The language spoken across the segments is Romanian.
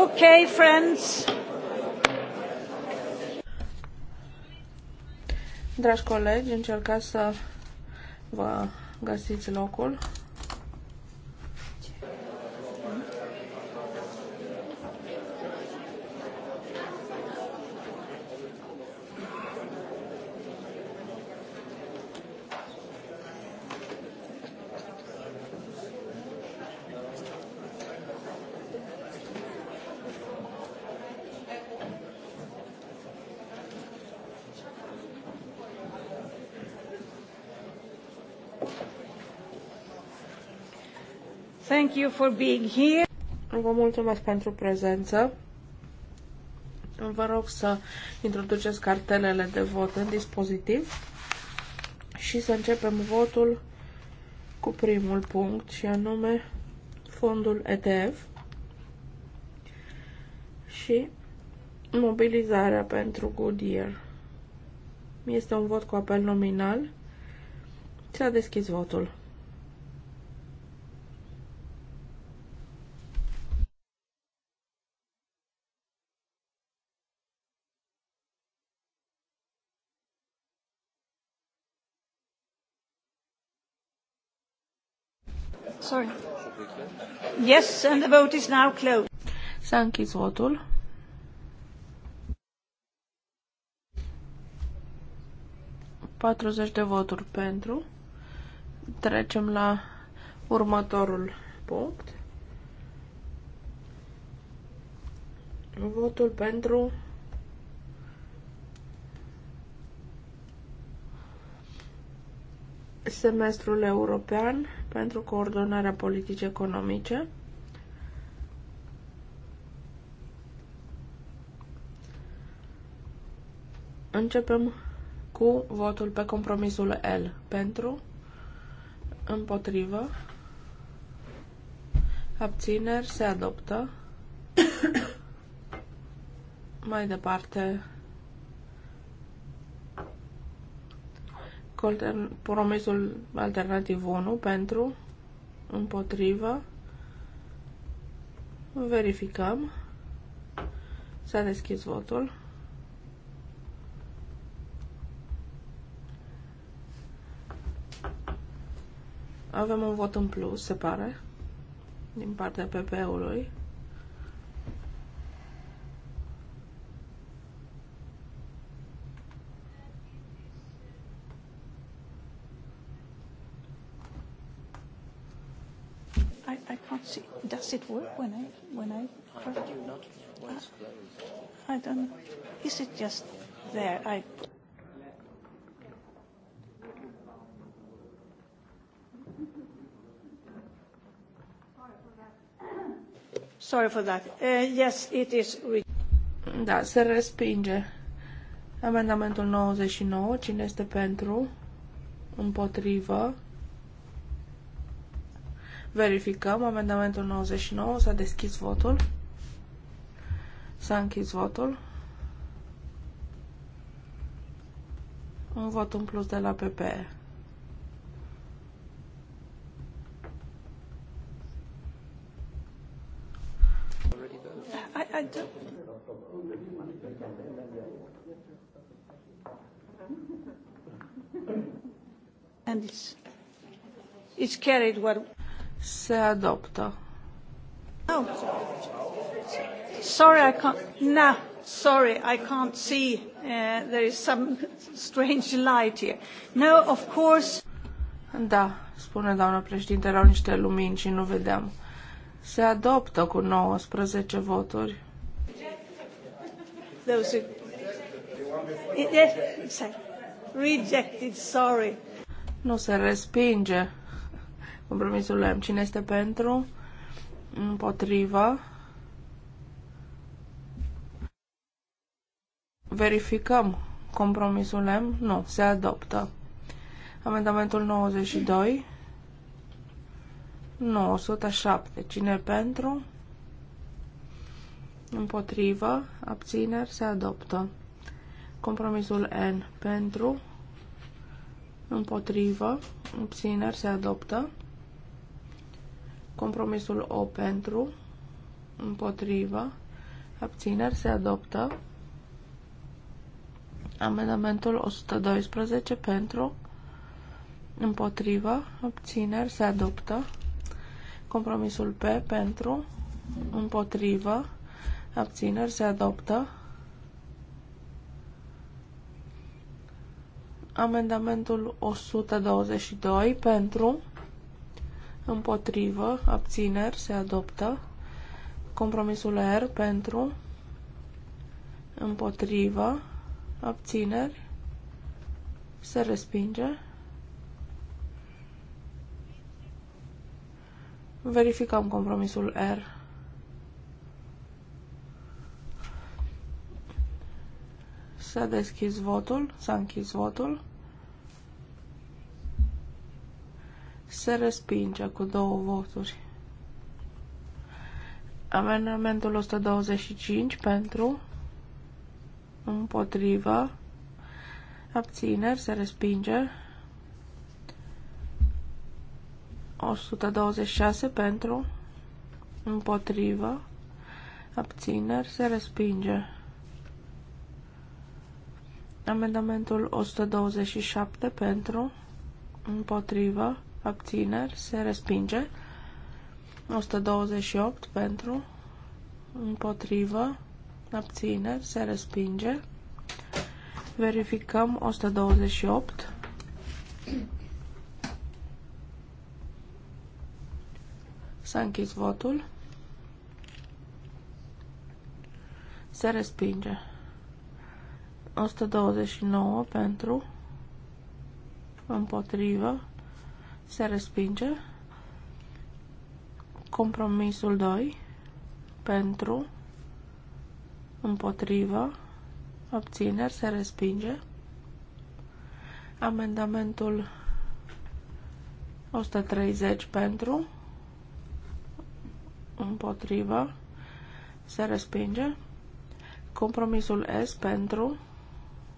Okay, friends. Dragi colegi, încercați să vă găsiți locul. you for being here. Vă mulțumesc pentru prezență. Vă rog să introduceți cartelele de vot în dispozitiv și să începem votul cu primul punct și anume fondul ETF și mobilizarea pentru Goodyear. Este un vot cu apel nominal. ți a deschis votul. Sorry. Yes, and the vote is now closed. S-a închis votul. Patruzeci de voturi pentru. Trecem la următorul punct. Votul pentru semestrul european pentru coordonarea politicii economice. Începem cu votul pe compromisul L pentru, împotrivă, abțineri, se adoptă. Mai departe, promisul alternativ 1 pentru, împotrivă, verificăm. S-a deschis votul. Avem un vot în plus, se pare, din partea PP-ului. Does it work when I when I? How ah, did I don't know. Is it just there? I. Sorry for that. Uh, yes, it is. Da, se respinge. Amendamentul 99, cine este pentru? Împotrivă. Verificăm amendamentul 99. S-a deschis votul. S-a închis votul. Un vot în plus de la PPE. I, I don't... And it's, it's carried what... Se adoptă. No. Oh. Sorry, I can't. No, sorry, I can't see. Uh, there is some strange light here. No, of course. Da, spune doamna președinte, erau niște lumini și nu vedeam. Se adoptă cu 19 voturi. Those who... Rejected, sorry. Nu se respinge. Compromisul M. Cine este pentru? Împotrivă. Verificăm compromisul M. Nu, se adoptă. Amendamentul 92. 907. Cine pentru? Împotrivă. Abțineri. Se adoptă. Compromisul N pentru. Împotrivă. Abțineri. Se adoptă. Compromisul O pentru, împotrivă, abțineri se adoptă. Amendamentul 112 pentru, împotrivă, abțineri se adoptă. Compromisul P pentru, împotrivă, abțineri se adoptă. Amendamentul 122 pentru, împotrivă, abțineri, se adoptă. Compromisul R pentru, împotrivă, abțineri, se respinge. Verificăm compromisul R. S-a deschis votul, s-a închis votul. se respinge cu două voturi. Amendamentul 125 pentru, împotrivă, abțineri, se respinge. 126 pentru, împotrivă, abțineri, se respinge. Amendamentul 127 pentru, împotrivă, abțineri, se respinge. 128 pentru, împotrivă, abțineri, se respinge. Verificăm 128. S-a închis votul. Se respinge. 129 pentru, împotrivă, se respinge. Compromisul 2 pentru împotrivă obțineri, se respinge. Amendamentul 130 pentru împotrivă se respinge. Compromisul S pentru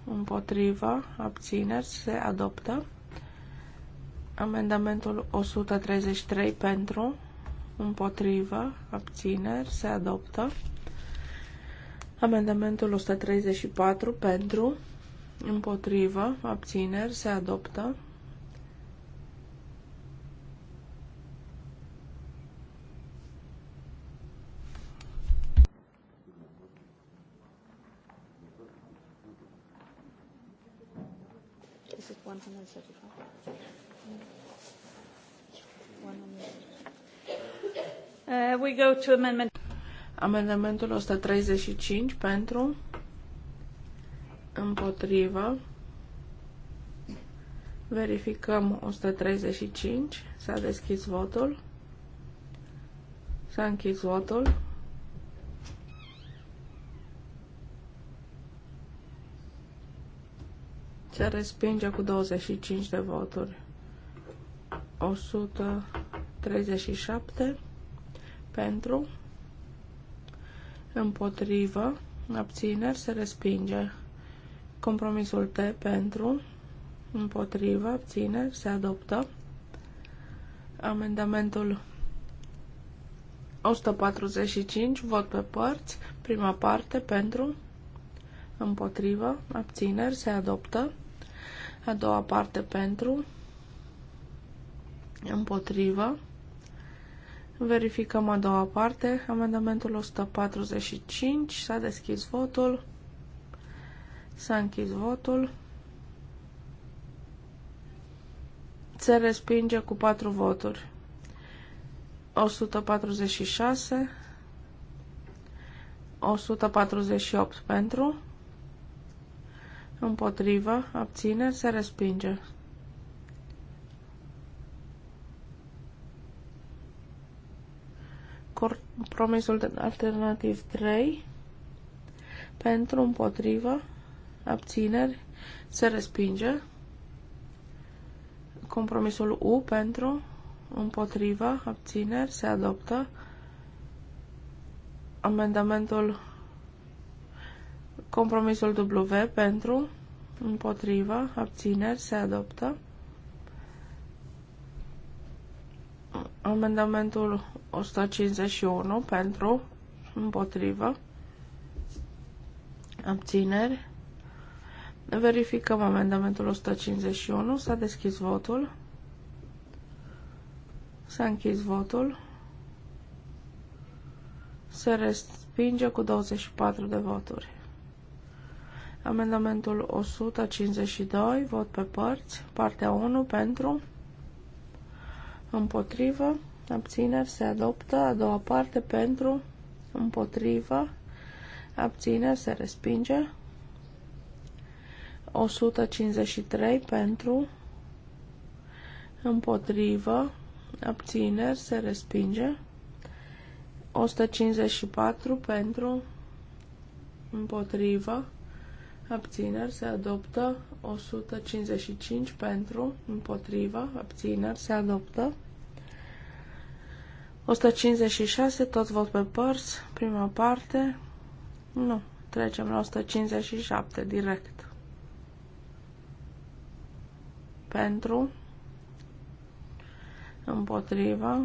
împotrivă abțineri se adoptă. Amendamentul 133 pentru, împotrivă, abțineri, se adoptă. Amendamentul 134 pentru, împotrivă, abțineri, se adoptă. This is 135. Uh, we go to amendment. Amendamentul 135 pentru, împotrivă, verificăm 135, s-a deschis votul, s-a închis votul. Se respinge cu 25 de voturi. 137 pentru, împotrivă, abțineri, se respinge. Compromisul T pentru, împotrivă, abțineri, se adoptă. Amendamentul 145, vot pe părți, prima parte pentru, împotrivă, abțineri, se adoptă. A doua parte pentru, împotrivă. Verificăm a doua parte. Amendamentul 145. S-a deschis votul. S-a închis votul. Se respinge cu 4 voturi. 146. 148 pentru. Împotrivă. Abține. Se respinge. compromisul alternativ 3 pentru, împotrivă, abțineri, se respinge. Compromisul U pentru, împotrivă, abțineri, se adoptă. Amendamentul compromisul W pentru, împotrivă, abțineri, se adoptă. Amendamentul 151 pentru, împotrivă, abțineri. Verificăm amendamentul 151. S-a deschis votul. S-a închis votul. Se respinge cu 24 de voturi. Amendamentul 152, vot pe părți, partea 1 pentru, împotrivă, abțineri se adoptă, a doua parte pentru, împotrivă, abțineri se respinge, 153 pentru, împotrivă, abțineri se respinge, 154 pentru, împotrivă, abțineri se adoptă, 155 pentru, împotrivă, abțineri se adoptă, 156, tot vot pe părți, prima parte. Nu, trecem la 157 direct. Pentru, împotriva,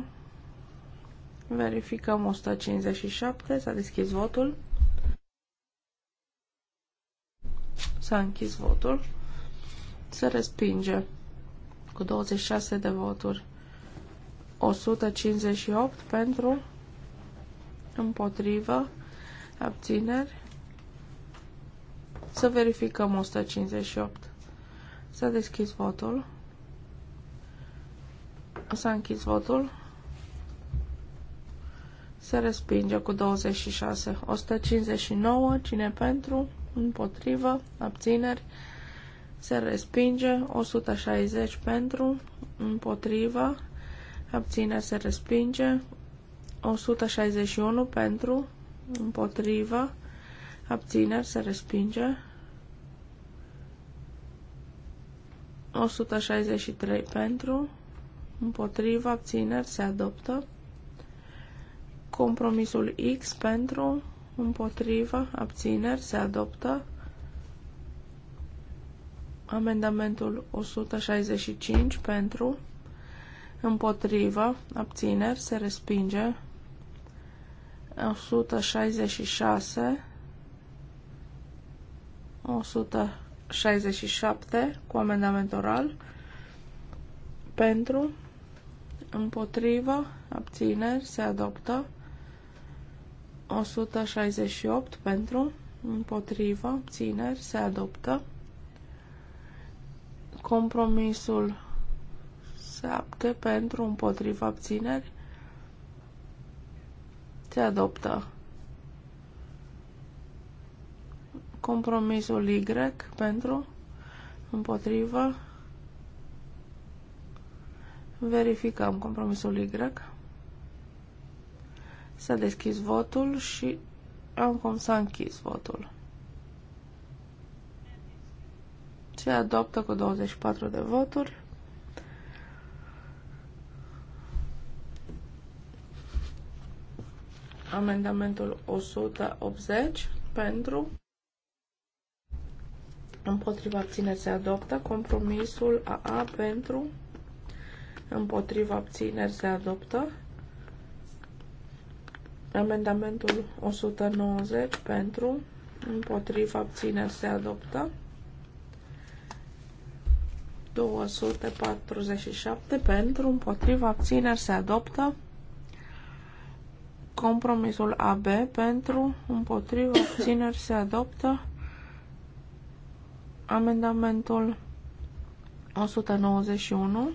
verificăm 157, s-a deschis votul. S-a închis votul. Se respinge cu 26 de voturi. 158 pentru, împotrivă, abțineri. Să verificăm 158. S-a deschis votul. S-a închis votul. Se respinge cu 26. 159. Cine pentru? Împotrivă. Abțineri. Se respinge. 160 pentru. Împotrivă abține se respinge, 161 pentru, împotrivă, abțineri se respinge, 163 pentru, împotrivă, abțineri se adoptă, compromisul X pentru, împotrivă, abțineri se adoptă, amendamentul 165 pentru, împotrivă, abțineri, se respinge. 166, 167 cu amendament oral, pentru, împotrivă, abțineri, se adoptă. 168 pentru, împotrivă, abțineri, se adoptă. Compromisul apte pentru împotriva abțineri se adoptă. Compromisul Y pentru împotriva verificăm compromisul Y s-a deschis votul și acum s-a închis votul se adoptă cu 24 de voturi Amendamentul 180 pentru. Împotriva abțineri se adoptă. Compromisul AA pentru. Împotriva abțineri se adoptă. Amendamentul 190 pentru. Împotriva abțineri se adoptă. 247 pentru. Împotriva abțineri se adoptă. Compromisul AB pentru, împotriva, abțineri se adoptă. Amendamentul 191.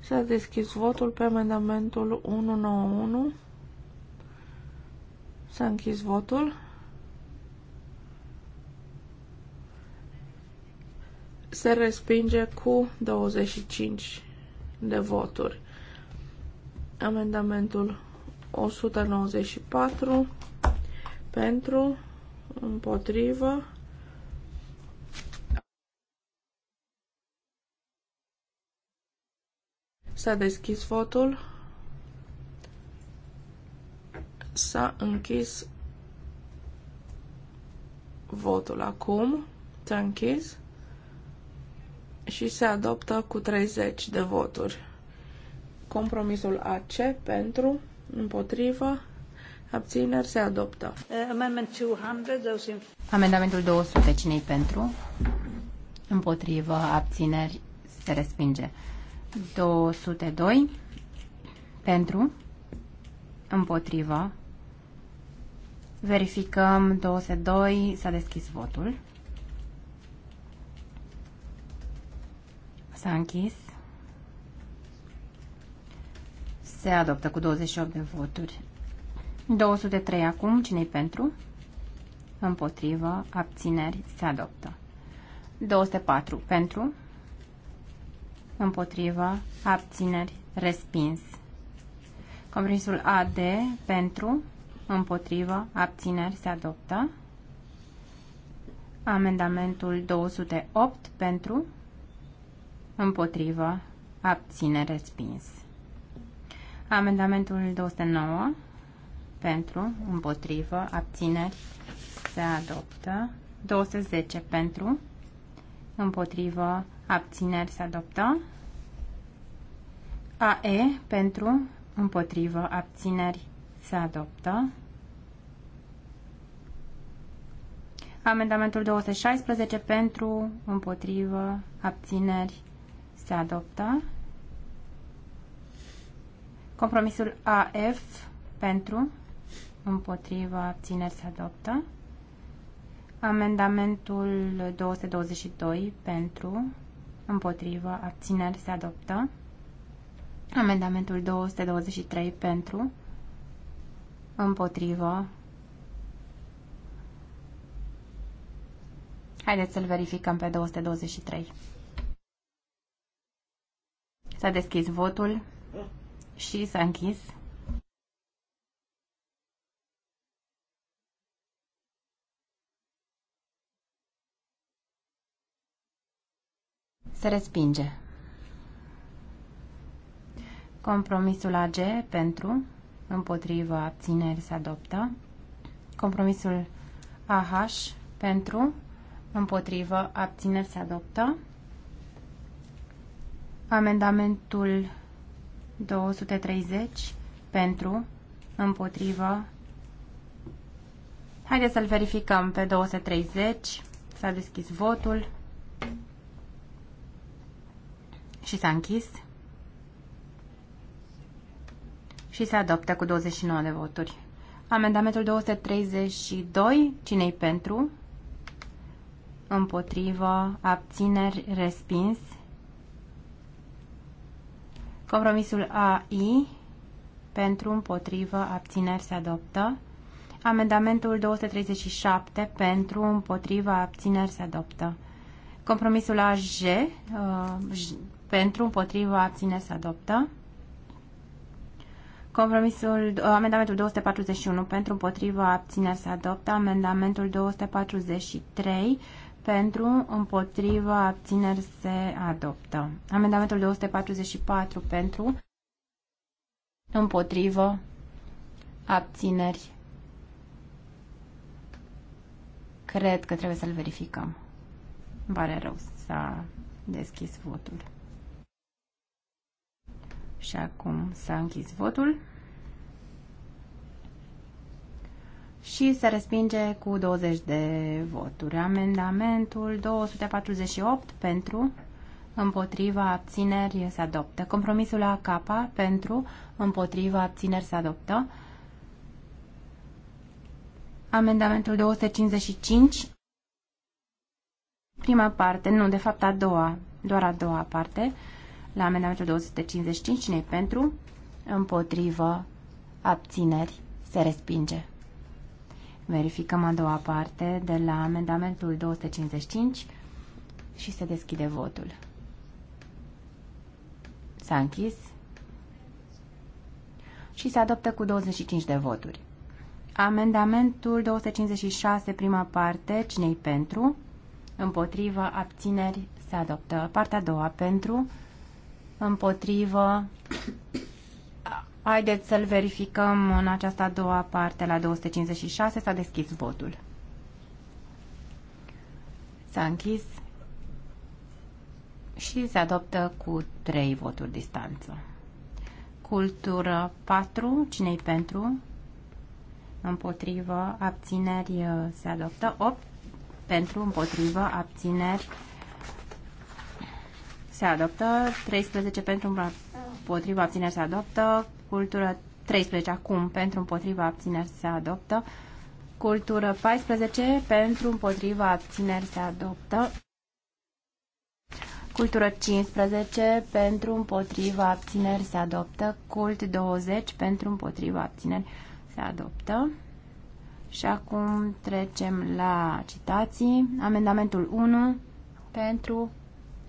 S-a deschis votul pe amendamentul 191. S-a închis votul. se respinge cu 25 de voturi. Amendamentul 194 pentru, împotrivă, S-a deschis votul. S-a închis votul acum. S-a închis și se adoptă cu 30 de voturi. Compromisul AC pentru, împotrivă, abțineri se adoptă. Uh, Amendamentul 200, cine pentru? Împotrivă, abțineri se respinge. 202 pentru, împotrivă, verificăm 202, s-a deschis votul. S-a închis. Se adoptă cu 28 de voturi. 203 acum. cine pentru? Împotrivă. Abțineri. Se adoptă. 204 pentru. Împotrivă. Abțineri. Respins. Compromisul AD pentru. Împotrivă. Abțineri. Se adoptă. Amendamentul 208 pentru împotrivă, abține, respins. Amendamentul 209 pentru, împotrivă, abțineri, se adoptă. 210 pentru, împotrivă, abțineri, se adoptă. AE pentru, împotrivă, abțineri, se adoptă. Amendamentul 216 pentru, împotrivă, abțineri, se adoptă. Compromisul AF pentru, împotriva, abțineri se adoptă. Amendamentul 222 pentru, împotriva, abțineri se adoptă. Amendamentul 223 pentru, împotriva. Haideți să-l verificăm pe 223. S-a deschis votul și s-a închis. Se respinge. Compromisul AG pentru, împotriva abțineri se adoptă. Compromisul AH pentru, împotriva abțineri se adoptă. Amendamentul 230 pentru, împotrivă. Haideți să-l verificăm pe 230. S-a deschis votul și s-a închis și se adoptă cu 29 de voturi. Amendamentul 232, cine pentru? Împotrivă, abțineri, respins. Compromisul AI pentru, împotrivă, abțineri se adoptă. Amendamentul 237 pentru, împotrivă, abțineri se adoptă. Compromisul AJ uh, pentru, împotrivă, abțineri se adoptă. Compromisul, uh, amendamentul 241 pentru, împotrivă, abțineri se adoptă. Amendamentul 243 pentru, împotriva, abțineri se adoptă. Amendamentul 244 pentru, împotrivă, abțineri. Cred că trebuie să-l verificăm. Îmi pare rău, să deschis votul. Și acum s-a închis votul. și se respinge cu 20 de voturi. Amendamentul 248 pentru, împotriva abțineri se adoptă. Compromisul capa pentru, împotriva abțineri se adoptă. Amendamentul 255, prima parte, nu, de fapt a doua, doar a doua parte, la amendamentul 255, cine pentru, împotrivă, abțineri, se respinge. Verificăm a doua parte de la amendamentul 255 și se deschide votul. S-a închis și se adoptă cu 25 de voturi. Amendamentul 256, prima parte, cinei pentru? Împotrivă, abțineri, se adoptă. Partea a doua, pentru? Împotrivă, Haideți să-l verificăm în această a doua parte, la 256, s-a deschis votul. S-a închis și se adoptă cu 3 voturi distanță. Cultură 4, cine pentru? Împotrivă, abțineri, se adoptă 8, pentru, împotrivă, abțineri, se adoptă 13 pentru, împotrivă, abțineri, se adoptă Cultură 13 acum pentru împotriva abțineri se adoptă. Cultură 14 pentru împotriva abțineri se adoptă. Cultură 15 pentru împotriva abțineri se adoptă. Cult 20 pentru împotriva abțineri se adoptă. Și acum trecem la citații. Amendamentul 1 pentru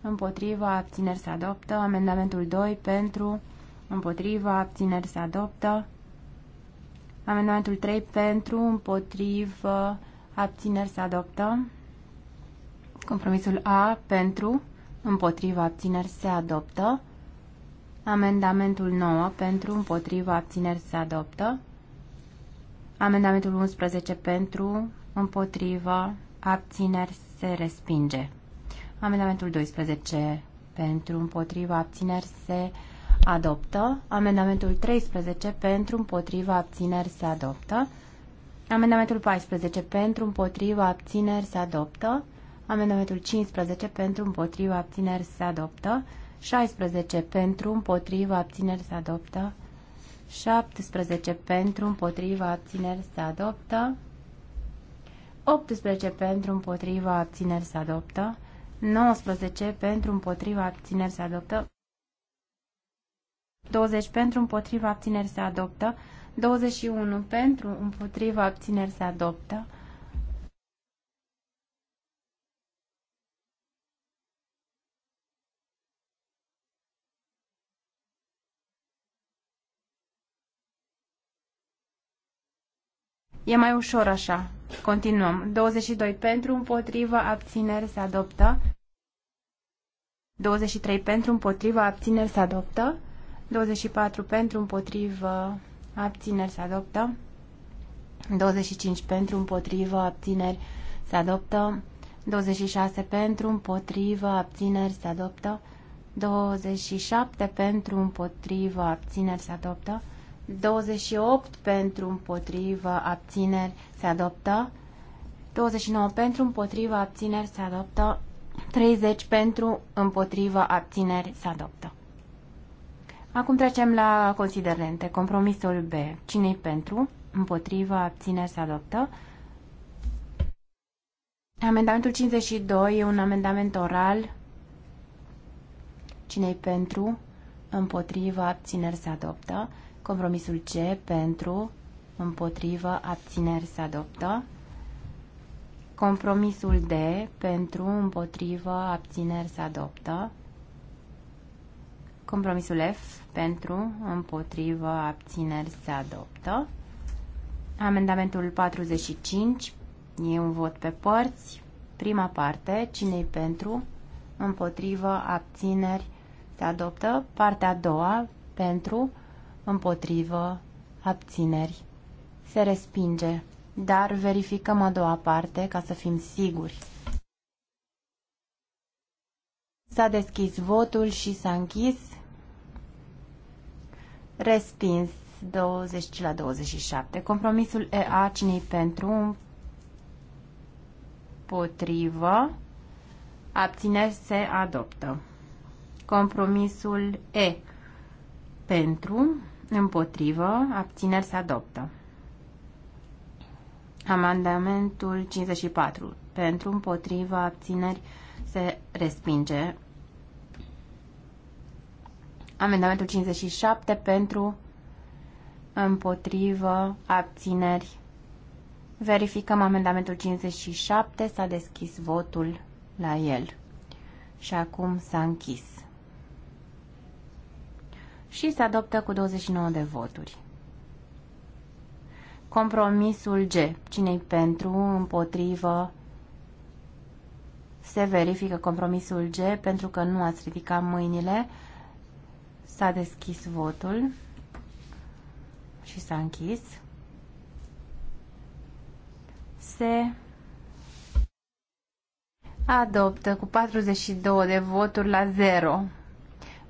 împotriva abțineri se adoptă. Amendamentul 2 pentru împotrivă, abțineri se adoptă. Amendamentul 3 pentru, împotrivă, abțineri se adoptă. Compromisul A pentru, împotrivă, abțineri se adoptă. Amendamentul 9 pentru, împotrivă, abțineri se adoptă. Amendamentul 11 pentru, împotrivă, abțineri se respinge. Amendamentul 12 pentru, împotrivă, abțineri se respinge adoptă. Amendamentul 13 pentru împotriva abțineri se adoptă. Amendamentul 14 pentru împotriva abțineri se adoptă. Amendamentul 15 pentru împotriva abțineri se adoptă. 16 pentru împotriva abțineri se adoptă. 17 pentru împotriva abțineri se adoptă. 18 pentru împotriva abțineri se adoptă. 19 pentru împotriva abțineri se adoptă. 20 pentru, împotriva, abțineri se adoptă. 21 pentru, împotriva, abțineri se adoptă. 'E mai ușor așa. Continuăm. 22 pentru, împotriva abțineri se adoptă. 23 pentru, împotriva abțineri se adoptă. 24 pentru, împotrivă, abțineri se adoptă. 25 pentru, împotrivă, abțineri se adoptă. 26 pentru, împotrivă, abțineri se adoptă. 27 pentru, împotrivă, abțineri se adoptă. 28 pentru, împotrivă, abțineri se adoptă. 29 pentru, împotrivă, abțineri se adoptă. 30 pentru, împotrivă, abțineri se adoptă. Acum trecem la considerente. Compromisul B. Cine-i pentru? Împotrivă, abține, se adoptă. Amendamentul 52 e un amendament oral. Cine-i pentru? Împotrivă, abțineri se adoptă. Compromisul C pentru, împotrivă, abțineri se adoptă. Compromisul D pentru, împotrivă, abțineri se adoptă. Compromisul F pentru, împotrivă, abțineri se adoptă. Amendamentul 45 e un vot pe părți. Prima parte, cine-i pentru, împotrivă, abțineri se adoptă. Partea a doua, pentru, împotrivă, abțineri se respinge. Dar verificăm a doua parte ca să fim siguri. S-a deschis votul și s-a închis. Respins 20 la 27. Compromisul e cine pentru? Potrivă. Abțineri se adoptă. Compromisul E pentru, împotrivă, abțineri se adoptă. Amandamentul 54. Pentru, împotrivă, abțineri se respinge. Amendamentul 57 pentru, împotrivă, abțineri. Verificăm amendamentul 57, s-a deschis votul la el și acum s-a închis. Și se adoptă cu 29 de voturi. Compromisul G. cine pentru, împotrivă, se verifică compromisul G pentru că nu ați ridicat mâinile. S-a deschis votul și s-a închis. Se adoptă cu 42 de voturi la 0.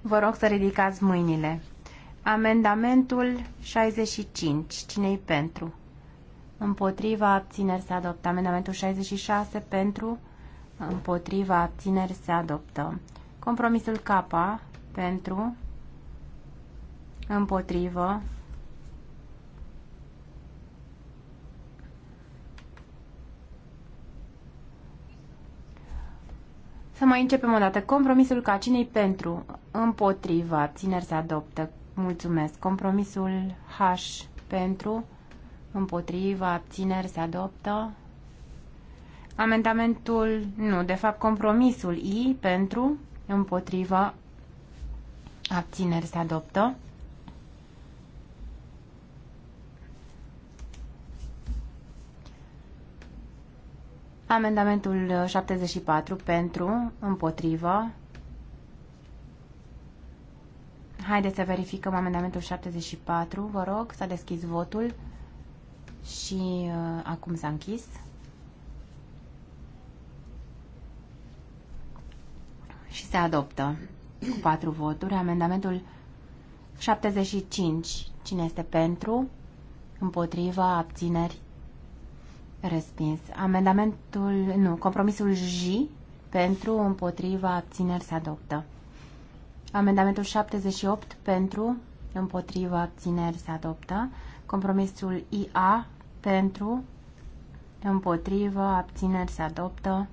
Vă rog să ridicați mâinile. Amendamentul 65. Cine-i pentru? Împotriva abțineri se adoptă. Amendamentul 66 pentru. Împotriva abțineri se adoptă. Compromisul K pentru împotrivă, Să mai începem o dată. Compromisul ca cinei pentru, împotriva, Țineri se adoptă. Mulțumesc. Compromisul H pentru, împotriva, Țineri se adoptă. Amendamentul, nu, de fapt compromisul I pentru, împotriva, abțineri se adoptă. Amendamentul 74 uh, pentru, împotrivă. Haideți să verificăm amendamentul 74, vă rog, s-a deschis votul și uh, acum s-a închis. Și se adoptă cu 4 voturi amendamentul 75. Cine este pentru? Împotriva abțineri Respins. Amendamentul, nu, compromisul J pentru, împotriva, abțineri se adoptă. Amendamentul 78 pentru, împotriva, abțineri se adoptă. Compromisul IA pentru, împotriva abțineri se adoptă.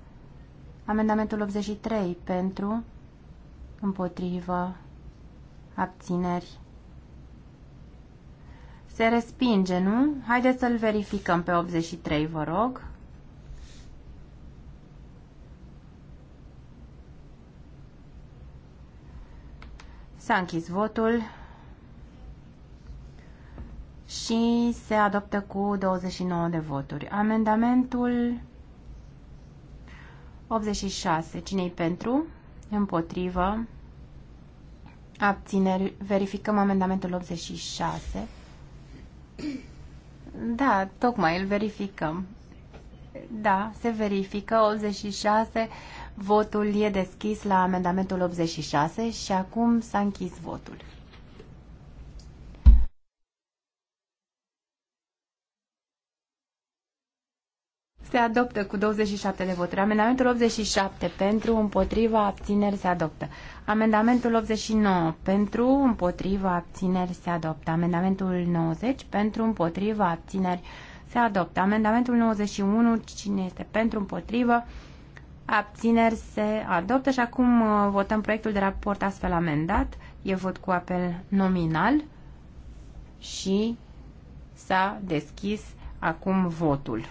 Amendamentul 83 pentru, împotriva abțineri se respinge, nu? Haideți să-l verificăm pe 83, vă rog. S-a închis votul și se adoptă cu 29 de voturi. Amendamentul 86. Cine-i pentru? Împotrivă. Abțineri. Verificăm amendamentul 86. Da, tocmai îl verificăm. Da, se verifică 86. Votul e deschis la amendamentul 86 și acum s-a închis votul. Se adoptă cu 27 de voturi. Amendamentul 87 pentru, împotriva, abțineri se adoptă. Amendamentul 89 pentru, împotriva, abțineri se adoptă. Amendamentul 90 pentru, împotriva, abțineri se adoptă. Amendamentul 91, cine este pentru, împotriva, abțineri se adoptă. Și acum uh, votăm proiectul de raport astfel amendat. E vot cu apel nominal și s-a deschis acum votul.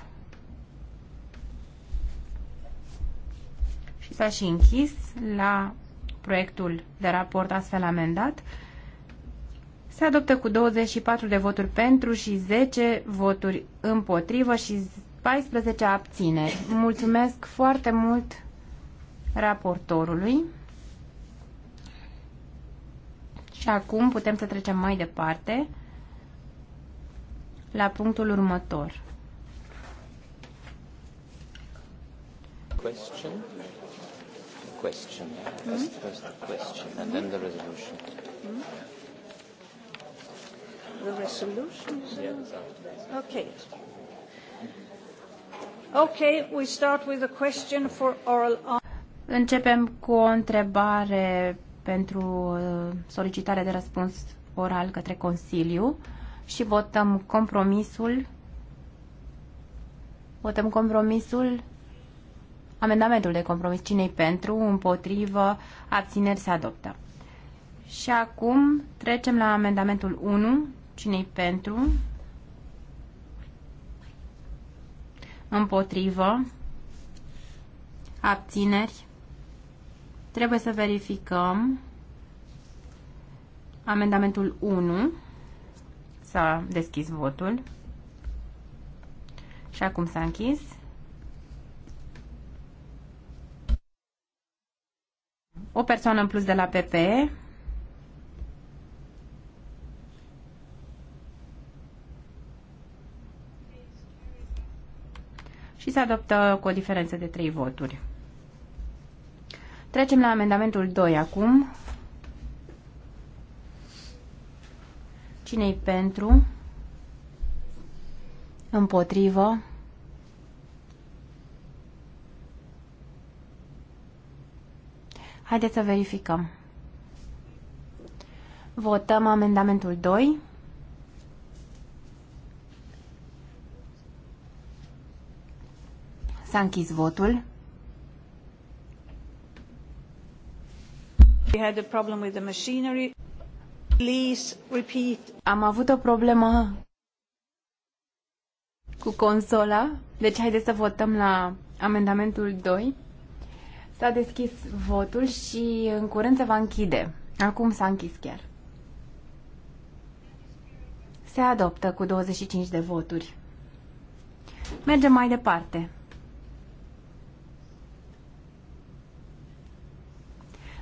s-a și închis la proiectul de raport astfel amendat. Se adoptă cu 24 de voturi pentru și 10 voturi împotrivă și 14 abțineri. Mulțumesc foarte mult raportorului. Și acum putem să trecem mai departe la punctul următor. Question question. Mm -hmm. First first the question and mm -hmm. then the resolution. Mm -hmm. The resolution yeah, Okay. Okay, we start with a question for oral Începem cu o întrebare pentru uh, solicitare de răspuns oral către Consiliu și votăm compromisul. Votăm compromisul Amendamentul de compromis cinei pentru, împotrivă, abțineri se adoptă. Și acum trecem la amendamentul 1, cinei pentru, împotrivă, abțineri, trebuie să verificăm amendamentul 1, s-a deschis votul și acum s-a închis. O persoană în plus de la PPE. Și se adoptă cu o diferență de 3 voturi. Trecem la amendamentul 2 acum. Cine-i pentru? Împotrivă? Haideți să verificăm. Votăm amendamentul 2. S-a închis votul. We had a problem with the machinery. Please repeat. Am avut o problemă cu consola, deci haideți să votăm la amendamentul 2. S-a deschis votul și în curând se va închide. Acum s-a închis chiar. Se adoptă cu 25 de voturi. Mergem mai departe.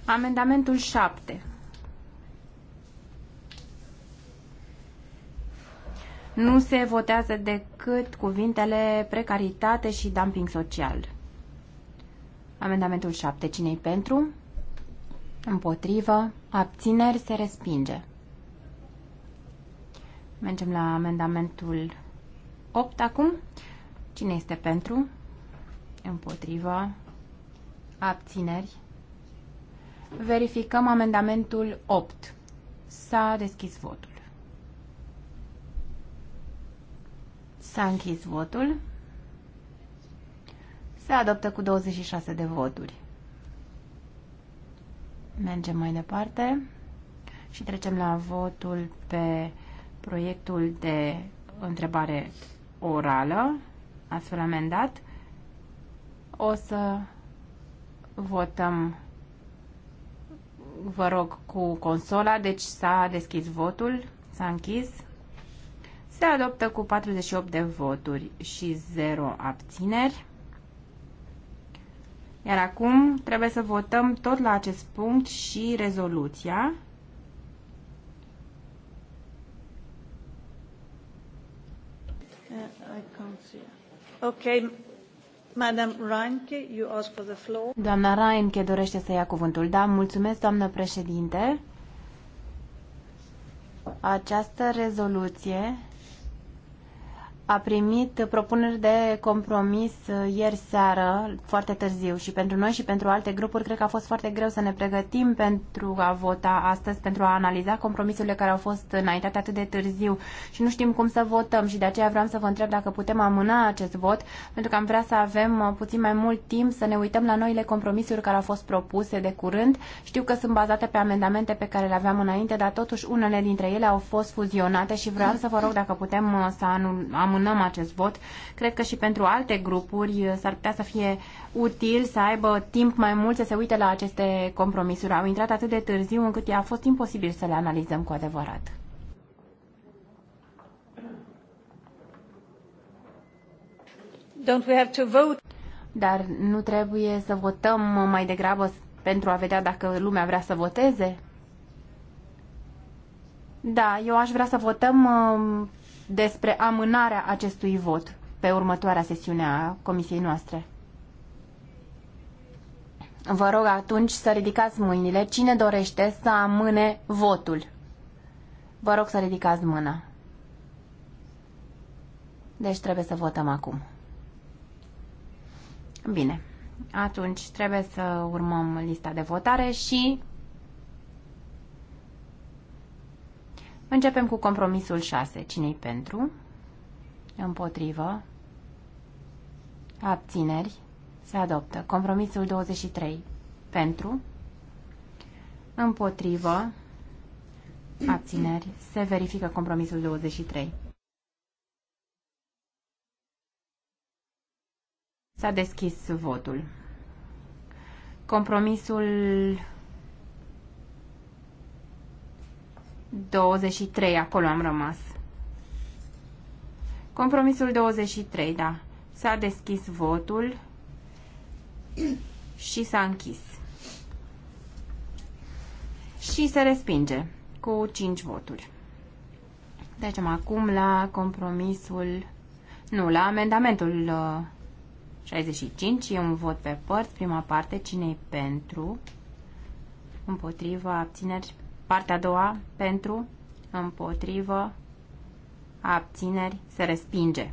Amendamentul 7. Nu se votează decât cuvintele precaritate și dumping social. Amendamentul 7. Cine-i pentru? Împotrivă. Abțineri se respinge. Mergem la amendamentul 8 acum. Cine este pentru? Împotrivă. Abțineri. Verificăm amendamentul 8. S-a deschis votul. S-a închis votul. Se adoptă cu 26 de voturi. Mergem mai departe și trecem la votul pe proiectul de întrebare orală, astfel amendat. O să votăm, vă rog, cu consola, deci s-a deschis votul, s-a închis. Se adoptă cu 48 de voturi și 0 abțineri. Iar acum trebuie să votăm tot la acest punct și rezoluția. Reinke, you ask for the floor. Doamna Reinke dorește să ia cuvântul. Da, mulțumesc, doamnă președinte. Această rezoluție a primit propuneri de compromis uh, ieri seară, foarte târziu, și pentru noi și pentru alte grupuri cred că a fost foarte greu să ne pregătim pentru a vota astăzi, pentru a analiza compromisurile care au fost înaintate atât de târziu și nu știm cum să votăm și de aceea vreau să vă întreb dacă putem amâna acest vot, pentru că am vrea să avem uh, puțin mai mult timp să ne uităm la noile compromisuri care au fost propuse de curând. Știu că sunt bazate pe amendamente pe care le aveam înainte, dar totuși unele dintre ele au fost fuzionate și vreau să vă rog dacă putem uh, să anul, am amânăm acest vot. Cred că și pentru alte grupuri uh, s-ar putea să fie util să aibă timp mai mult să se uite la aceste compromisuri. Au intrat atât de târziu încât i a fost imposibil să le analizăm cu adevărat. Don't we have to vote? Dar nu trebuie să votăm mai degrabă pentru a vedea dacă lumea vrea să voteze? Da, eu aș vrea să votăm uh, despre amânarea acestui vot pe următoarea sesiune a comisiei noastre. Vă rog atunci să ridicați mâinile cine dorește să amâne votul. Vă rog să ridicați mâna. Deci trebuie să votăm acum. Bine. Atunci trebuie să urmăm lista de votare și Începem cu compromisul 6. Cine-i pentru? Împotrivă. Abțineri. Se adoptă. Compromisul 23. Pentru. Împotrivă. Abțineri. Se verifică compromisul 23. S-a deschis votul. Compromisul 23, acolo am rămas. Compromisul 23, da. S-a deschis votul și s-a închis. Și se respinge cu 5 voturi. Trecem acum la compromisul, nu, la amendamentul 65. Uh, e un vot pe părți. Prima parte, cine pentru? Împotriva, abțineri, Partea a doua, pentru, împotrivă, abțineri, se respinge.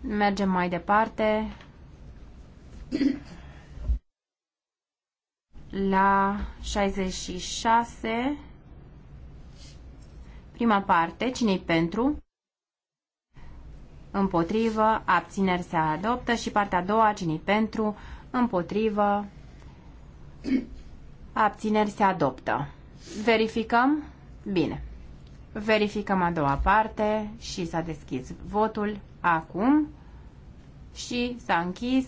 Mergem mai departe la 66, prima parte, cine pentru? Împotrivă, abțineri se adoptă și partea a doua, cine pentru? Împotrivă, Abțineri se adoptă. Verificăm? Bine. Verificăm a doua parte și s-a deschis votul acum și s-a închis.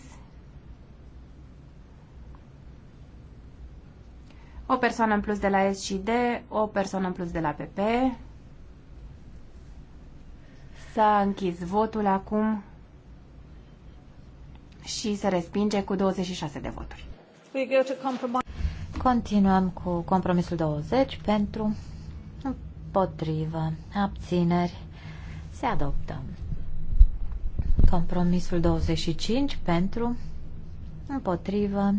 O persoană în plus de la S și D, o persoană în plus de la PP. S-a închis votul acum și se respinge cu 26 de voturi. Continuăm cu compromisul 20 pentru împotrivă abțineri se adoptă. Compromisul 25 pentru împotrivă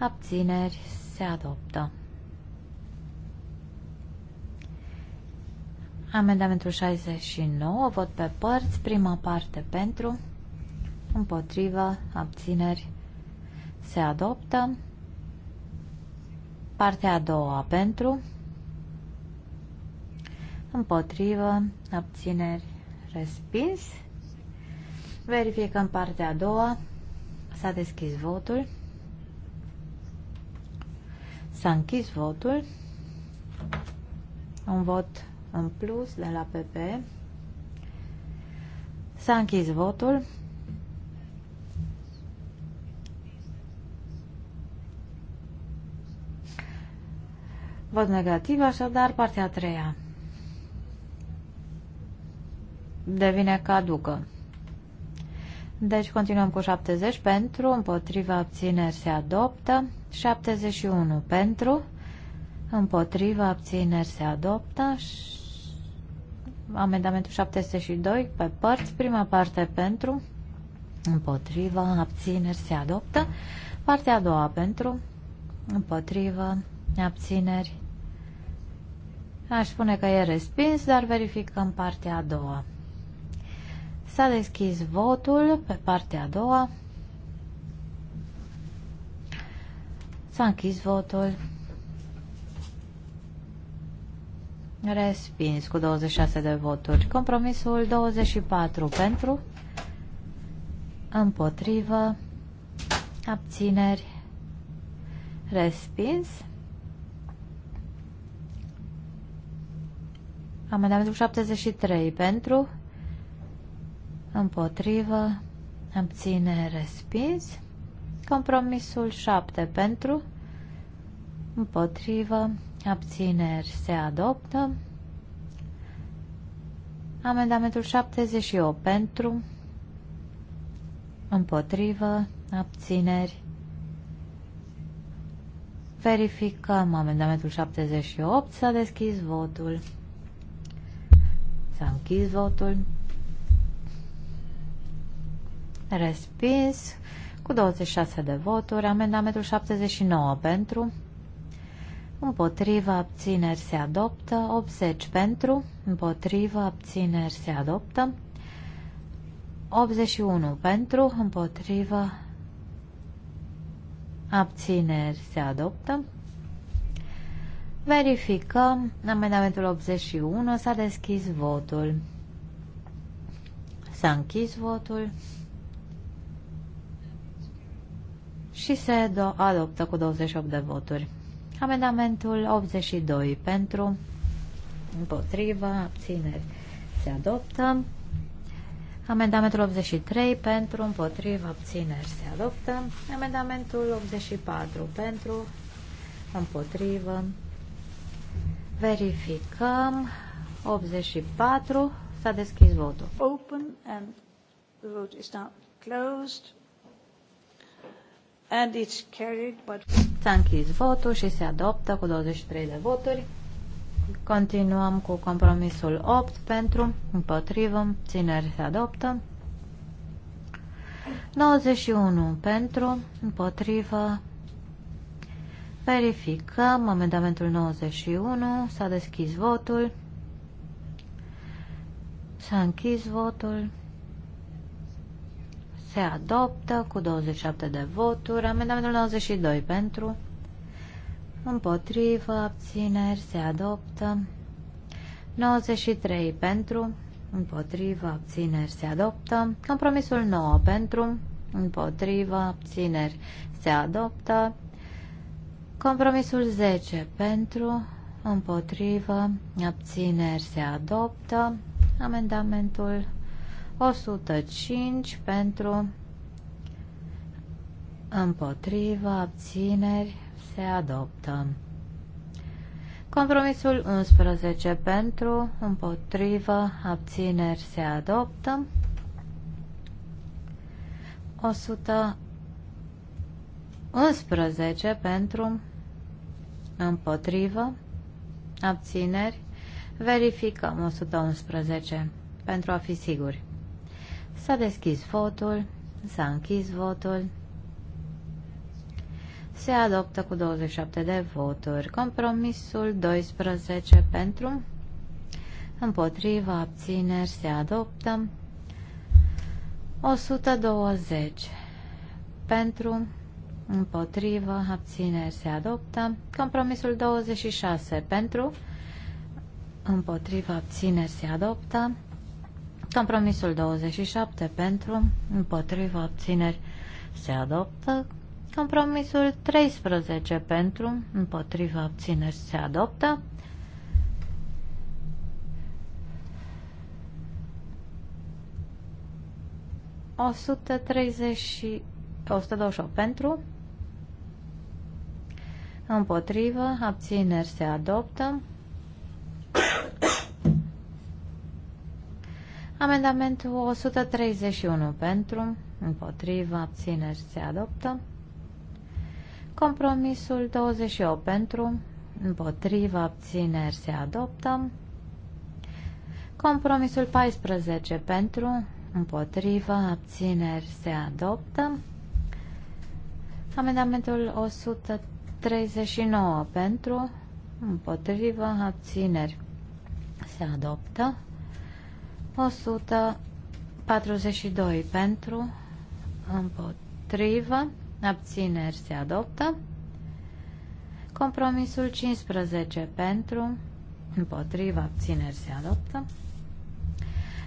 abțineri se adoptă. Amendamentul 69, vot pe părți, prima parte pentru, împotrivă, abțineri, se adoptă. Partea a doua pentru, împotrivă, abțineri, respins. Verificăm partea a doua. S-a deschis votul. S-a închis votul. Un vot în plus de la PP. S-a închis votul. Văd negativ, așadar partea a treia devine caducă. Deci continuăm cu 70 pentru, împotriva abțineri se adoptă, 71 pentru, împotriva abțineri se adoptă, amendamentul 72 pe părți, prima parte pentru, împotriva abțineri se adoptă, partea a doua pentru, împotriva abțineri. Aș spune că e respins, dar verificăm partea a doua. S-a deschis votul pe partea a doua. S-a închis votul. Respins cu 26 de voturi. Compromisul 24 pentru, împotrivă, abțineri, respins. Amendamentul 73 pentru, împotrivă, abține, respins. Compromisul 7 pentru, împotrivă, abțineri se adoptă. Amendamentul 78 pentru, împotrivă, abțineri. Verificăm amendamentul 78, s-a deschis votul. S-a închis votul. Respins cu 26 de voturi. Amendamentul 79 pentru. Împotriva abțineri se adoptă. 80 pentru. Împotriva abțineri se adoptă. 81 pentru. Împotriva abțineri se adoptă. Verificăm amendamentul 81. S-a deschis votul. S-a închis votul. Și se adoptă cu 28 de voturi. Amendamentul 82 pentru, împotrivă, abțineri. Se adoptă. Amendamentul 83 pentru, împotrivă, abțineri. Se adoptă. Amendamentul 84 pentru, împotrivă, Verificăm. 84. S-a deschis votul. Open and the vote is now closed. And it's carried, but... S-a închis votul și se adoptă cu 23 de voturi. Continuăm cu compromisul 8 pentru, împotrivă, țineri se adoptă. 91 pentru, împotrivă, Verificăm amendamentul 91. S-a deschis votul. S-a închis votul. Se adoptă cu 27 de voturi. Amendamentul 92 pentru. Împotrivă. Abțineri. Se adoptă. 93 pentru. Împotrivă. Abțineri. Se adoptă. Compromisul 9 pentru. Împotrivă. Abțineri. Se adoptă. Compromisul 10 pentru, împotrivă, abțineri se adoptă. Amendamentul 105 pentru, împotrivă, abțineri se adoptă. Compromisul 11 pentru, împotrivă, abțineri se adoptă. 111 pentru, împotrivă, abțineri, verificăm 111 pentru a fi siguri. S-a deschis votul, s-a închis votul, se adoptă cu 27 de voturi. Compromisul 12 pentru, împotrivă, abțineri, se adoptă 120 pentru, Împotrivă, abțineri se adoptă. Compromisul 26 pentru. Împotrivă, abțineri se adoptă. Compromisul 27 pentru. Împotrivă, abțineri se adoptă. Compromisul 13 pentru. Împotrivă, abțineri se adoptă. O 130 128 pentru Împotrivă, abțineri se adoptă. Amendamentul 131 pentru, împotrivă, abțineri se adoptă. Compromisul 28 pentru, împotrivă, abțineri se adoptă. Compromisul 14 pentru, împotrivă, abțineri se adoptă. Amendamentul 130 39 pentru, împotrivă, abțineri se adoptă. 142 pentru, împotrivă, abțineri se adoptă. Compromisul 15 pentru, împotrivă, abțineri se adoptă.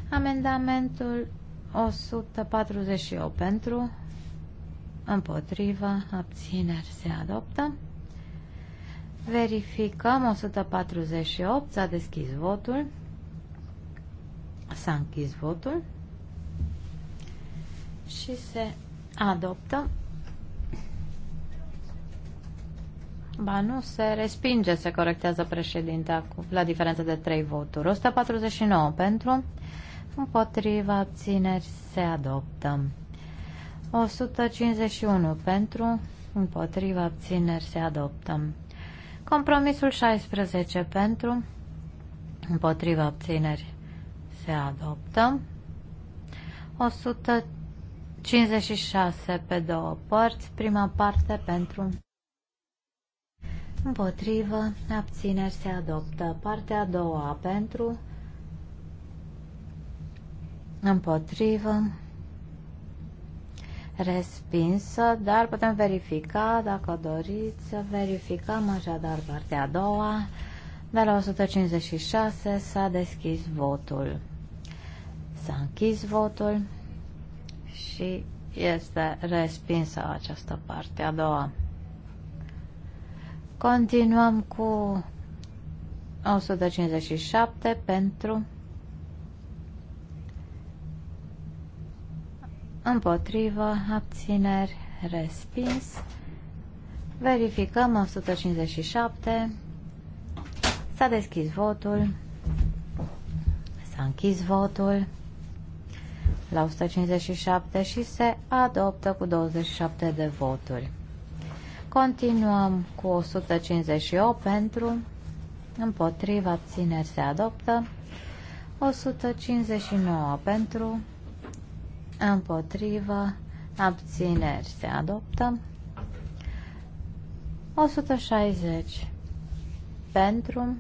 Amendamentul 148 pentru, împotrivă, abțineri se adoptă. Verificăm 148, s-a deschis votul, s-a închis votul și se adoptă. Ba nu, se respinge, se corectează președintea cu, la diferență de 3 voturi. 149 pentru, împotriva abțineri se adoptă. 151 pentru, împotriva abțineri se adoptă. Compromisul 16 pentru, împotriva abțineri se adoptă. 156 pe două părți, prima parte pentru, împotriva abțineri se adoptă. Partea a doua pentru, adoptă respinsă, dar putem verifica, dacă doriți, să verificăm așadar partea a doua. De la 156 s-a deschis votul. S-a închis votul și este respinsă această parte a doua. Continuăm cu 157 pentru împotrivă, abțineri, respins. Verificăm 157. S-a deschis votul. S-a închis votul la 157 și se adoptă cu 27 de voturi. Continuăm cu 158 pentru, împotriva abțineri se adoptă, 159 pentru, împotrivă, abțineri se adoptă. 160 pentru,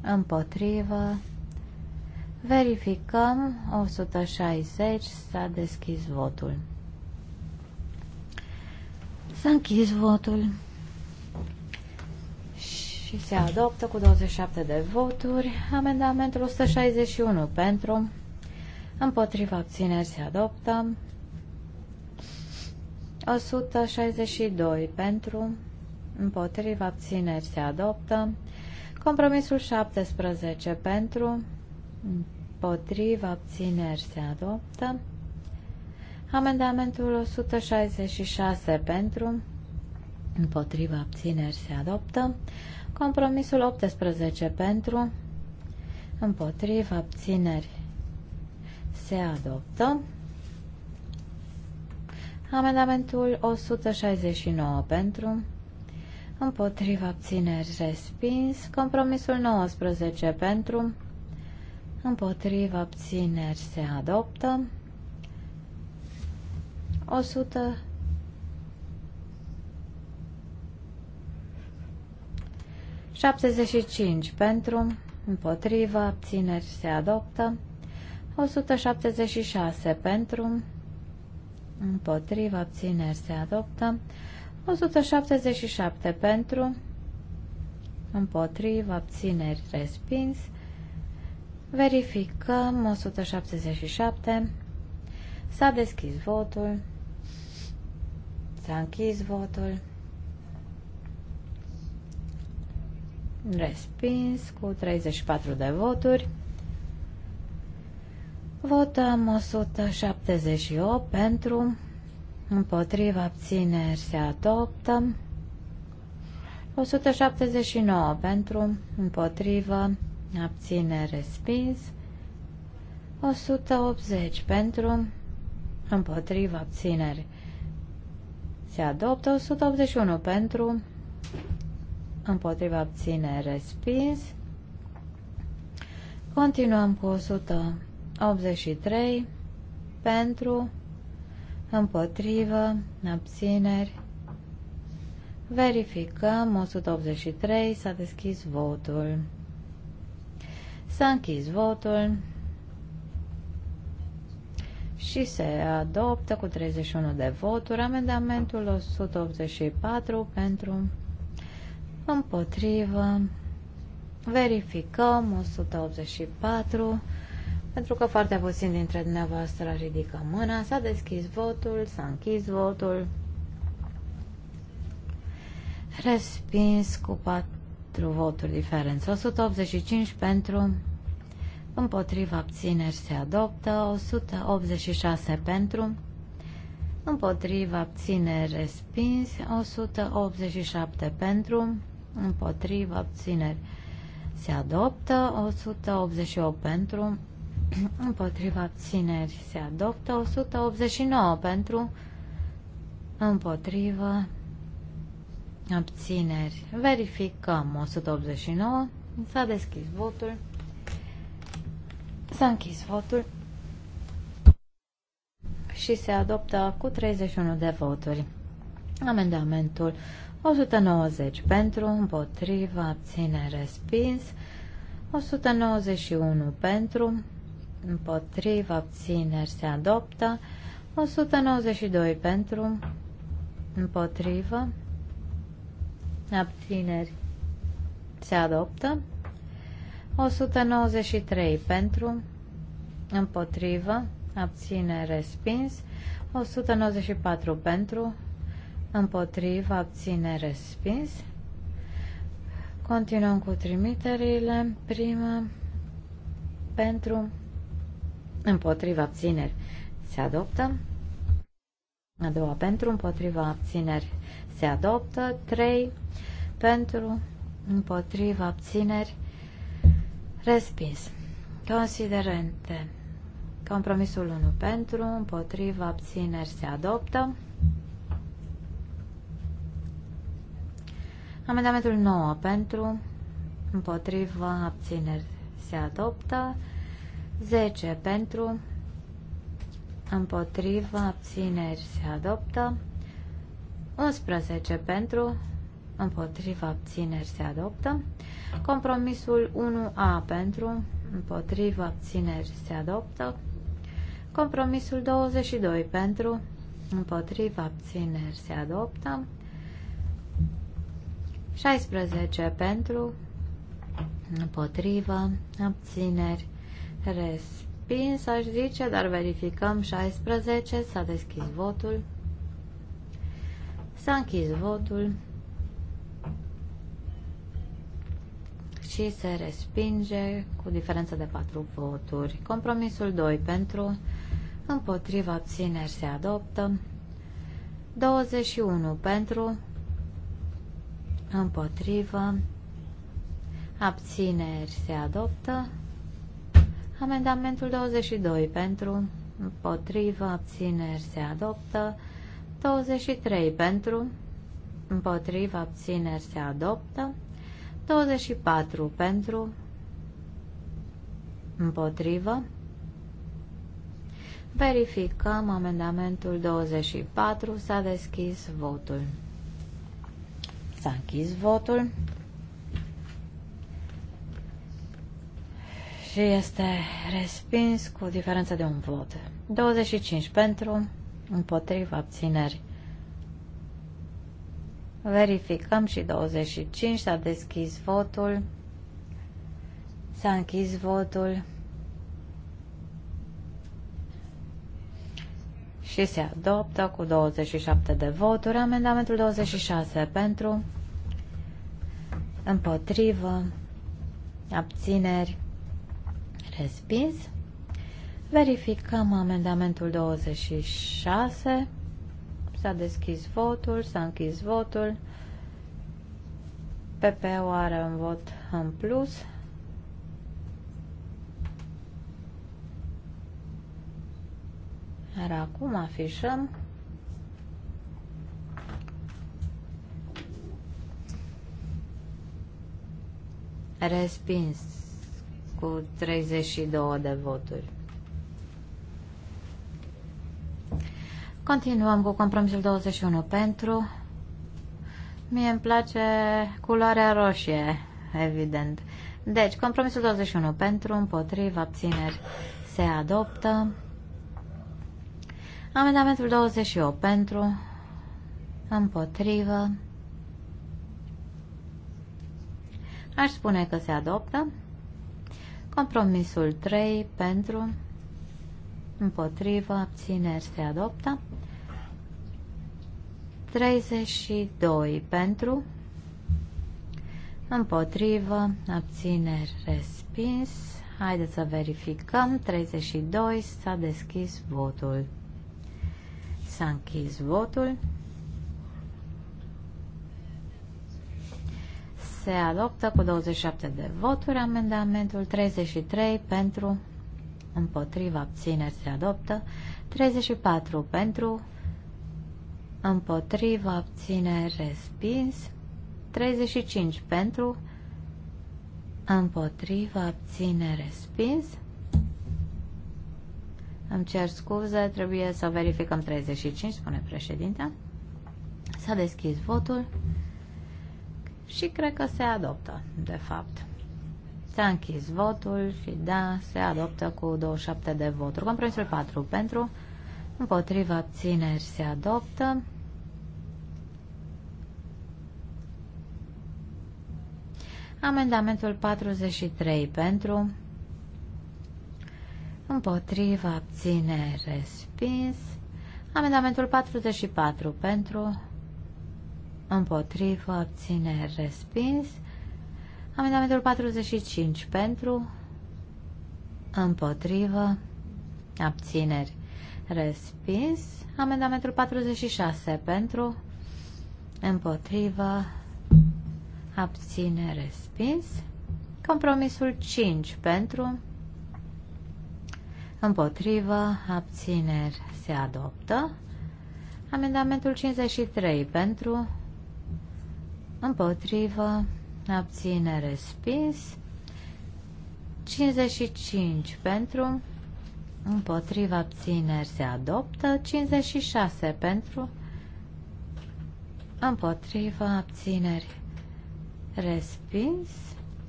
împotrivă, verificăm, 160 s-a deschis votul. S-a închis votul și se adoptă cu 27 de voturi amendamentul 161 pentru, Împotriva abțineri se adoptă. 162 pentru. Împotriva abțineri se adoptă. Compromisul 17 pentru. Împotriva abțineri se adoptă. Amendamentul 166 pentru. Împotriva abțineri se adoptă. Compromisul 18 pentru. Împotriva abțineri se adoptă. Amendamentul 169 pentru, împotriva abțineri respins, compromisul 19 pentru, împotriva abțineri se adoptă, 100 75 pentru, împotriva, abțineri se adoptă, 176 pentru, împotriva abțineri se adoptă. 177 pentru, împotriva abțineri respins. Verificăm 177. S-a deschis votul. S-a închis votul. Respins cu 34 de voturi. Votăm 178 pentru, împotriva abțineri se adoptă. 179 pentru, împotrivă, abține, respins. 180 pentru, împotriva abțineri. Se adoptă 181 pentru, împotriva abține, respins. Continuăm cu 100. 83 pentru, împotrivă, abțineri. Verificăm 183, s-a deschis votul. S-a închis votul și se adoptă cu 31 de voturi amendamentul 184 pentru împotrivă verificăm 184 pentru că foarte puțin dintre dumneavoastră ridică mâna, s-a deschis votul, s-a închis votul. Respins cu 4 voturi diferență. 185 pentru, împotriva abțineri se adoptă, 186 pentru, împotriva abțineri respins, 187 pentru, împotriva abțineri se adoptă, 188 pentru, împotriva abțineri se adoptă 189 pentru împotriva abțineri verificăm 189 s-a deschis votul s-a închis votul și se adoptă cu 31 de voturi amendamentul 190 pentru împotriva abține, respins 191 pentru împotrivă, abțineri se adoptă. 192 pentru, împotrivă, abțineri se adoptă. 193 pentru, împotrivă, abțineri respins. 194 pentru, împotrivă, abțineri respins. Continuăm cu trimiterile. Prima pentru, împotriva abțineri se adoptă. A doua pentru, împotriva abțineri se adoptă. 3 pentru, împotriva abțineri respins. Considerente. Compromisul 1 pentru, împotriva abțineri se adoptă. Amendamentul 9 pentru, împotriva abțineri se adoptă. 10 pentru, împotriva abțineri se adoptă. 11 pentru, împotriva abțineri se adoptă. Compromisul 1A pentru, împotriva abțineri se adoptă. Compromisul 22 pentru, împotriva abțineri se adoptă. 16 pentru, împotriva abțineri Respins, aș zice, dar verificăm 16. S-a deschis votul. S-a închis votul. și se respinge cu diferență de 4 voturi. Compromisul 2 pentru, împotriva abțineri se adoptă, 21 pentru, împotriva, abțineri se adoptă, Amendamentul 22 pentru, împotrivă, abțineri se adoptă. 23 pentru, împotrivă, abțineri se adoptă. 24 pentru, împotrivă. Verificăm amendamentul 24, s-a deschis votul. S-a închis votul. și este respins cu diferență de un vot. 25 pentru, împotriva abțineri. Verificăm și 25, s-a deschis votul, s-a închis votul și se adoptă cu 27 de voturi amendamentul 26 pentru, împotrivă, abțineri. Respins. Verificăm amendamentul 26. S-a deschis votul, s-a închis votul. PP-ul are un vot în plus. Iar acum afișăm. Respins cu 32 de voturi. Continuăm cu compromisul 21 pentru. Mie îmi place culoarea roșie, evident. Deci, compromisul 21 pentru, împotriva, abțineri, se adoptă. Amendamentul 28 pentru, împotrivă. Aș spune că se adoptă. Compromisul 3 pentru, împotriva, abțineri se adoptă. 32 pentru, împotrivă, abțineri respins. Haideți să verificăm. 32 s-a deschis votul. S-a închis votul. se adoptă cu 27 de voturi. Amendamentul 33 pentru, împotriva abțineri se adoptă. 34 pentru, împotriva abțineri respins. 35 pentru, împotriva abțineri respins. Îmi cer scuze, trebuie să verificăm 35, spune președinta. S-a deschis votul și cred că se adoptă, de fapt. S-a închis votul și da, se adoptă cu 27 de voturi. Compromisul 4 pentru, împotriva abțineri se adoptă. Amendamentul 43 pentru, împotriva abțineri respins. Amendamentul 44 pentru, împotrivă, abține, respins. Amendamentul 45 pentru, împotrivă, abțineri, respins. Amendamentul 46 pentru, împotrivă, abțineri, respins. Compromisul 5 pentru, împotrivă, abțineri, se adoptă. Amendamentul 53 pentru, împotrivă, abține respins, 55 pentru, împotriva abțineri se adoptă, 56 pentru, împotriva abțineri respins,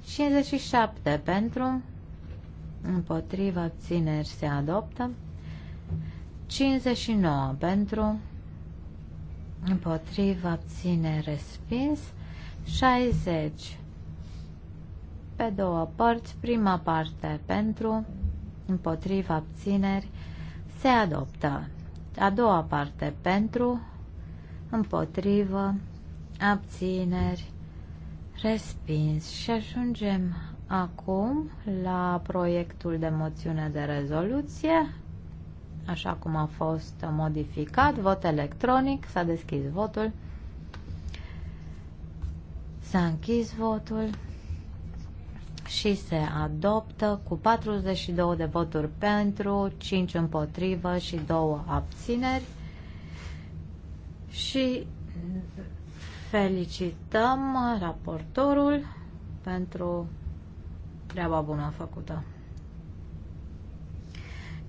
57 pentru, împotriva abțineri se adoptă, 59 pentru, împotriva abțineri respins, 60 pe două părți, prima parte pentru, împotriva abțineri, se adoptă. A doua parte pentru, împotrivă, abțineri, respins. Și ajungem acum la proiectul de moțiune de rezoluție, așa cum a fost modificat, vot electronic, s-a deschis votul. S-a închis votul și se adoptă cu 42 de voturi pentru, 5 împotrivă și 2 abțineri. Și felicităm raportorul pentru treaba bună făcută.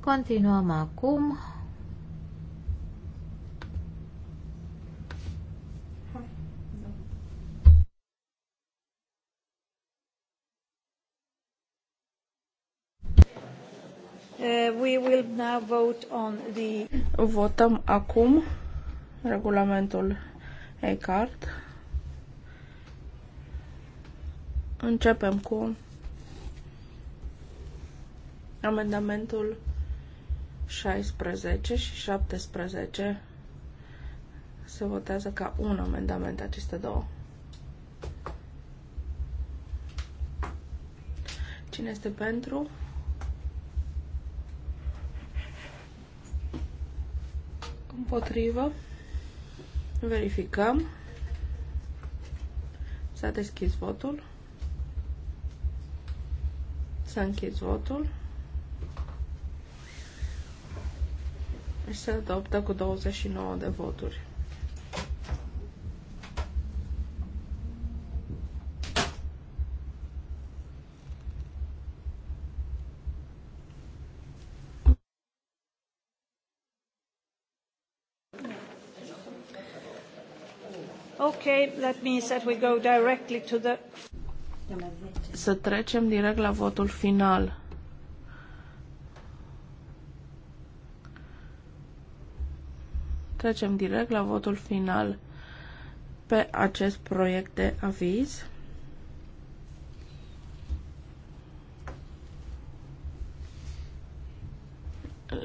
Continuăm acum Uh, we will now vote on the... Votăm acum regulamentul ECART. Începem cu amendamentul 16 și 17. Se votează ca un amendament aceste două. Cine este pentru? împotrivă, verificăm, s-a deschis votul, s-a închis votul și se adoptă cu 29 de voturi. Să trecem direct la votul final. Trecem direct la votul final pe acest proiect de aviz.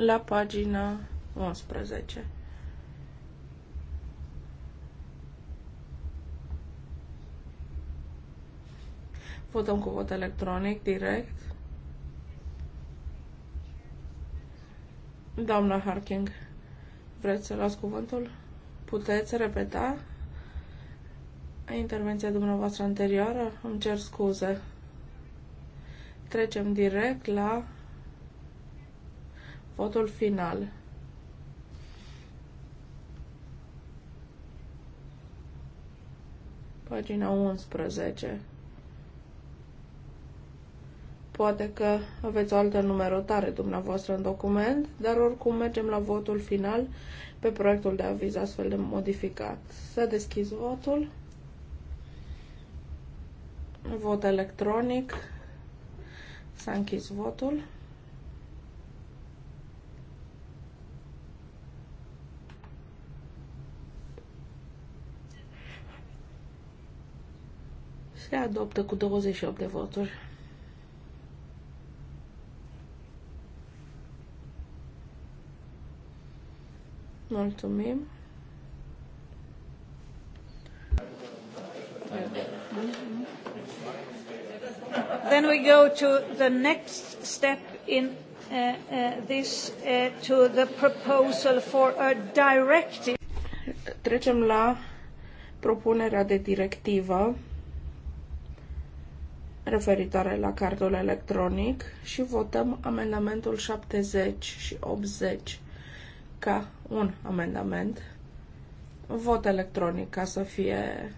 La pagina 11. Votăm cu vot electronic, direct. Doamna Harking, vreți să luați cuvântul? Puteți repeta intervenția dumneavoastră anterioară? Îmi cer scuze. Trecem direct la votul final. Pagina 11. Poate că aveți o altă numerotare dumneavoastră în document, dar oricum mergem la votul final pe proiectul de aviz astfel de modificat. Să deschis votul. Vot electronic. S-a închis votul. Se adoptă cu 28 de voturi. Mulțumim. Then we go to the next step in uh, uh, this, uh, to the proposal for a directive. Trecem la propunerea de directivă referitoare la cardul electronic și votăm amendamentul 70 și 80 ca un amendament, vot electronic ca să fie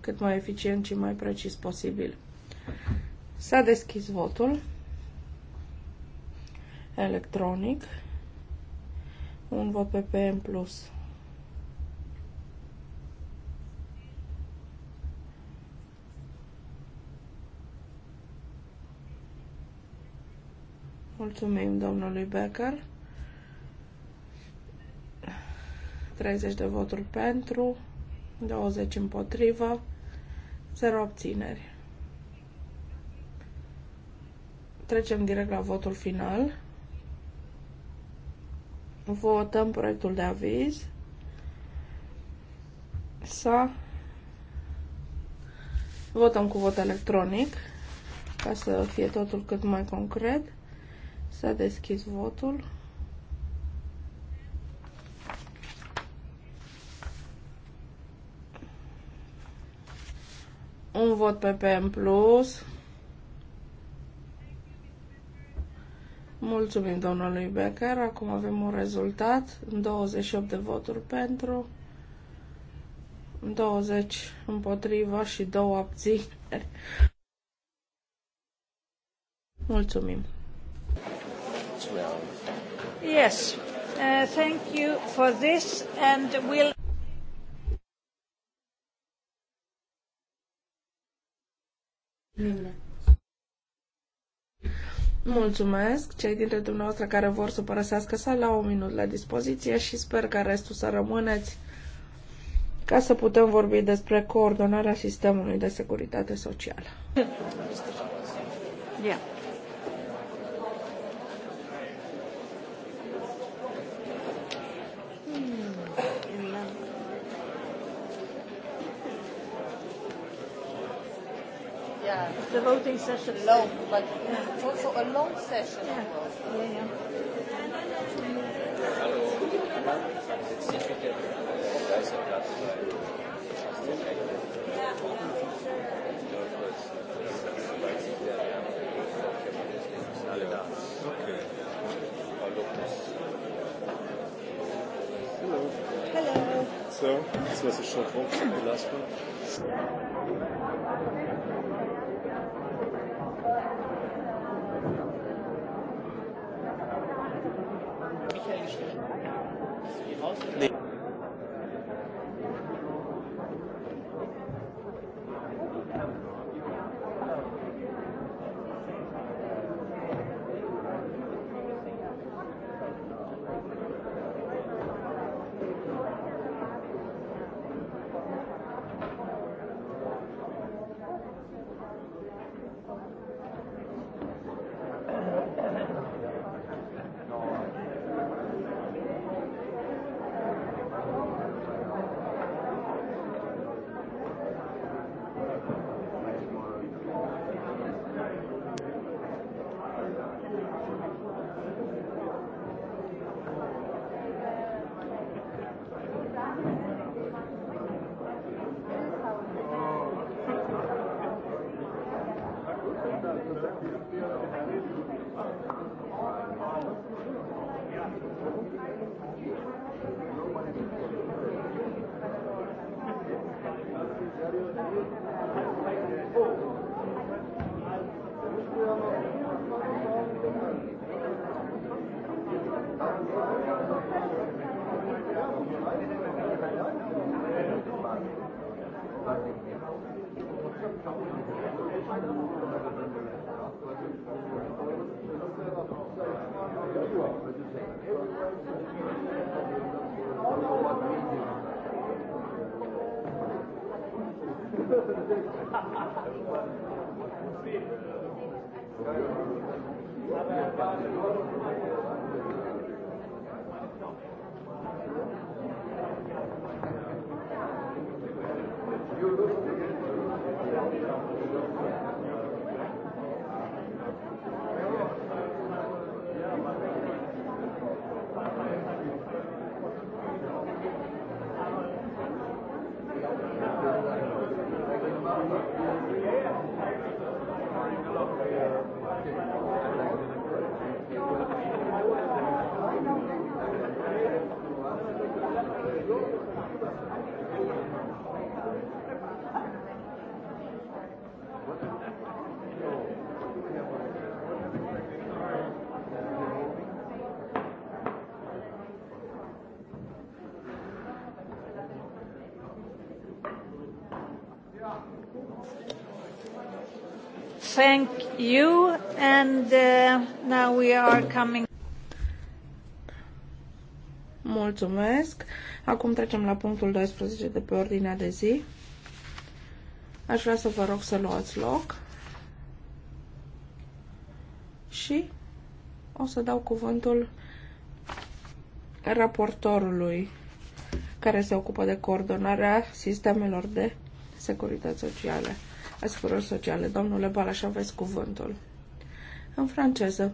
cât mai eficient și mai precis posibil. S-a deschis votul electronic, un vot pe PM+. Plus. Mulțumim domnului Becker. 30 de voturi pentru, 20 împotrivă, 0 obțineri. Trecem direct la votul final. Votăm proiectul de aviz. Să votăm cu vot electronic ca să fie totul cât mai concret. Să deschid deschis votul. Un vot PP în plus. Mulțumim domnului Becker. Acum avem un rezultat. 28 de voturi pentru, 20 împotriva și 2 abțineri. Mulțumim. Yes. Uh, thank you for this and we'll Bine. Mulțumesc. Cei dintre dumneavoastră care vor să părăsească sala la un minut la dispoziție și sper că restul să rămâneți ca să putem vorbi despre coordonarea sistemului de securitate socială. Yeah. the voting session. Long, but yeah. it's also a long session. Yeah, yeah, yeah. Hello. Hello. So, this was a short walk from the last one. Thank you. And uh, now we are coming. Mulțumesc. Acum trecem la punctul 12 de pe ordinea de zi. Aș vrea să vă rog să luați loc. Și o să dau cuvântul raportorului care se ocupă de coordonarea sistemelor de securitate sociale asigurări sociale. Domnule Balaș, aveți cuvântul. În franceză.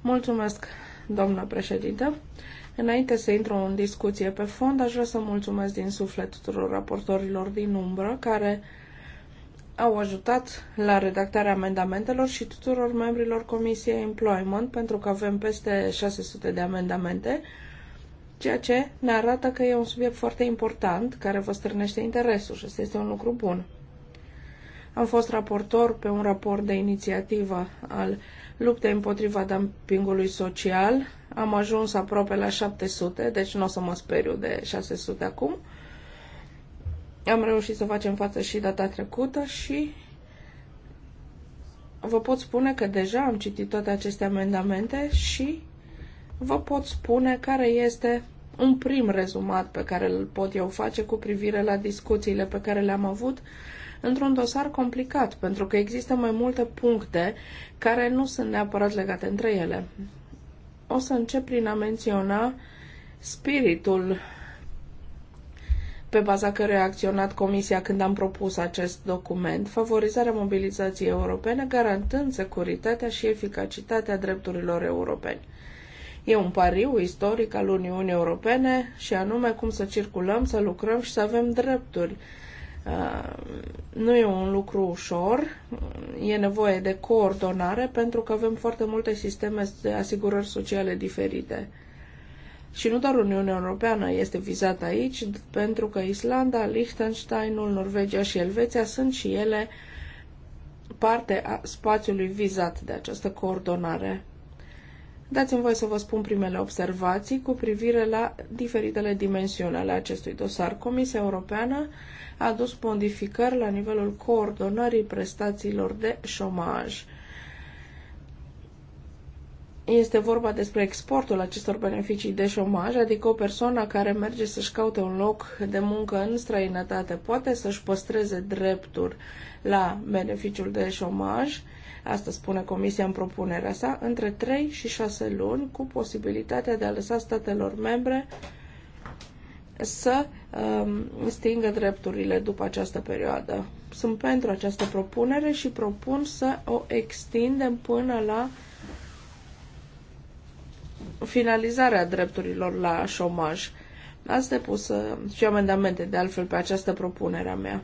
Mulțumesc, doamnă președintă. Înainte să intru în discuție pe fond, aș vrea să mulțumesc din suflet tuturor raportorilor din umbră care au ajutat la redactarea amendamentelor și tuturor membrilor Comisiei Employment, pentru că avem peste 600 de amendamente, ceea ce ne arată că e un subiect foarte important care vă strânește interesul și asta este un lucru bun. Am fost raportor pe un raport de inițiativă al luptei împotriva dumpingului social. Am ajuns aproape la 700, deci nu o să mă speriu de 600 acum. Am reușit să facem față și data trecută și vă pot spune că deja am citit toate aceste amendamente și vă pot spune care este un prim rezumat pe care îl pot eu face cu privire la discuțiile pe care le-am avut într-un dosar complicat, pentru că există mai multe puncte care nu sunt neapărat legate între ele. O să încep prin a menționa spiritul pe baza căruia a acționat Comisia când am propus acest document, favorizarea mobilizației europene, garantând securitatea și eficacitatea drepturilor europene. E un pariu istoric al Uniunii Europene și anume cum să circulăm, să lucrăm și să avem drepturi Uh, nu e un lucru ușor, e nevoie de coordonare pentru că avem foarte multe sisteme de asigurări sociale diferite. Și nu doar Uniunea Europeană este vizată aici, pentru că Islanda, Liechtensteinul, Norvegia și Elveția sunt și ele parte a spațiului vizat de această coordonare. Dați-mi voi să vă spun primele observații cu privire la diferitele dimensiuni ale acestui dosar. Comisia Europeană a adus modificări la nivelul coordonării prestațiilor de șomaj. Este vorba despre exportul acestor beneficii de șomaj, adică o persoană care merge să-și caute un loc de muncă în străinătate poate să-și păstreze drepturi la beneficiul de șomaj asta spune Comisia în propunerea sa, între 3 și 6 luni, cu posibilitatea de a lăsa statelor membre să um, stingă drepturile după această perioadă. Sunt pentru această propunere și propun să o extindem până la finalizarea drepturilor la șomaj. Ați depus uh, și amendamente de altfel pe această propunere a mea.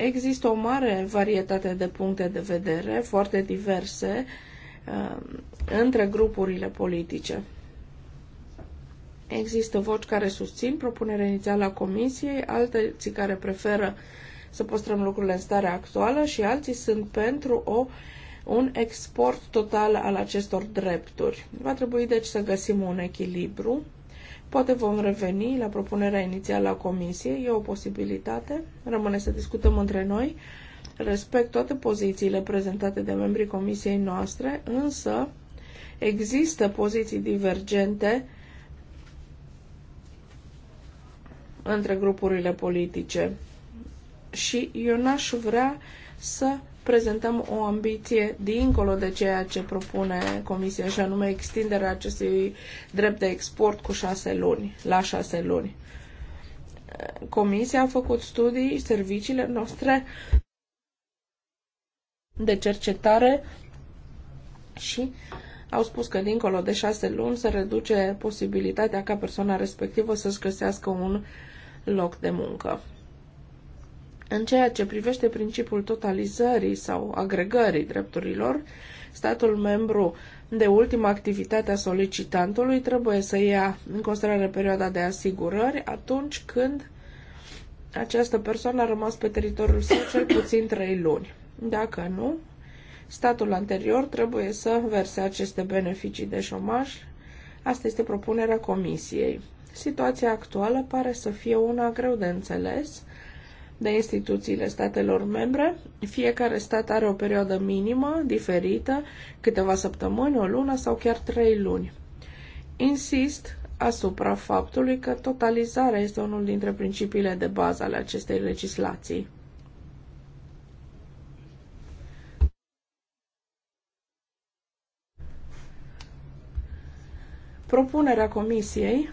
Există o mare varietate de puncte de vedere, foarte diverse, uh, între grupurile politice. Există voci care susțin propunerea inițială a Comisiei, alții care preferă să păstrăm lucrurile în starea actuală și alții sunt pentru o, un export total al acestor drepturi. Va trebui deci să găsim un echilibru Poate vom reveni la propunerea inițială a comisiei, e o posibilitate, rămâne să discutăm între noi. Respect toate pozițiile prezentate de membrii comisiei noastre, însă există poziții divergente între grupurile politice și eu n-aș vrea să prezentăm o ambiție dincolo de ceea ce propune Comisia, și anume extinderea acestui drept de export cu șase luni, la șase luni. Comisia a făcut studii, serviciile noastre de cercetare și au spus că dincolo de șase luni se reduce posibilitatea ca persoana respectivă să-și găsească un loc de muncă. În ceea ce privește principiul totalizării sau agregării drepturilor, statul membru de ultimă activitate a solicitantului trebuie să ia în considerare perioada de asigurări atunci când această persoană a rămas pe teritoriul său cel puțin 3 luni. Dacă nu, statul anterior trebuie să verse aceste beneficii de șomaj. Asta este propunerea comisiei. Situația actuală pare să fie una greu de înțeles de instituțiile statelor membre. Fiecare stat are o perioadă minimă, diferită, câteva săptămâni, o lună sau chiar trei luni. Insist asupra faptului că totalizarea este unul dintre principiile de bază ale acestei legislații. Propunerea Comisiei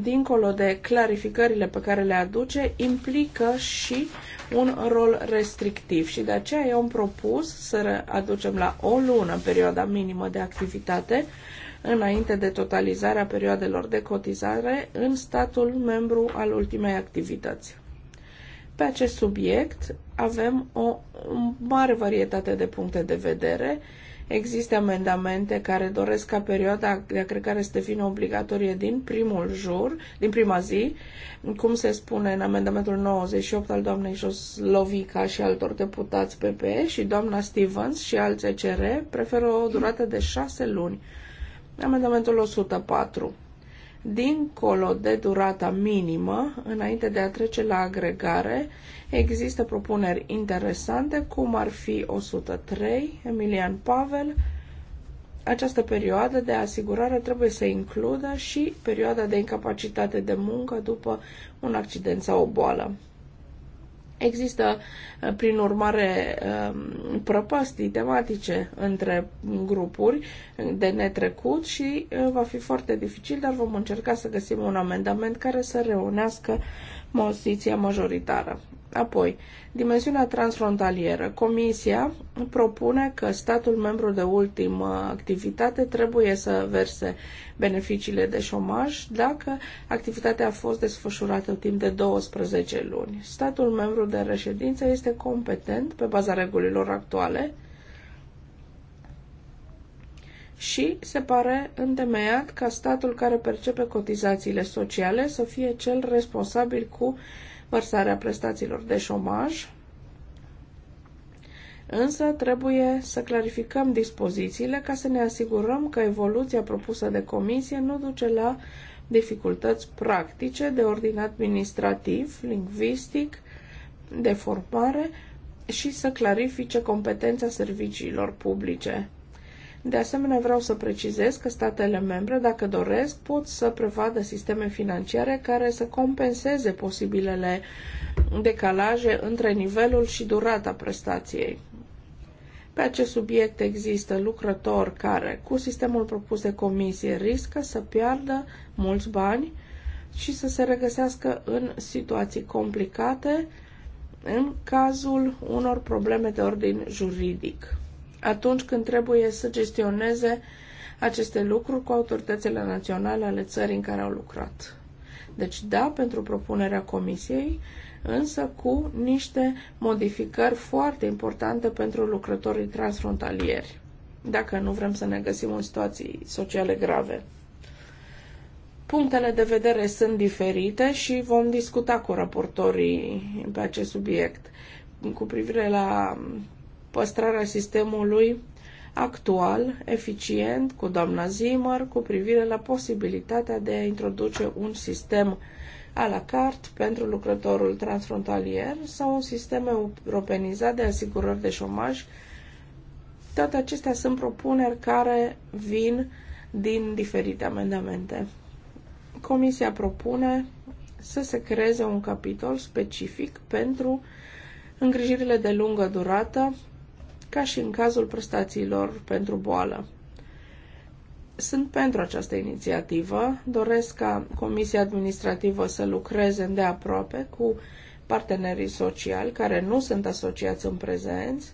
dincolo de clarificările pe care le aduce, implică și un rol restrictiv și de aceea eu am propus să aducem la o lună perioada minimă de activitate înainte de totalizarea perioadelor de cotizare în statul membru al ultimei activități. Pe acest subiect avem o mare varietate de puncte de vedere Există amendamente care doresc ca perioada de acrecare să devină obligatorie din primul jur, din prima zi, cum se spune în amendamentul 98 al doamnei Joslovica și altor deputați PP și doamna Stevens și alți CR, preferă o durată de șase luni. Amendamentul 104 dincolo de durata minimă, înainte de a trece la agregare, există propuneri interesante, cum ar fi 103, Emilian Pavel. Această perioadă de asigurare trebuie să includă și perioada de incapacitate de muncă după un accident sau o boală. Există, eh, prin urmare, eh, prăpastii tematice între grupuri de netrecut și eh, va fi foarte dificil, dar vom încerca să găsim un amendament care să reunească poziția majoritară. Apoi, dimensiunea transfrontalieră. Comisia propune că statul membru de ultimă activitate trebuie să verse beneficiile de șomaj dacă activitatea a fost desfășurată timp de 12 luni. Statul membru de reședință este competent pe baza regulilor actuale și se pare întemeiat ca statul care percepe cotizațiile sociale să fie cel responsabil cu uh, vărsarea prestațiilor de șomaj, însă trebuie să clarificăm dispozițiile ca să ne asigurăm că evoluția propusă de comisie nu duce la dificultăți practice de ordin administrativ, lingvistic, de formare și să clarifice competența serviciilor publice. De asemenea, vreau să precizez că statele membre, dacă doresc, pot să prevadă sisteme financiare care să compenseze posibilele decalaje între nivelul și durata prestației. Pe acest subiect există lucrători care, cu sistemul propus de comisie, riscă să piardă mulți bani și să se regăsească în situații complicate în cazul unor probleme de ordin juridic atunci când trebuie să gestioneze aceste lucruri cu autoritățile naționale ale țării în care au lucrat. Deci da pentru propunerea comisiei, însă cu niște modificări foarte importante pentru lucrătorii transfrontalieri, dacă nu vrem să ne găsim în situații sociale grave. Punctele de vedere sunt diferite și vom discuta cu raportorii pe acest subiect cu privire la păstrarea sistemului actual, eficient, cu doamna Zimmer, cu privire la posibilitatea de a introduce un sistem a la carte pentru lucrătorul transfrontalier sau un sistem europenizat de asigurări de șomaj. Toate acestea sunt propuneri care vin din diferite amendamente. Comisia propune să se creeze un capitol specific pentru îngrijirile de lungă durată ca și în cazul prestațiilor pentru boală. Sunt pentru această inițiativă, doresc ca Comisia Administrativă să lucreze îndeaproape cu partenerii sociali care nu sunt asociați în prezenți,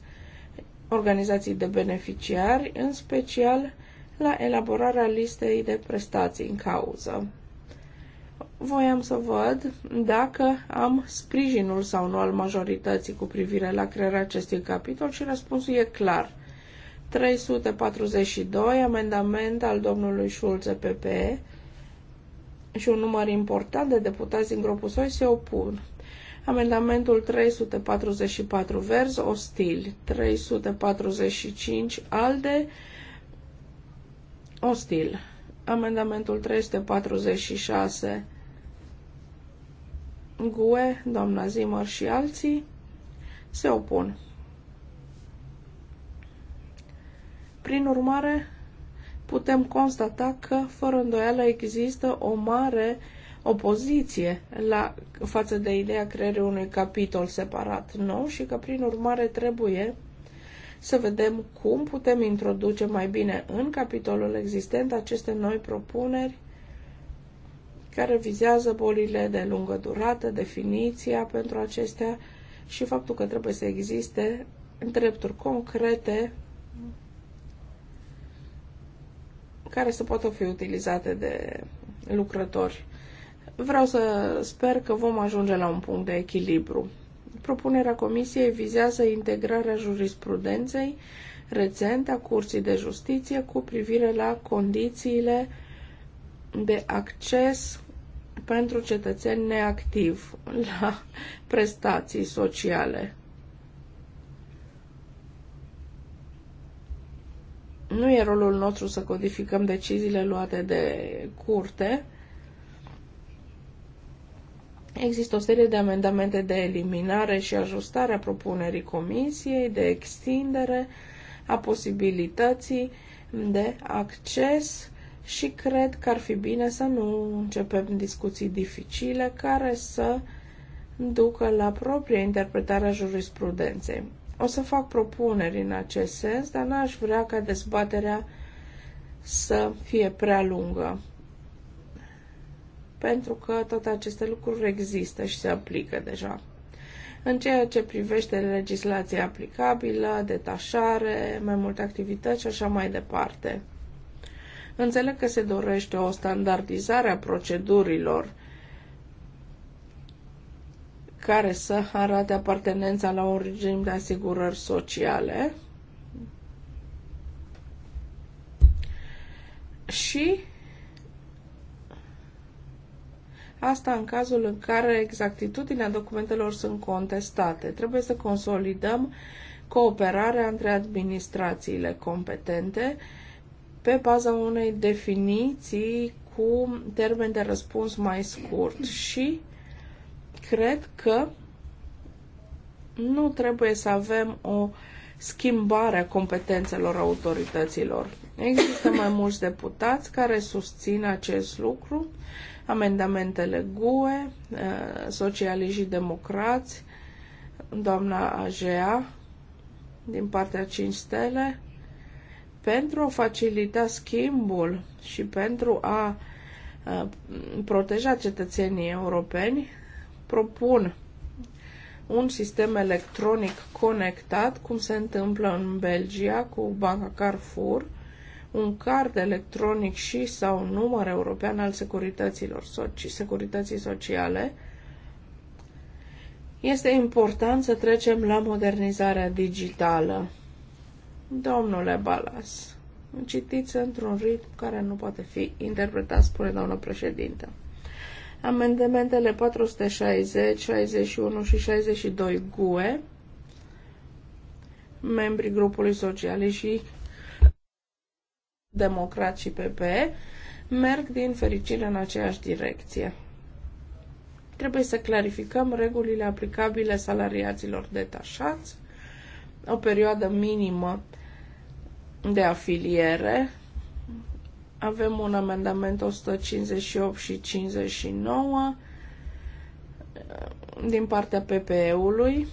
organizații de beneficiari, în special la elaborarea listei de prestații în cauză voiam să văd dacă am sprijinul sau nu al majorității cu privire la crearea acestui capitol și răspunsul e clar. 342, amendament al domnului Schulze PP și un număr important de deputați din grupul soi se opun. Amendamentul 344 vers ostil, 345 alde ostil. Amendamentul 346 GUE, doamna Zimmer și alții se opun. Prin urmare, putem constata că, fără îndoială, există o mare opoziție la, față de ideea creării unui capitol separat nou și că, prin urmare, trebuie să vedem cum putem introduce mai bine în capitolul existent aceste noi propuneri care vizează bolile de lungă durată, definiția pentru acestea și faptul că trebuie să existe drepturi concrete care să poată fi utilizate de lucrători. Vreau să sper că vom ajunge la un punct de echilibru. Propunerea Comisiei vizează integrarea jurisprudenței recente a Curții de Justiție cu privire la condițiile de acces pentru cetățeni neactiv la prestații sociale. Nu e rolul nostru să codificăm deciziile luate de curte. Există o serie de amendamente de eliminare și ajustare a propunerii comisiei, de extindere a posibilității de acces și cred că ar fi bine să nu începem discuții dificile care să ducă la propria interpretare a jurisprudenței. O să fac propuneri în acest sens, dar n-aș vrea ca dezbaterea să fie prea lungă. Pentru că toate aceste lucruri există și se aplică deja. În ceea ce privește legislația aplicabilă, detașare, mai multe activități și așa mai departe. Înțeleg că se dorește o standardizare a procedurilor care să arate apartenența la un regim de asigurări sociale și Asta în cazul în care exactitudinea documentelor sunt contestate. Trebuie să consolidăm cooperarea între administrațiile competente pe baza unei definiții cu termen de răspuns mai scurt și cred că nu trebuie să avem o schimbare a competențelor autorităților. Există mai mulți deputați care susțin acest lucru, amendamentele GUE, eh, socialiști și democrați, doamna Ajea, din partea 5 stele, pentru a facilita schimbul și pentru a proteja cetățenii europeni, propun un sistem electronic conectat, cum se întâmplă în Belgia cu Banca Carrefour, un card electronic și sau un număr european al securităților securității sociale. Este important să trecem la modernizarea digitală Domnule Balas, citiți într-un ritm care nu poate fi interpretat, spune doamna președintă. Amendamentele 460, 61 și 62 GUE, membrii grupului socialist și Democrat și PP, merg din fericire în aceeași direcție. Trebuie să clarificăm regulile aplicabile salariaților detașați, o perioadă minimă de afiliere. Avem un amendament 158 și 59 uh, din partea PPE-ului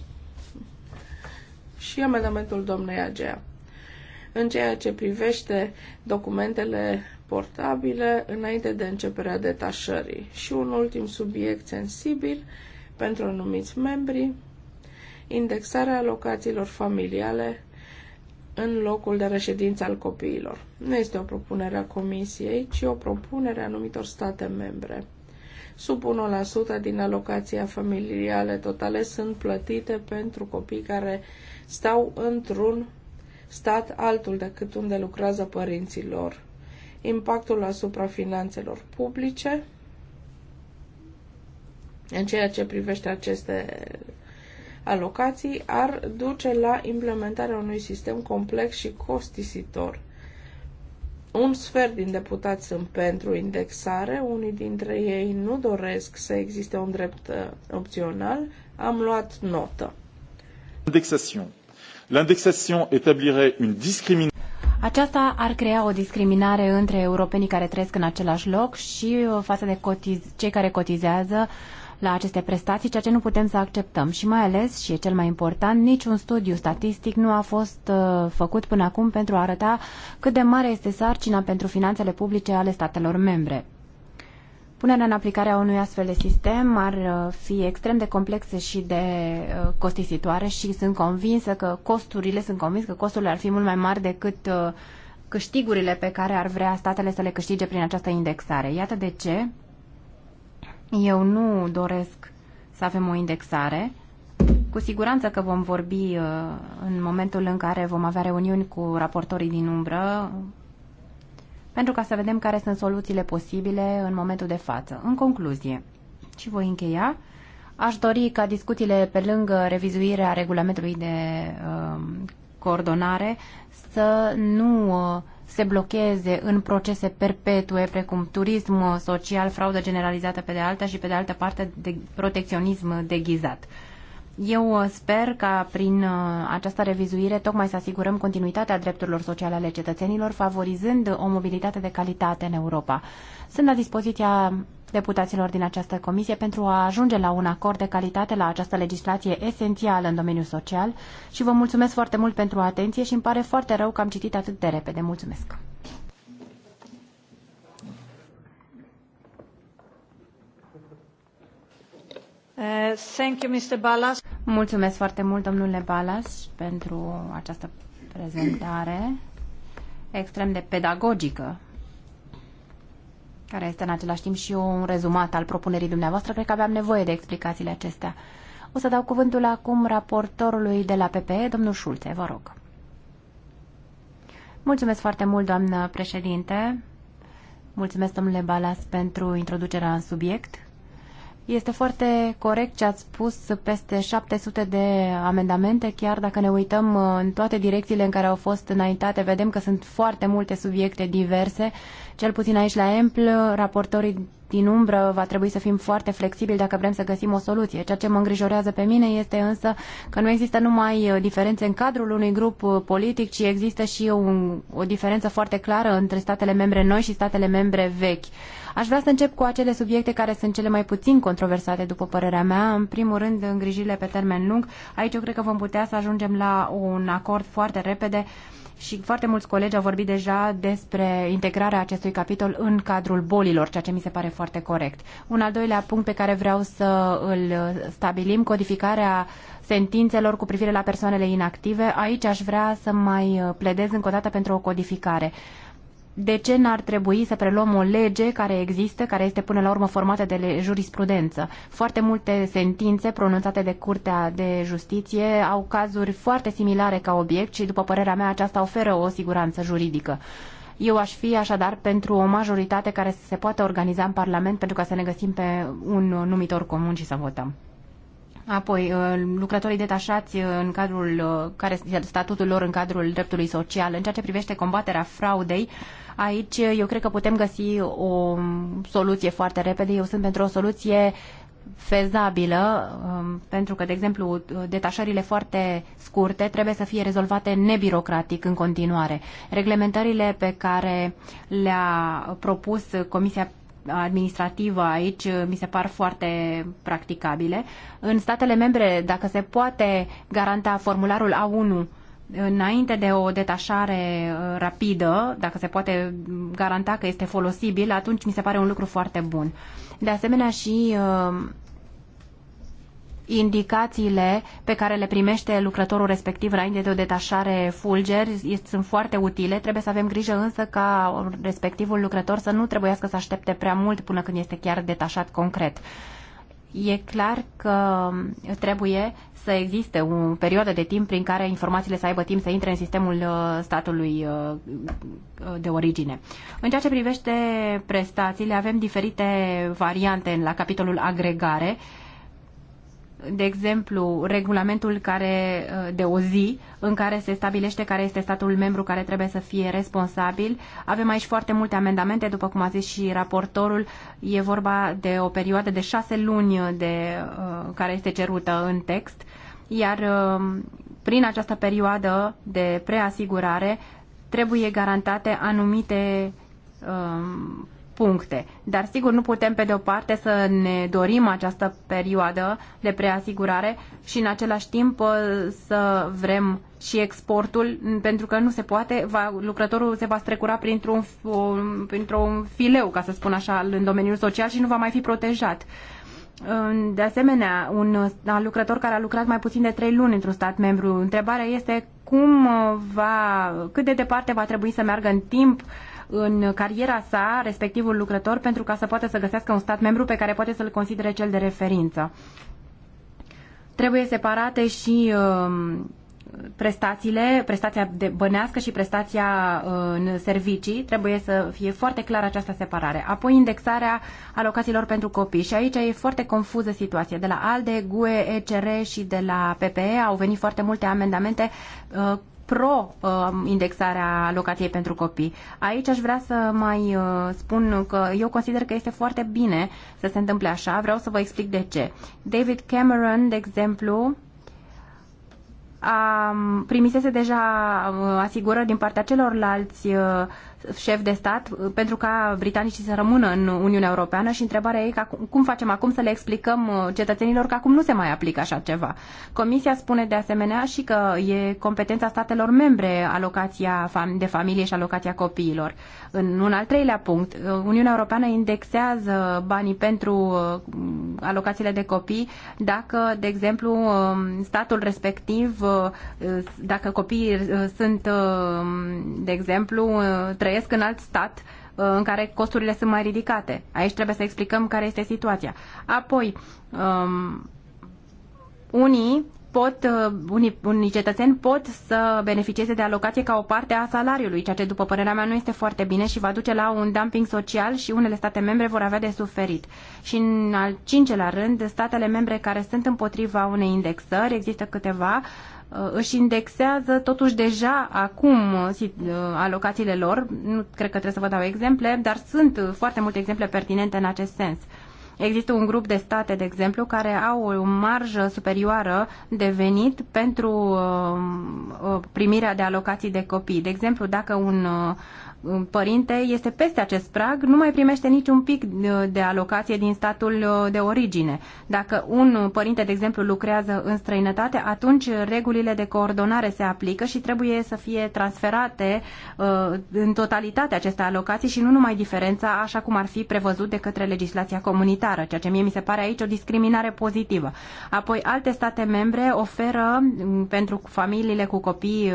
și amendamentul domnei Agea. În ceea ce privește documentele portabile înainte de începerea detașării. Și un ultim subiect sensibil pentru anumiți membri, indexarea locațiilor familiale în locul de reședință al copiilor. Nu este o propunere a Comisiei, ci o propunere a anumitor state membre. Sub 1% din alocația familiale totale sunt plătite pentru copii care stau într-un stat altul decât unde lucrează părinții lor. Impactul asupra finanțelor publice în ceea ce privește aceste alocații ar duce la implementarea unui sistem complex și costisitor. Un sfert din deputați sunt pentru indexare, unii dintre ei nu doresc să existe un drept uh, opțional. Am luat notă. Indexation. L'indexation établirait une discrimination aceasta ar crea o discriminare între europenii care trăiesc în același loc și uh, față de cotiz- cei care cotizează la aceste prestații, ceea ce nu putem să acceptăm. Și mai ales, și e cel mai important, niciun studiu statistic nu a fost uh, făcut până acum pentru a arăta cât de mare este sarcina pentru finanțele publice ale statelor membre. Punerea în aplicare a unui astfel de sistem ar uh, fi extrem de complexe și de uh, costisitoare și sunt convinsă că costurile, sunt convins că costurile ar fi mult mai mari decât uh, câștigurile pe care ar vrea statele să le câștige prin această indexare. Iată de ce eu nu doresc să avem o indexare. Cu siguranță că vom vorbi uh, în momentul în care vom avea reuniuni cu raportorii din umbră pentru ca să vedem care sunt soluțiile posibile în momentul de față. În concluzie, și voi încheia, aș dori ca discuțiile pe lângă revizuirea regulamentului de uh, coordonare să nu uh, se blocheze în procese perpetue, precum turism social, fraudă generalizată pe de alta și pe de altă parte de protecționism deghizat. Eu uh, sper ca prin uh, această revizuire tocmai să asigurăm continuitatea drepturilor sociale ale cetățenilor, favorizând o mobilitate de calitate în Europa. Sunt la dispoziția deputaților din această comisie pentru a ajunge la un acord de calitate la această legislație esențială în domeniul social și vă mulțumesc foarte mult pentru atenție și îmi pare foarte rău că am citit atât de repede. Mulțumesc! Uh, thank you, Mr. Balas. Mulțumesc foarte mult, domnule Balas, pentru această prezentare extrem de pedagogică care este în același timp și un rezumat al propunerii dumneavoastră. Cred că aveam nevoie de explicațiile acestea. O să dau cuvântul acum raportorului de la PPE, domnul Șulțe, vă rog. Mulțumesc foarte mult, doamnă președinte. Mulțumesc, domnule Balas, pentru introducerea în subiect. Este foarte corect ce ați spus, peste 700 de amendamente, chiar dacă ne uităm uh, în toate direcțiile în care au fost înaintate, vedem că sunt foarte multe subiecte diverse. Cel puțin aici la EMPL, raportorii din umbră va trebui să fim foarte flexibili dacă vrem să găsim o soluție. Ceea ce mă îngrijorează pe mine este însă că nu există numai uh, diferențe în cadrul unui grup uh, politic, ci există și un, o diferență foarte clară între statele membre noi și statele membre vechi. Aș vrea să încep cu acele subiecte care sunt cele mai puțin controversate, după părerea mea. În primul rând, îngrijirile pe termen lung. Aici eu cred că vom putea să ajungem la un acord foarte repede și foarte mulți colegi au vorbit deja despre integrarea acestui capitol în cadrul bolilor, ceea ce mi se pare foarte corect. Un al doilea punct pe care vreau să îl stabilim, codificarea sentințelor cu privire la persoanele inactive. Aici aș vrea să mai pledez încă o dată pentru o codificare de ce n-ar trebui să preluăm o lege care există, care este până la urmă formată de jurisprudență? Foarte multe sentințe pronunțate de Curtea de Justiție au cazuri foarte similare ca obiect și, după părerea mea, aceasta oferă o siguranță juridică. Eu aș fi așadar pentru o majoritate care se poate organiza în Parlament pentru ca să ne găsim pe un numitor comun și să votăm. Apoi, uh, lucrătorii detașați uh, în cadrul, uh, care este statutul lor în cadrul dreptului social. În ceea ce privește combaterea fraudei, aici eu cred că putem găsi o soluție foarte repede. Eu sunt pentru o soluție fezabilă, um, pentru că, de exemplu, detașările foarte scurte trebuie să fie rezolvate nebirocratic în continuare. Reglementările pe care le-a propus Comisia administrativă aici uh, mi se par foarte practicabile. În statele membre, dacă se poate garanta formularul A1 înainte de o detașare uh, rapidă, dacă se poate garanta că este folosibil, atunci mi se pare un lucru foarte bun. De asemenea și uh, indicațiile pe care le primește lucrătorul respectiv înainte de o detașare fulger sunt foarte utile. Trebuie să avem grijă însă ca respectivul lucrător să nu trebuiască să aștepte prea mult până când este chiar detașat concret. E clar că trebuie să existe o perioadă de timp prin care informațiile să aibă timp să intre în sistemul uh, statului uh, uh, de origine. În ceea ce privește prestațiile, avem diferite variante la capitolul agregare de exemplu, regulamentul care, uh, de o zi în care se stabilește care este statul membru care trebuie să fie responsabil. Avem aici foarte multe amendamente, după cum a zis și raportorul. E vorba de o perioadă de șase luni de, uh, care este cerută în text, iar uh, prin această perioadă de preasigurare trebuie garantate anumite puncte. Dar sigur nu putem pe de o parte să ne dorim această perioadă de preasigurare și în același timp uh, să vrem și exportul, pentru că nu se poate, va, lucrătorul se va strecura printr-un, printr-un fileu, ca să spun așa, în domeniul social și nu va mai fi protejat. De asemenea, un lucrător care a lucrat mai puțin de trei luni într-un stat membru, întrebarea este cum uh, va, cât de departe va trebui să meargă în timp uh, în cariera sa respectivul lucrător pentru ca să poată să găsească un stat membru pe care poate să-l considere cel de referință. Trebuie separate și um, prestațiile, prestația de bănească și prestația uh, în servicii, trebuie să fie foarte clar această separare. Apoi indexarea alocațiilor pentru copii și aici e foarte confuză situația. De la ALDE, GUE, ECR și de la PPE au venit foarte multe amendamente uh, pro-indexarea um, locației pentru copii. Aici aș vrea să mai uh, spun că eu consider că este foarte bine să se întâmple așa. Vreau să vă explic de ce. David Cameron, de exemplu, a, um, primisese deja uh, asigurări din partea celorlalți uh, șef de stat pentru ca britanicii să rămână în Uniunea Europeană și întrebarea ei cum facem acum să le explicăm uh, cetățenilor că acum nu se mai aplică așa ceva. Comisia spune de asemenea și că e competența statelor membre alocația de familie și alocația copiilor. În un al treilea punct, uh, Uniunea Europeană indexează banii pentru uh, alocațiile de copii dacă, de exemplu, um, statul respectiv, uh, dacă copiii sunt, de exemplu, trăiesc în alt stat în care costurile sunt mai ridicate. Aici trebuie să explicăm care este situația. Apoi, um, unii pot, uh, unii, unii cetățeni pot să beneficieze de alocație ca o parte a salariului, ceea ce după părerea mea nu este foarte bine și va duce la un dumping social și unele state membre vor avea de suferit. Și în al cincelea rând, statele membre care sunt împotriva unei indexări, există câteva, uh, își indexează totuși deja acum uh, alocațiile lor, nu cred că trebuie să vă dau exemple, dar sunt foarte multe exemple pertinente în acest sens. Există un grup de state, de exemplu, care au o marjă superioară de venit pentru uh, uh, primirea de alocații de copii. De exemplu, dacă un uh, părinte este peste acest prag, nu mai primește niciun pic uh, de alocație din statul uh, de origine. Dacă un părinte, de exemplu, lucrează în străinătate, atunci regulile de coordonare se aplică și trebuie să fie transferate uh, în totalitate aceste alocații și nu numai diferența așa cum ar fi prevăzut de către legislația comunitară, ceea ce mie mi se pare aici o discriminare pozitivă. Apoi, alte state membre oferă mm, pentru familiile cu copii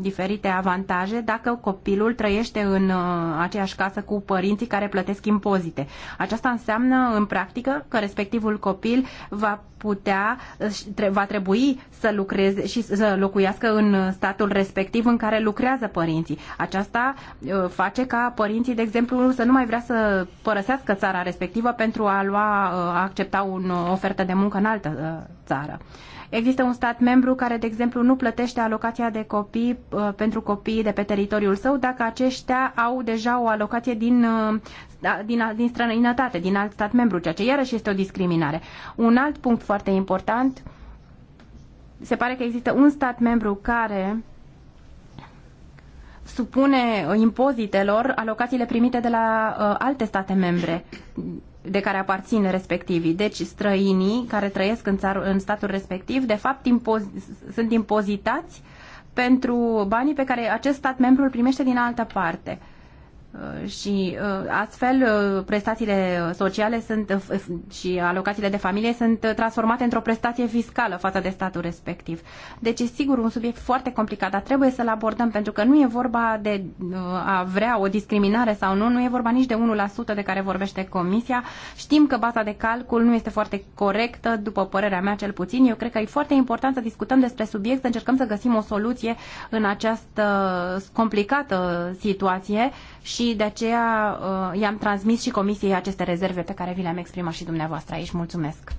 diferite avantaje dacă copilul trăiește în uh, aceeași casă cu părinții care plătesc impozite. Aceasta înseamnă, în practică, că respectivul copil va putea, va trebui să lucreze și să locuiască în statul respectiv în care lucrează părinții. Aceasta uh, face ca părinții, de exemplu, să nu mai vrea să părăsească țara respectivă pentru a lua, uh, a accepta un, o ofertă de muncă în altă țară. Există un stat membru care, de exemplu, nu plătește alocația de copii uh, pentru copii de pe teritoriul său dacă aceștia au deja o alocație din, uh, da, din, din străinătate, din alt stat membru, ceea ce iarăși este o discriminare. Un alt punct foarte important, se pare că există un stat membru care supune impozitelor alocațiile primite de la uh, alte state membre de care aparțin respectivii. Deci străinii care trăiesc în, țar, în statul respectiv, de fapt, impoz, sunt impozitați pentru banii pe care acest stat membru îl primește din altă parte. Uh, și uh, astfel uh, prestațiile sociale sunt, și alocațiile de familie sunt transformate într-o prestație fiscală față de statul respectiv. Deci e sigur un subiect foarte complicat, dar trebuie să-l abordăm pentru că nu e vorba de a vrea o discriminare sau nu, nu e vorba nici de 1% de care vorbește Comisia. Știm că baza de calcul nu este foarte corectă, după părerea mea cel puțin. Eu cred că e foarte important să discutăm despre subiect, să încercăm să găsim o soluție în această complicată situație și de aceea uh, i-am transmis și comisiei aceste rezerve pe care vi le-am exprimat și dumneavoastră aici. Mulțumesc!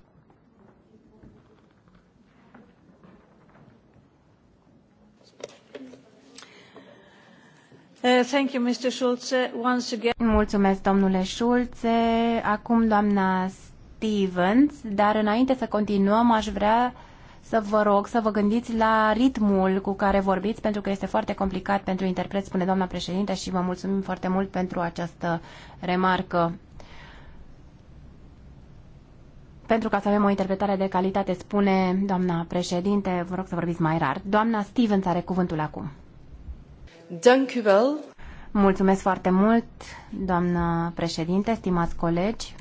Uh, thank you, Mr. Schulze. Once again... Mulțumesc, domnule Schulze. Acum doamna Stevens, dar înainte să continuăm, aș vrea să vă rog să vă gândiți la ritmul cu care vorbiți, pentru că este foarte complicat pentru interpret, spune doamna președinte, și vă mulțumim foarte mult pentru această remarcă. Pentru ca să avem o interpretare de calitate, spune doamna președinte, vă rog să vorbiți mai rar. Doamna Stevens are cuvântul acum. Mulțumesc foarte mult, doamna președinte, stimați colegi.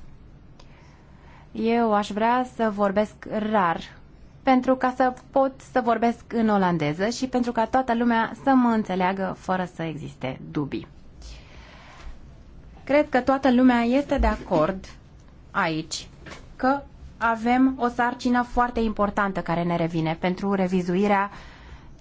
Eu aș vrea să vorbesc rar pentru ca să pot să vorbesc în olandeză și pentru ca toată lumea să mă înțeleagă fără să existe dubii. Cred că toată lumea este de acord aici că avem o sarcină foarte importantă care ne revine pentru revizuirea uh,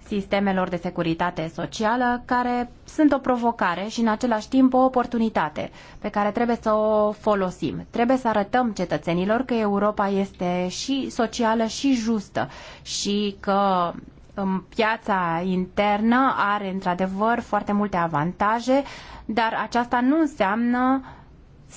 sistemelor de securitate socială, care sunt o provocare și în același timp o oportunitate pe care trebuie să o folosim. Trebuie să arătăm cetățenilor că Europa este și socială și justă și că în um, piața internă are într-adevăr foarte multe avantaje, dar aceasta nu înseamnă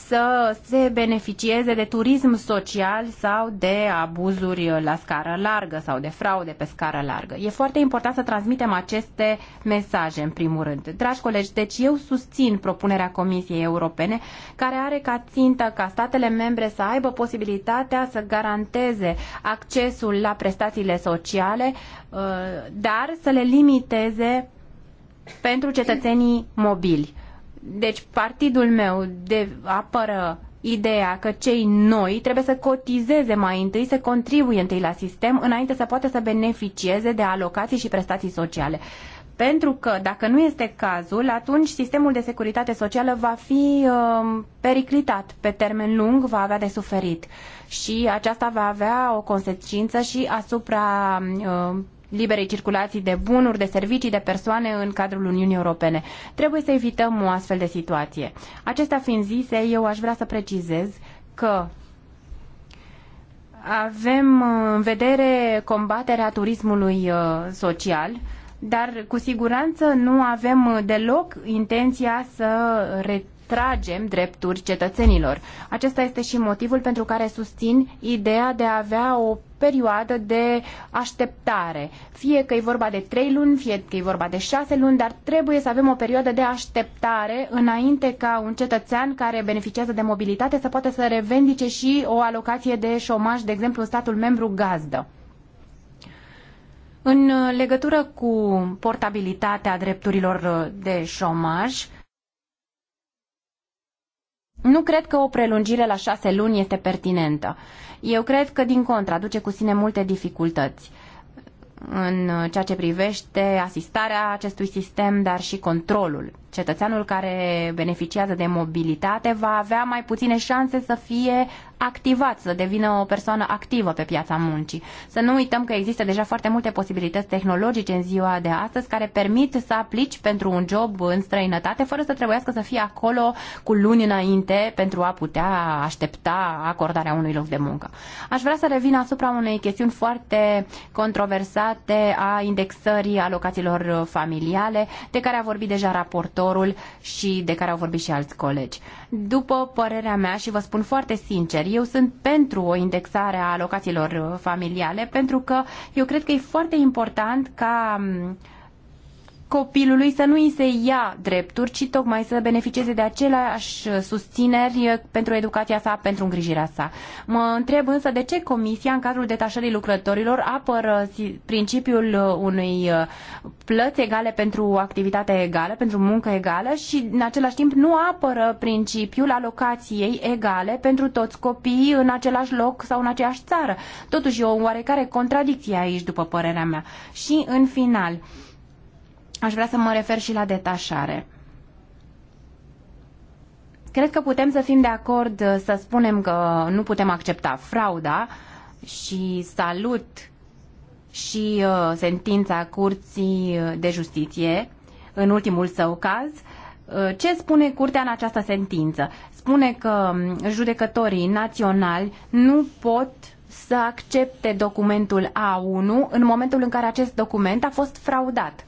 să se beneficieze de turism social sau de abuzuri la scară largă sau de fraude pe scară largă. E foarte important să transmitem aceste mesaje, în primul rând. Dragi colegi, deci eu susțin propunerea Comisiei Europene, care are ca țintă ca statele membre să aibă posibilitatea să garanteze accesul la prestațiile sociale, uh, dar să le limiteze pentru cetățenii mobili deci partidul meu de apără ideea că cei noi trebuie să cotizeze mai întâi, să contribuie întâi la sistem, înainte să poată să beneficieze de alocații și prestații sociale. Pentru că, dacă nu este cazul, atunci sistemul de securitate socială va fi uh, periclitat pe termen lung, va avea de suferit. Și aceasta va avea o consecință și asupra uh, liberei circulații de bunuri, de servicii, de persoane în cadrul Uniunii Europene. Trebuie să evităm o astfel de situație. Acestea fiind zise, eu aș vrea să precizez că avem în vedere combaterea turismului uh, social, dar cu siguranță nu avem deloc intenția să reținem tragem drepturi cetățenilor. Acesta este și motivul pentru care susțin ideea de a avea o perioadă de așteptare. Fie că e vorba de trei luni, fie că e vorba de șase luni, dar trebuie să avem o perioadă de așteptare înainte ca un cetățean care beneficiază de mobilitate să poată să revendice și o alocație de șomaj, de exemplu, în statul membru gazdă. În legătură cu portabilitatea drepturilor de șomaj, nu cred că o prelungire la șase luni este pertinentă. Eu cred că, din contră, aduce cu sine multe dificultăți în ceea ce privește asistarea acestui sistem, dar și controlul cetățeanul care beneficiază de mobilitate va avea mai puține șanse să fie activat, să devină o persoană activă pe piața muncii. Să nu uităm că există deja foarte multe posibilități tehnologice în ziua de astăzi care permit să aplici pentru un job în străinătate fără să trebuiască să fii acolo cu luni înainte pentru a putea aștepta acordarea unui loc de muncă. Aș vrea să revin asupra unei chestiuni foarte controversate a indexării alocațiilor familiale, de care a vorbit deja raportul sectorul și de care au vorbit și alți colegi. După părerea mea și vă spun foarte sincer, eu sunt pentru o indexare a alocațiilor uh, familiale pentru că eu cred că e foarte important ca mm, copilului să nu îi se ia drepturi, ci tocmai să beneficieze de aceleași susțineri pentru educația sa, pentru îngrijirea sa. Mă întreb însă de ce Comisia, în cadrul detașării lucrătorilor, apără principiul unei uh, plăți egale pentru activitate egală, pentru muncă egală și, în același timp, nu apără principiul alocației egale pentru toți copiii în același loc sau în aceeași țară. Totuși, e o oarecare contradicție aici, după părerea mea. Și, în final, aș vrea să mă refer și la detașare. Cred că putem să fim de acord uh, să spunem că nu putem accepta frauda și salut și uh, sentința Curții de Justiție în ultimul său caz. Uh, ce spune Curtea în această sentință? Spune că um, judecătorii naționali nu pot să accepte documentul A1 în momentul în care acest document a fost fraudat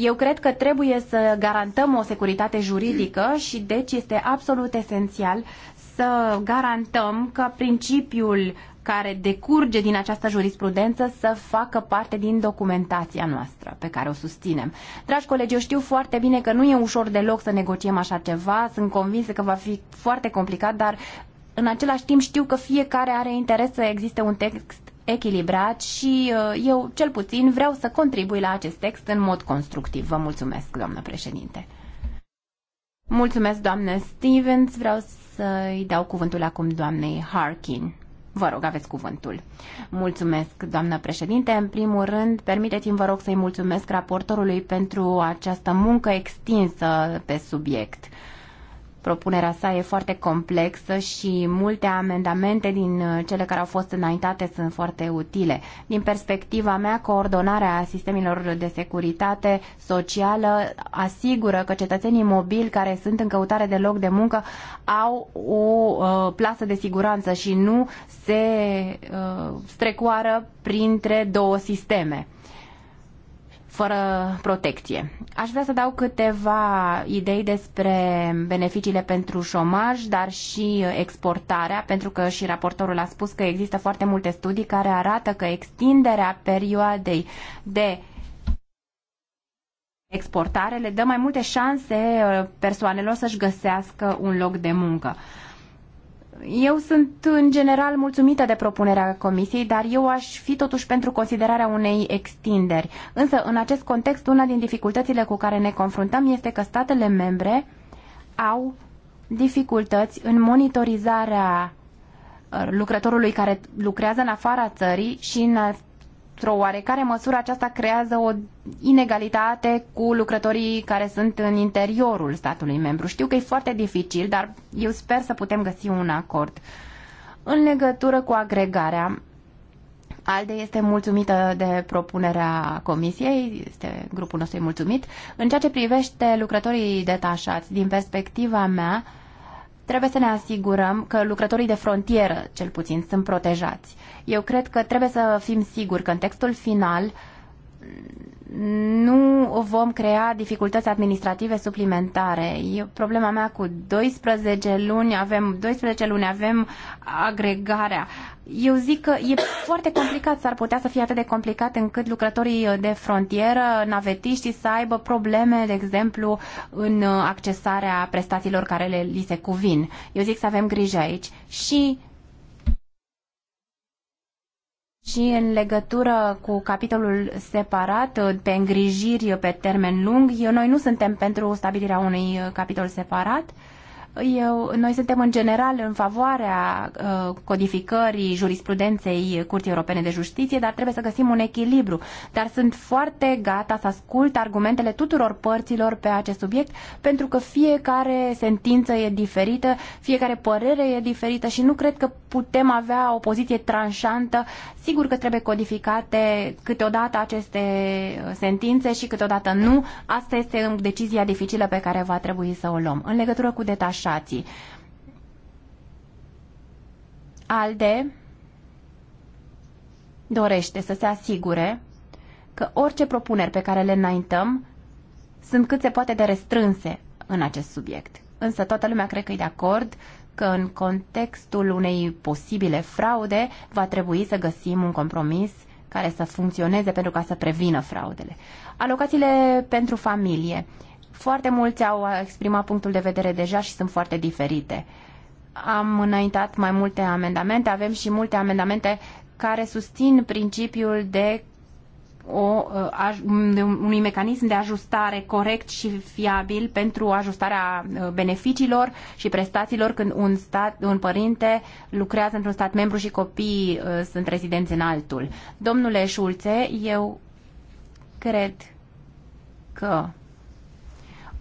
eu cred că trebuie să garantăm o securitate juridică și deci este absolut esențial să garantăm că principiul care decurge din această jurisprudență să facă parte din documentația noastră pe care o susținem. Dragi colegi, eu știu foarte bine că nu e ușor deloc să negociem așa ceva, sunt convinsă că va fi foarte complicat, dar în același timp știu că fiecare are interes să existe un text echilibrat și uh, eu, cel puțin, vreau să contribui la acest text în mod constructiv. Vă mulțumesc, doamnă președinte. Mulțumesc, doamnă Stevens. Vreau să-i dau cuvântul acum doamnei Harkin. Vă rog, aveți cuvântul. Mulțumesc, doamnă președinte. În primul rând, permiteți-mi, vă rog, să-i mulțumesc raportorului pentru această muncă extinsă pe subiect. Propunerea sa e foarte complexă și multe amendamente din uh, cele care au fost înaintate sunt foarte utile. Din perspectiva mea, coordonarea sistemelor de securitate socială asigură că cetățenii mobili care sunt în căutare de loc de muncă au o uh, plasă de siguranță și nu se uh, strecoară printre două sisteme fără protecție. Aș vrea să dau câteva idei despre beneficiile pentru șomaj, dar și exportarea, pentru că și raportorul a spus că există foarte multe studii care arată că extinderea perioadei de exportare le dă mai multe șanse uh, persoanelor să-și găsească un loc de muncă. Eu sunt în general mulțumită de propunerea Comisiei, dar eu aș fi totuși pentru considerarea unei extinderi. Însă, în acest context, una din dificultățile cu care ne confruntăm este că statele membre au dificultăți în monitorizarea uh, lucrătorului care lucrează în afara țării și în într-o oarecare măsură aceasta creează o inegalitate cu lucrătorii care sunt în interiorul statului membru. Știu că e foarte dificil, dar eu sper să putem găsi un acord. În legătură cu agregarea, ALDE este mulțumită de propunerea comisiei, este grupul nostru mulțumit. În ceea ce privește lucrătorii detașați, din perspectiva mea, uh, Trebuie să ne asigurăm că lucrătorii de frontieră, cel puțin, sunt protejați. Eu cred că trebuie să fim siguri că în textul final nu vom crea dificultăți administrative suplimentare. E problema mea cu 12 luni, avem 12 luni, avem agregarea. Eu zic că e foarte complicat, s-ar putea să fie atât de complicat încât lucrătorii de frontieră, navetiștii să aibă probleme, de exemplu, în accesarea prestațiilor care le, li se cuvin. Eu zic să avem grijă aici. Și și în legătură cu capitolul separat uh, pe îngrijiri pe termen lung, noi nu suntem pentru stabilirea unui uh, capitol separat. Eu, noi suntem în general în favoarea uh, codificării jurisprudenței Curții Europene de Justiție, dar trebuie să găsim un echilibru. Dar sunt foarte gata să ascult argumentele tuturor părților pe acest subiect, pentru că fiecare sentință e diferită, fiecare părere e diferită și nu cred că putem avea o poziție tranșantă. Sigur că trebuie codificate câteodată aceste uh, sentințe și câteodată nu. Asta este um, decizia dificilă pe care va trebui să o luăm. În legătură cu detașarea, atașații. ALDE dorește să se asigure că orice propuneri pe care le înaintăm sunt cât se poate de restrânse în acest subiect. Însă toată lumea cred că e de acord că în contextul unei posibile fraude va trebui să găsim un compromis care să funcționeze pentru ca să prevină fraudele. Alocațiile pentru familie. Foarte mulți au exprimat punctul de vedere deja și sunt foarte diferite. Am înaintat mai multe amendamente, avem și multe amendamente care susțin principiul de o, unui mecanism de ajustare corect și fiabil pentru ajustarea uh, beneficiilor și prestațiilor când un, stat, un părinte lucrează într-un stat membru și copiii uh, sunt rezidenți în altul. Domnule Șulțe, eu cred că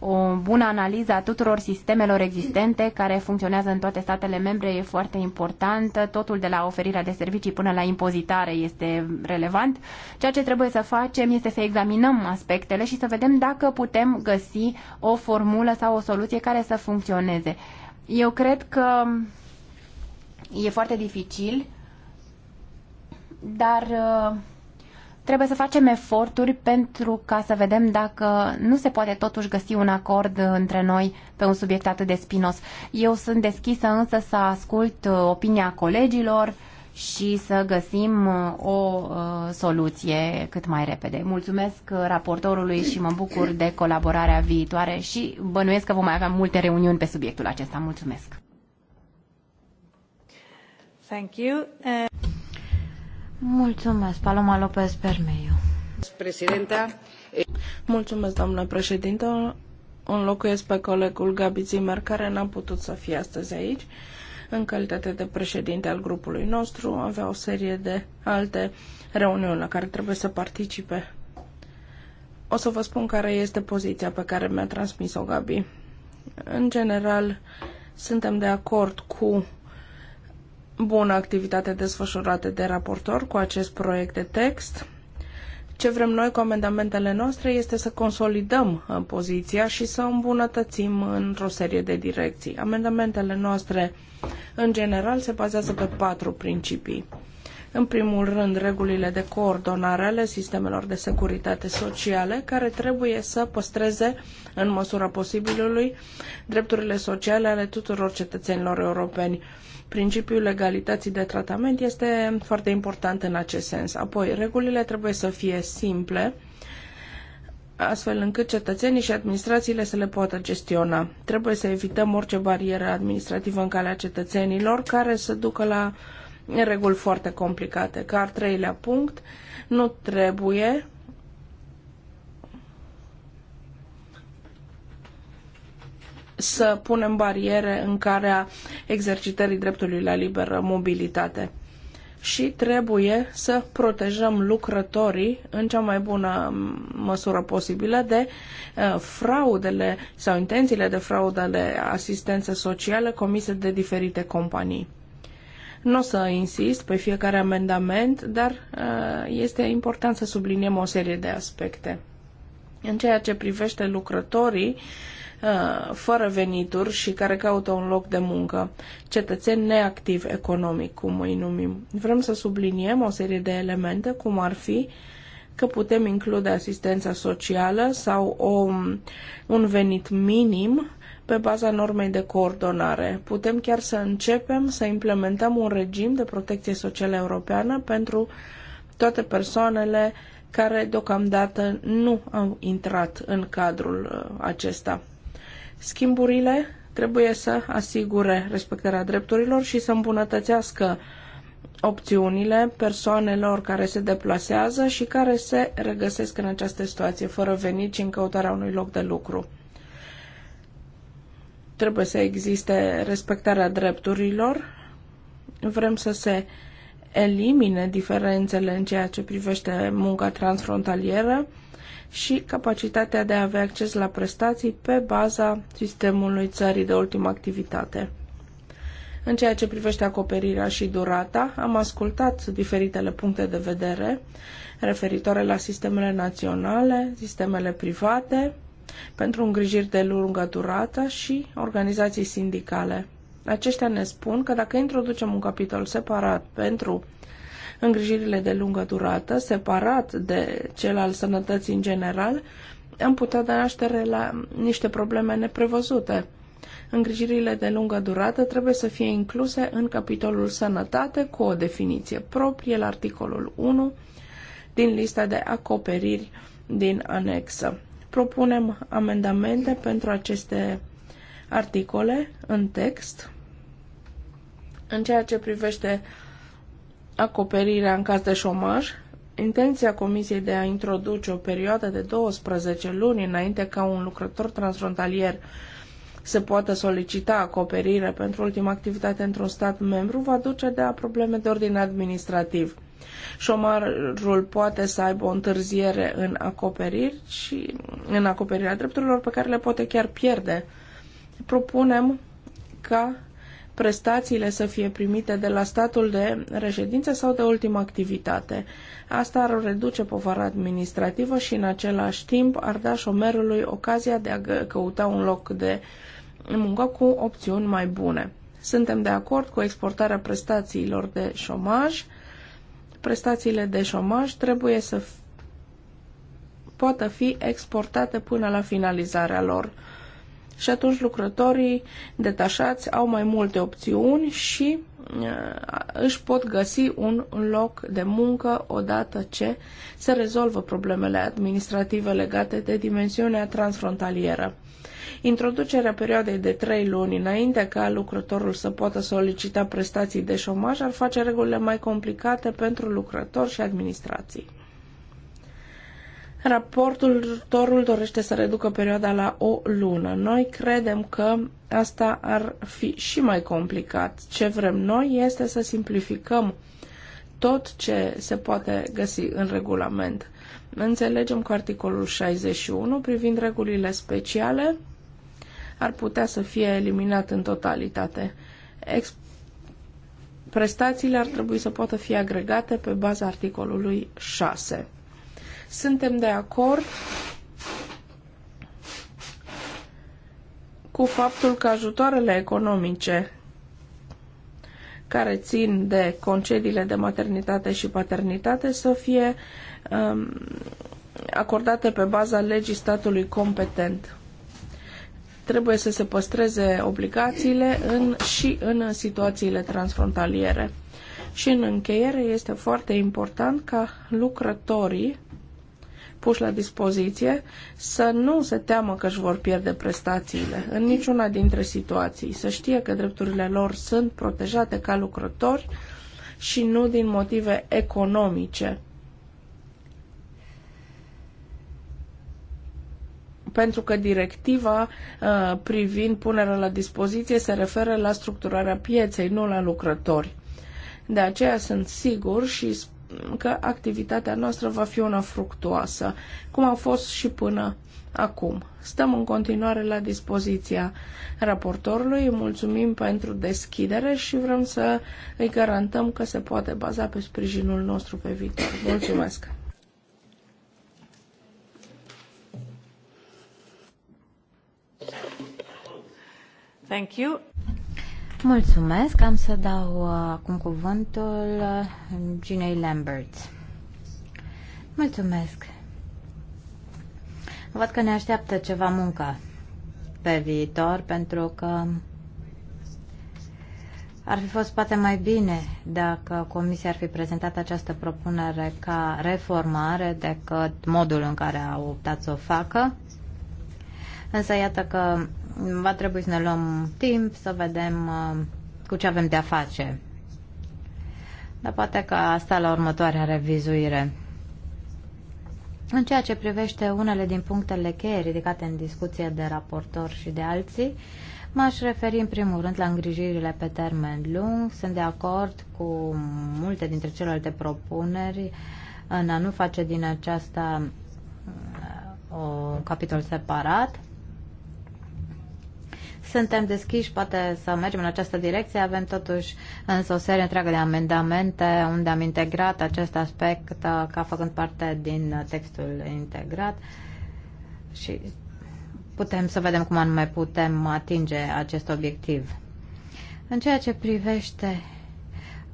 o bună analiză a tuturor sistemelor existente care funcționează în toate statele membre e foarte importantă. Totul de la oferirea de servicii până la impozitare este relevant. Ceea ce trebuie să facem este să examinăm aspectele și să vedem dacă putem găsi o formulă sau o soluție care să funcționeze. Eu cred că e foarte dificil, dar uh, Trebuie să facem eforturi pentru ca să vedem dacă nu se poate totuși găsi un acord între noi pe un subiect atât de spinos. Eu sunt deschisă însă să ascult uh, opinia colegilor și să găsim uh, o uh, soluție cât mai repede. Mulțumesc raportorului și mă bucur de colaborarea viitoare și bănuiesc că vom mai avea multe reuniuni pe subiectul acesta. Mulțumesc! Thank you. Uh... Mulțumesc, Paloma López Bermejo. Mulțumesc, doamnă președintă. Înlocuiesc pe colegul Gabi Zimmer, care n-a putut să fie astăzi aici. În calitate de președinte al grupului nostru, avea o serie de alte reuniuni la care trebuie să participe. O să vă spun care este poziția pe care mi-a transmis-o Gabi. În general, suntem de acord cu bună activitate desfășurată de raportor cu acest proiect de text. Ce vrem noi cu amendamentele noastre este să consolidăm uh, poziția și să îmbunătățim într-o serie de direcții. Amendamentele noastre, în general, se bazează pe patru principii. În primul rând, regulile de coordonare ale sistemelor de securitate sociale, care trebuie să păstreze, în măsura posibilului, drepturile sociale ale tuturor cetățenilor europeni Principiul legalității de tratament este foarte important în acest sens. Apoi, regulile trebuie să fie simple, astfel încât cetățenii și administrațiile să le poată gestiona. Trebuie să evităm orice barieră administrativă în calea cetățenilor care să ducă la reguli foarte complicate. Ca al treilea punct, nu trebuie să punem bariere în calea exercitării dreptului la liberă mobilitate. Și trebuie să protejăm lucrătorii în cea mai bună măsură posibilă de uh, fraudele sau intențiile de fraudă ale asistență socială comise de diferite companii. Nu o să insist pe fiecare amendament, dar uh, este important să subliniem o serie de aspecte. În ceea ce privește lucrătorii, Uh, fără venituri și care caută un loc de muncă, cetățeni neactiv economic, cum îi numim. Vrem să subliniem o serie de elemente, cum ar fi că putem include asistența socială sau o, un venit minim pe baza normei de coordonare. Putem chiar să începem să implementăm un regim de protecție socială europeană pentru toate persoanele care deocamdată nu au intrat în cadrul uh, acesta. Schimburile trebuie să asigure respectarea drepturilor și să îmbunătățească opțiunile persoanelor care se deplasează și care se regăsesc în această situație fără venit și în căutarea unui loc de lucru. Trebuie să existe respectarea drepturilor. Vrem să se elimine diferențele în ceea ce privește munca transfrontalieră și capacitatea de a avea acces la prestații pe baza sistemului țării de ultimă activitate. În ceea ce privește acoperirea și durata, am ascultat diferitele puncte de vedere referitoare la sistemele naționale, sistemele private, pentru îngrijiri de lungă durată și organizații sindicale. Aceștia ne spun că dacă introducem un capitol separat pentru îngrijirile de lungă durată, separat de cel al sănătății în general, am putea da naștere la niște probleme neprevăzute. Îngrijirile de lungă durată trebuie să fie incluse în capitolul sănătate cu o definiție proprie la articolul 1 din lista de acoperiri din anexă. Propunem amendamente pentru aceste articole în text. În ceea ce privește uh, acoperirea în caz de șomaj. Intenția Comisiei de a introduce o perioadă de 12 luni înainte ca un lucrător transfrontalier se poată solicita acoperire pentru ultima activitate într-un stat membru va duce de a probleme de ordin administrativ. Șomarul poate să aibă o întârziere în acoperiri și în acoperirea drepturilor pe care le poate chiar pierde. Propunem ca prestațiile să fie primite de la statul de reședință sau de ultimă activitate. Asta ar reduce povara administrativă și în același timp ar da șomerului ocazia de a căuta un loc de muncă cu opțiuni mai bune. Suntem de acord cu exportarea prestațiilor de șomaj. Prestațiile de șomaj trebuie să poată fi exportate până la finalizarea lor. Și atunci lucrătorii detașați au mai multe opțiuni și uh, își pot găsi un loc de muncă odată ce se rezolvă problemele administrative legate de dimensiunea transfrontalieră. Introducerea perioadei de trei luni înainte ca lucrătorul să poată solicita prestații de șomaj ar face regulile mai complicate pentru lucrători și administrații. Raportul torul dorește să reducă perioada la o lună. Noi credem că asta ar fi și mai complicat. Ce vrem noi este să simplificăm tot ce se poate găsi în regulament. Înțelegem că articolul 61 privind regulile speciale ar putea să fie eliminat în totalitate. Ex- prestațiile ar trebui să poată fi agregate pe baza articolului 6. Suntem de acord cu faptul că ajutoarele economice care țin de concediile de maternitate și paternitate să fie um, acordate pe baza legii statului competent. Trebuie să se păstreze obligațiile în, și în situațiile transfrontaliere. Și în încheiere este foarte important ca lucrătorii puși la dispoziție să nu se teamă că își vor pierde prestațiile în niciuna dintre situații, să știe că drepturile lor sunt protejate ca lucrători și nu din motive economice. pentru că directiva uh, privind punerea la dispoziție se referă la structurarea pieței, nu la lucrători. De aceea sunt sigur și că activitatea noastră va fi una fructuoasă, cum a fost și până acum. Stăm în continuare la dispoziția raportorului, mulțumim pentru deschidere și vrem să îi garantăm că se poate baza pe sprijinul nostru pe viitor. Mulțumesc! Thank you. Mulțumesc. Am să dau uh, acum cuvântul uh, Ginei Lambert. Mulțumesc. Văd că ne așteaptă ceva muncă pe viitor, pentru că ar fi fost poate mai bine dacă Comisia ar fi prezentat această propunere ca reformare decât modul în care au optat să o facă. Însă iată că va trebui să ne luăm timp să vedem uh, cu ce avem de-a face. Dar poate că asta la următoarea revizuire. În ceea ce privește unele din punctele cheie ridicate în discuție de raportor și de alții, m-aș referi în primul rând la îngrijirile pe termen lung. Sunt de acord cu multe dintre celelalte propuneri în a nu face din aceasta uh, un capitol separat. Suntem deschiși, poate să mergem în această direcție. Avem totuși însă o serie întreagă de amendamente unde am integrat acest aspect uh, ca făcând parte din uh, textul integrat și putem să vedem cum anume putem atinge acest obiectiv. În ceea ce privește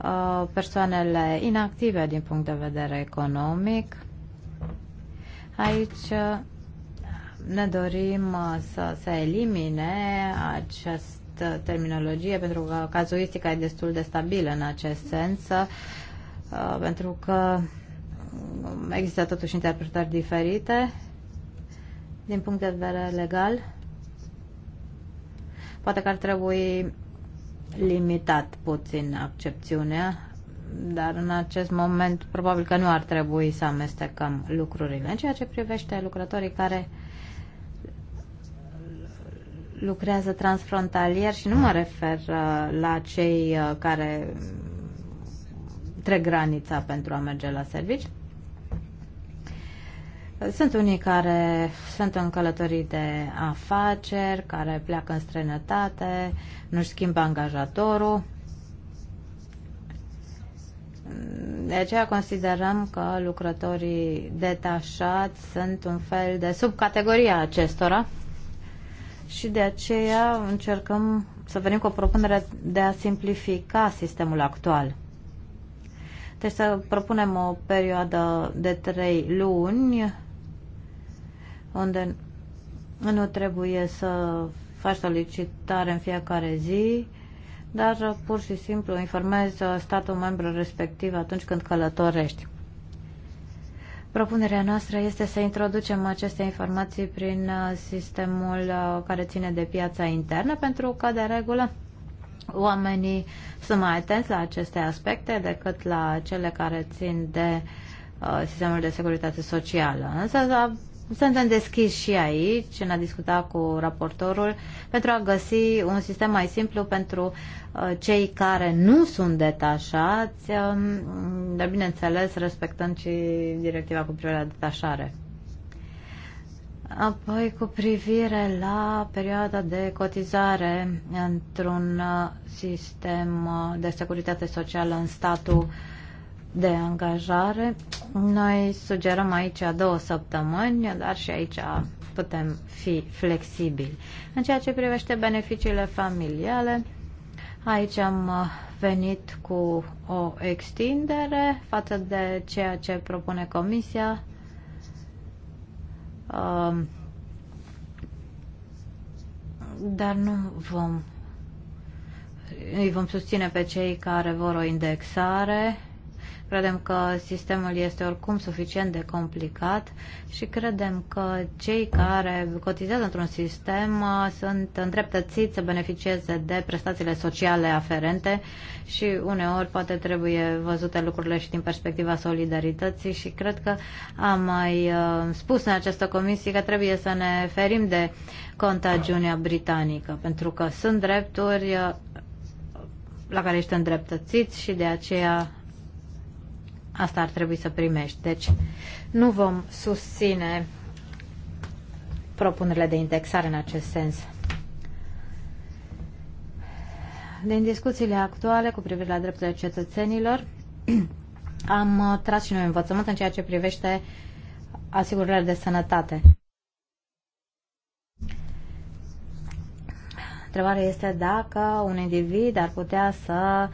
uh, persoanele inactive din punct de vedere economic, aici ne dorim uh, să se elimine această terminologie pentru că cazuistica e destul de stabilă în acest sens uh, pentru că um, există totuși interpretări diferite din punct de vedere legal poate că ar trebui limitat puțin accepțiunea dar în acest moment probabil că nu ar trebui să amestecăm lucrurile. În ceea ce privește lucrătorii care lucrează transfrontalier și nu mă refer uh, la cei uh, care trec granița pentru a merge la servici. Sunt unii care sunt în călătorii de afaceri, care pleacă în străinătate, nu-și schimbă angajatorul. De aceea considerăm că lucrătorii detașați sunt un fel de subcategoria acestora și de aceea încercăm să venim cu o propunere de a simplifica sistemul actual. Deci să propunem o perioadă de trei luni unde nu trebuie să faci solicitare în fiecare zi, dar pur și simplu informezi statul membru respectiv atunci când călătorești. Propunerea noastră este să introducem aceste informații prin uh, sistemul uh, care ține de piața internă, pentru că, de regulă, oamenii sunt mai atenți la aceste aspecte decât la cele care țin de uh, sistemul de securitate socială. Însă suntem deschiși și aici, ne a discutat cu raportorul, pentru a găsi un sistem mai simplu pentru uh, cei care nu sunt detașați, um, dar bineînțeles respectând și directiva cu privire la detașare. Apoi, cu privire la perioada de cotizare într-un uh, sistem uh, de securitate socială în statul de angajare. Noi sugerăm aici două săptămâni, dar și aici putem fi flexibili. În ceea ce privește beneficiile familiale, aici am venit cu o extindere față de ceea ce propune Comisia. Um, dar nu vom îi vom susține pe cei care vor o indexare Credem că sistemul este oricum suficient de complicat și credem că cei care cotizează într-un sistem uh, sunt îndreptățiți să beneficieze de prestațiile sociale aferente și uneori poate trebuie văzute lucrurile și din perspectiva solidarității și cred că am mai uh, spus în această comisie că trebuie să ne ferim de contagiunea britanică, pentru că sunt drepturi uh, la care ești îndreptățiți și de aceea Asta ar trebui să primești. Deci nu vom susține propunerile de indexare în acest sens. Din discuțiile actuale cu privire la drepturile cetățenilor, am uh, tras și noi învățământ în ceea ce privește asigurările de sănătate. Întrebarea este dacă un individ ar putea să uh,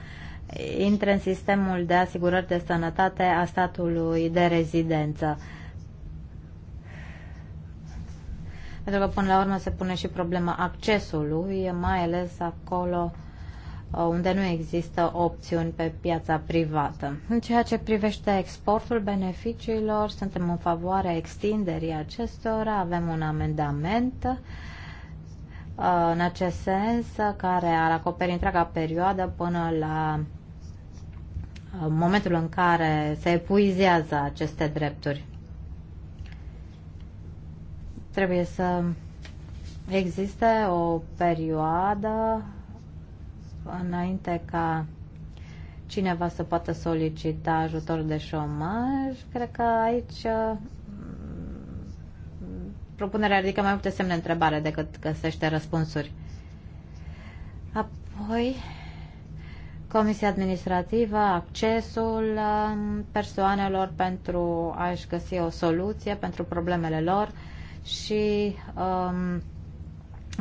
intre în sistemul de asigurări de sănătate a statului de rezidență. Pentru că până la urmă se pune și problema accesului, mai ales acolo uh, unde nu există opțiuni pe piața privată. În ceea ce privește exportul beneficiilor, suntem în favoarea extinderii acestora, avem un amendament uh, în acest sens care ar acoperi întreaga perioadă până la Uh, momentul în care se epuizează aceste drepturi. Trebuie să existe o perioadă înainte ca cineva să poată solicita ajutor de șomaj. Cred că aici uh, propunerea ridică mai multe semne întrebare decât găsește răspunsuri. Apoi, Comisia Administrativă, accesul um, persoanelor pentru a-și găsi o soluție pentru problemele lor și um,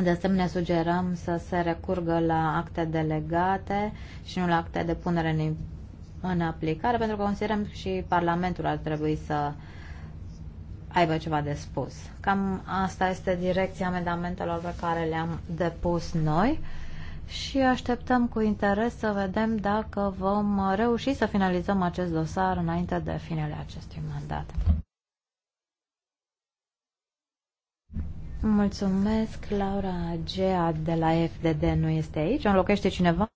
de asemenea sugerăm să se recurgă la acte delegate și nu la acte de punere în, în aplicare pentru că considerăm și Parlamentul ar trebui să aibă ceva de spus. Cam asta este direcția amendamentelor pe care le-am depus noi și așteptăm cu interes să vedem dacă vom reuși să finalizăm acest dosar înainte de finele acestui mandat. Mulțumesc, Laura Gea de la FDD nu este aici. O înlocuiește cineva?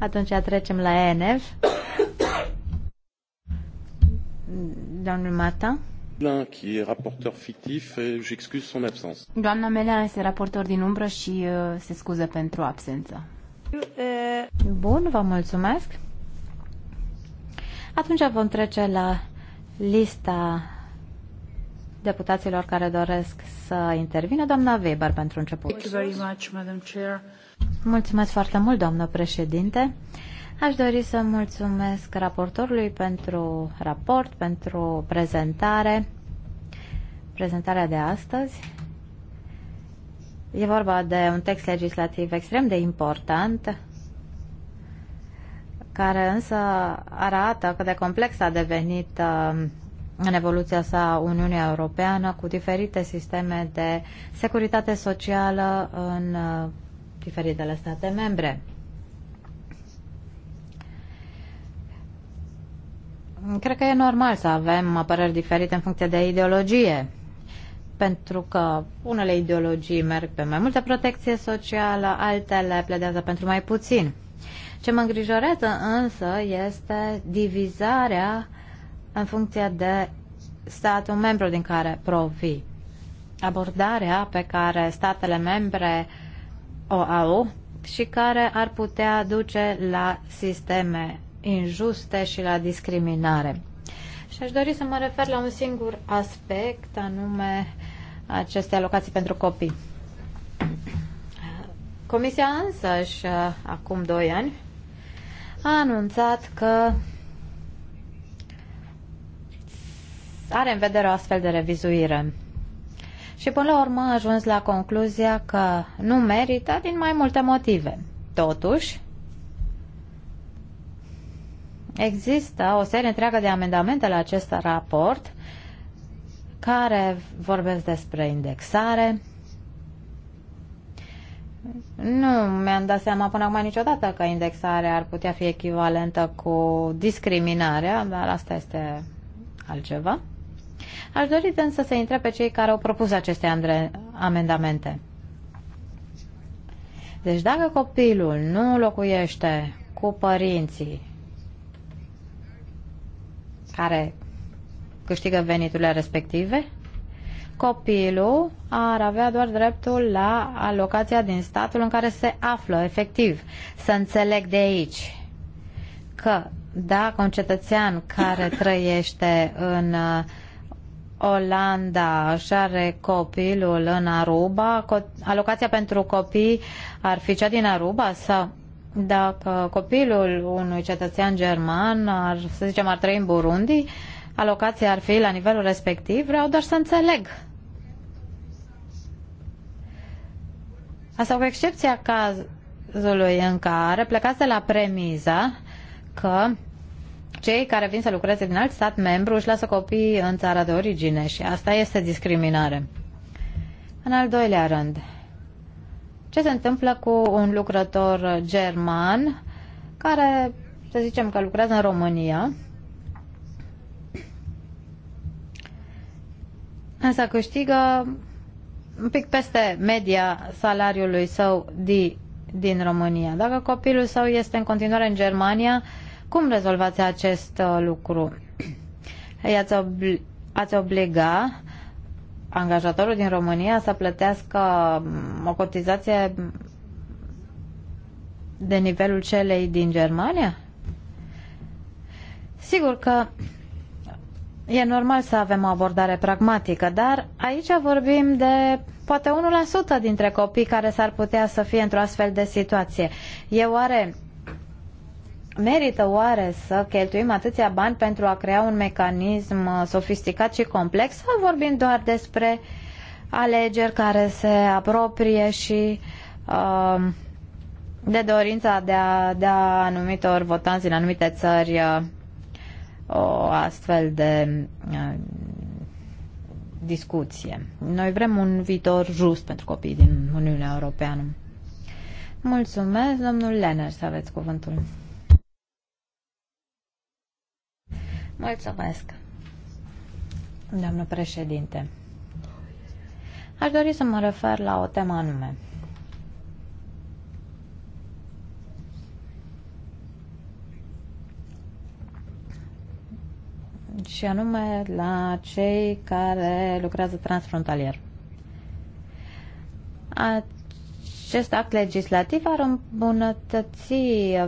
Atunci trecem la ENF. Domnul Mata qui est raporteur fictif et j'excuse son absence. Doamna Melea este raportor din umbră și uh, se scuză pentru absență. Bun, vă mulțumesc. Atunci vom trece la lista deputaților care doresc să intervină. Doamna Weber, pentru început. Mulțumesc foarte mult, doamnă președinte. Uh, Aș dori să mulțumesc raportorului pentru raport, pentru prezentare, prezentarea de astăzi. E vorba de un text legislativ extrem de important, care însă arată cât de complex a devenit uh, în evoluția sa Uniunea Europeană cu diferite sisteme de securitate socială în uh, diferitele state membre. cred că e normal să avem apărări diferite în funcție de ideologie. Pentru că unele ideologii merg pe mai multă protecție socială, altele pledează pentru mai puțin. Ce mă îngrijorează însă este divizarea în funcție de statul membru din care provii. Abordarea pe care statele membre o au și care ar putea duce la sisteme injuste și la discriminare. Și aș dori să mă refer la un singur aspect, anume aceste alocații pentru copii. Comisia și uh, acum 2 ani, a anunțat că are în vedere o astfel de revizuire. Și până la urmă a ajuns la concluzia că nu merită din mai multe motive. Totuși, Există o serie întreagă de amendamente la acest raport care vorbesc despre indexare. Nu mi-am dat seama până acum niciodată că indexarea ar putea fi echivalentă cu discriminarea, dar asta este altceva. Aș dori însă să intre pe cei care au propus aceste amendamente. Deci dacă copilul nu locuiește cu părinții care câștigă veniturile respective, copilul ar avea doar dreptul la alocația din statul în care se află efectiv. Să înțeleg de aici că dacă un cetățean care trăiește în uh, Olanda și are copilul în Aruba, alocația pentru copii ar fi cea din Aruba sau dacă copilul unui cetățean german, ar, să zicem, ar trăi în Burundi, alocația ar fi la nivelul respectiv, vreau doar să înțeleg. Asta cu excepția cazului în care plecați de la premiza că cei care vin să lucreze din alt stat membru își lasă copiii în țara de origine și asta este discriminare. În al doilea rând, ce se întâmplă cu un lucrător german care, să zicem că lucrează în România, însă câștigă un pic peste media salariului său di, din România. Dacă copilul său este în continuare în Germania, cum rezolvați acest uh, lucru? I-ați obli- ați obliga angajatorul din România să plătească mm, o cotizație de nivelul celei din Germania? Sigur că e normal să avem o abordare pragmatică, dar aici vorbim de poate 1% dintre copii care s-ar putea să fie într-o astfel de situație. E oare Merită oare să cheltuim atâția bani pentru a crea un mecanism uh, sofisticat și complex sau vorbim doar despre alegeri care se apropie și uh, de dorința de a, de a anumitor votanți din anumite țări uh, o astfel de uh, discuție. Noi vrem un viitor just pentru copiii din Uniunea Europeană. Mulțumesc, domnul Lenner, să aveți cuvântul. Mulțumesc, doamnă președinte. Aș dori să mă refer la o temă anume. și anume la cei care lucrează transfrontalier. Ați acest act legislativ ar îmbunătăți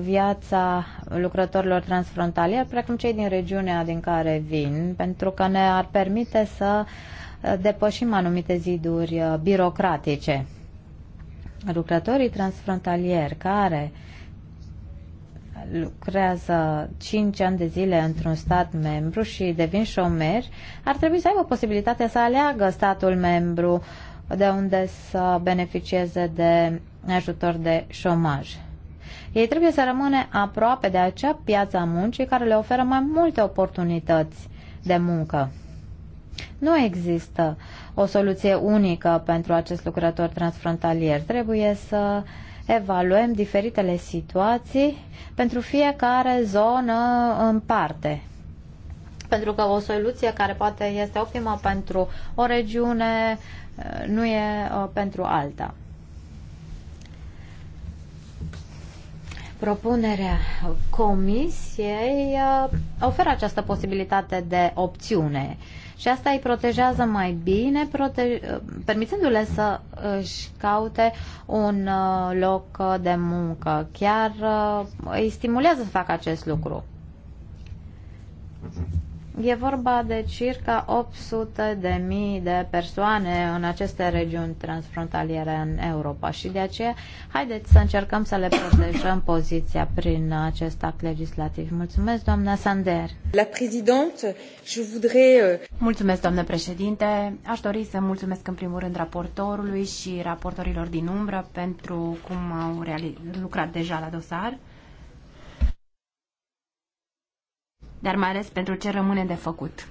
viața lucrătorilor transfrontalieri, precum cei din regiunea din care vin, pentru că ne ar permite să depășim anumite ziduri birocratice. Lucrătorii transfrontalieri care lucrează 5 ani de zile într-un stat membru și devin șomeri, ar trebui să aibă posibilitatea să aleagă statul membru uh, de unde să beneficieze de ajutor de șomaj. Ei trebuie să rămâne aproape de acea piață a muncii care le oferă mai multe oportunități de muncă. Nu există o soluție unică pentru acest lucrător transfrontalier. Trebuie să evaluăm diferitele situații pentru fiecare zonă în parte pentru că o soluție care poate este optimă pentru o regiune eh, nu e eh, pentru alta. Propunerea comisiei eh, oferă această posibilitate de opțiune și asta îi protejează mai bine, protej- permițându-le să își caute un loc de muncă. Chiar îi stimulează să facă acest lucru. E vorba de circa 800 de mii de persoane în aceste regiuni transfrontaliere în Europa și de aceea haideți să încercăm să le protejăm poziția prin acest act legislativ. Mulțumesc, doamna Sander. La présidente, je voudrais... Euh, mulțumesc, doamnă președinte. Aș dori să mulțumesc în primul rând raportorului și raportorilor din umbră pentru cum au reali- lucrat deja la dosar. dar mai ales pentru ce rămâne de făcut.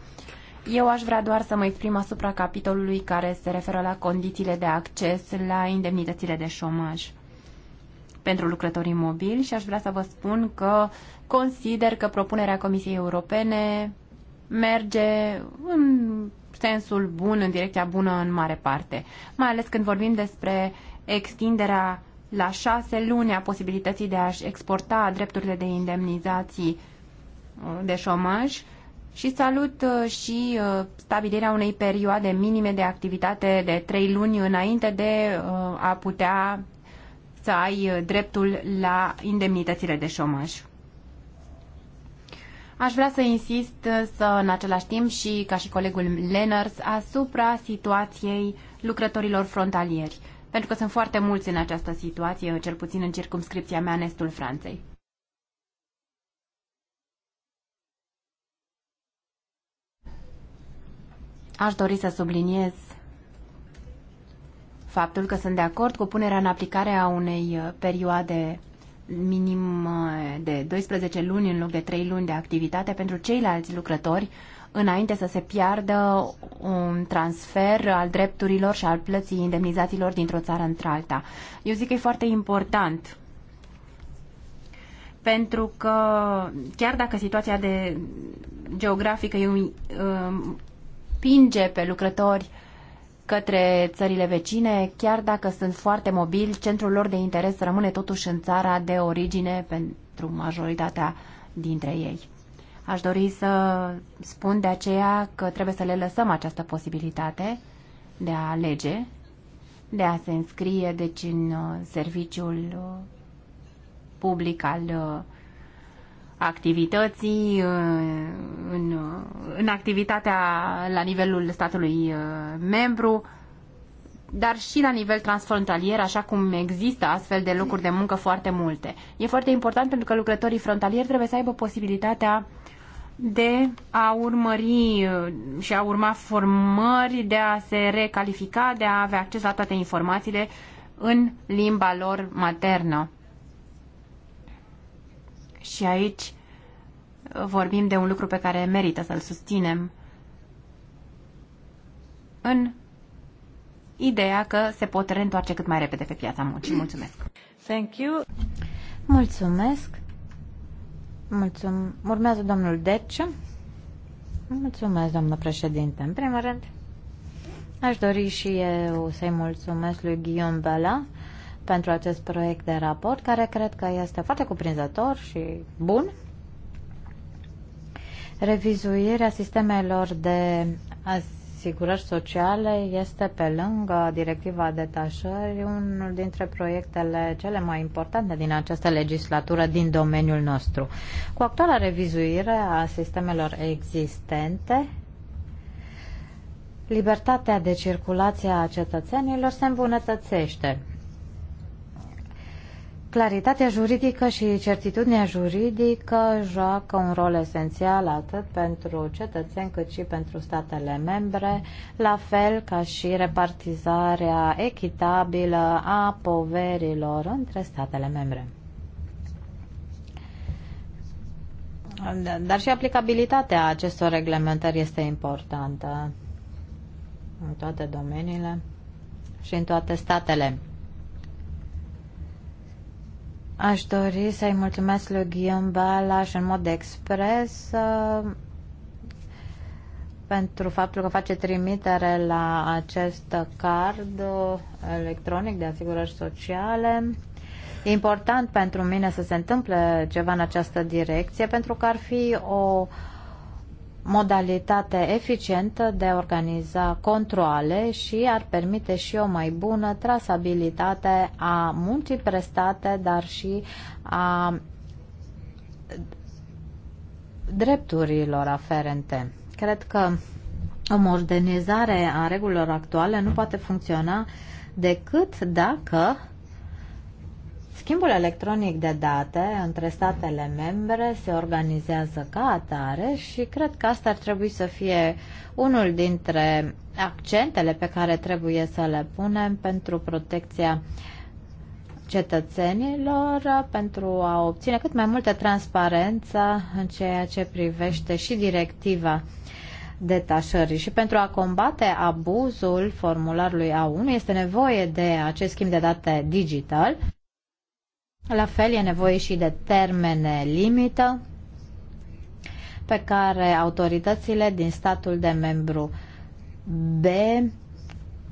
Eu aș vrea doar să mă exprim asupra capitolului care se referă la condițiile de acces la indemnitățile de șomaj pentru lucrătorii mobili și aș vrea să vă spun că consider că propunerea Comisiei Europene merge în sensul bun, în direcția bună în mare parte, mai ales când vorbim despre extinderea la șase luni a posibilității de a-și exporta drepturile de indemnizații de șomaj și salut uh, și uh, stabilirea unei perioade minime de activitate de trei luni înainte de uh, a putea să ai dreptul la indemnitățile de șomaj. Aș vrea să insist să, în același timp și ca și colegul Lenners asupra situației lucrătorilor frontalieri, pentru că sunt foarte mulți în această situație, cel puțin în circumscripția mea în estul Franței. Aș dori să subliniez faptul că sunt de acord cu punerea în aplicare a unei uh, perioade minim uh, de 12 luni în loc de 3 luni de activitate pentru ceilalți lucrători înainte să se piardă un transfer al drepturilor și al plății indemnizațiilor dintr-o țară într-alta. Eu zic că e foarte important pentru că chiar dacă situația de geografică e um, împinge pe lucrători către țările vecine, chiar dacă sunt foarte mobili, centrul lor de interes rămâne totuși în țara de origine pentru majoritatea dintre ei. Aș dori să spun de aceea că trebuie să le lăsăm această posibilitate de a alege, de a se înscrie deci în uh, serviciul uh, public al uh, activității, uh, în, în activitatea la nivelul statului uh, membru, dar și la nivel transfrontalier, așa cum există astfel de locuri de muncă foarte multe. E foarte important pentru că lucrătorii frontalieri trebuie să aibă posibilitatea de a urmări uh, și a urma formări, de a se recalifica, de a avea acces la toate informațiile în limba lor maternă. Și aici vorbim de un lucru pe care merită să-l susținem în ideea că se pot reîntoarce cât mai repede pe piața muncii. Mulțumesc! Thank you! Mulțumesc! Mulțum... Urmează domnul Deci. Mulțumesc, doamnă președinte. În primul rând, aș dori și eu să-i mulțumesc lui Guillaume Bala pentru acest proiect de raport, care cred că este foarte cuprinzător și bun. Revizuirea sistemelor de asigurări sociale este, pe lângă directiva detașării, unul dintre proiectele cele mai importante din această legislatură din domeniul nostru. Cu actuala revizuire a sistemelor existente, libertatea de circulație a cetățenilor se îmbunătățește Claritatea juridică și certitudinea juridică joacă un rol esențial atât pentru cetățeni cât și pentru statele membre, la fel ca și repartizarea echitabilă a poverilor între statele membre. Da, dar și aplicabilitatea acestor reglementări este importantă în toate domeniile și în toate statele. Aș dori să-i mulțumesc lui Guillaume Balas în mod expres uh, pentru faptul că face trimitere la acest card uh, electronic de asigurări sociale. E important pentru mine să se întâmple ceva în această direcție, pentru că ar fi o uh, modalitate eficientă de a organiza controle și ar permite și o mai bună trasabilitate a muncii prestate, dar și a drepturilor aferente. Cred că o modernizare a regulilor actuale nu poate funcționa decât dacă Schimbul electronic de date între statele membre se organizează ca atare și cred că asta ar trebui să fie unul dintre accentele pe care trebuie să le punem pentru protecția cetățenilor pentru a obține cât mai multă transparență în ceea ce privește și directiva detașării și pentru a combate abuzul formularului A1 este nevoie de acest schimb de date digital la fel e nevoie și de termene limită pe care autoritățile din statul de membru B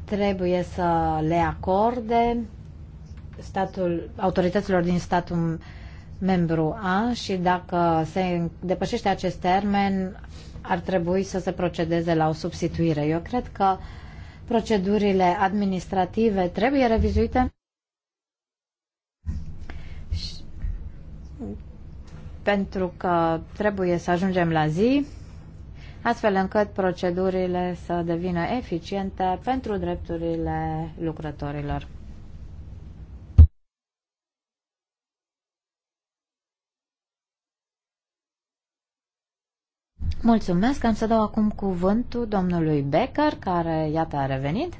trebuie să le acorde statul, autorităților din statul membru A și dacă se depășește acest termen ar trebui să se procedeze la o substituire. Eu cred că procedurile administrative trebuie revizuite pentru că trebuie să ajungem la zi, astfel încât procedurile să devină eficiente pentru drepturile lucrătorilor. Mulțumesc, am să dau acum cuvântul domnului Becker, care, iată, a revenit.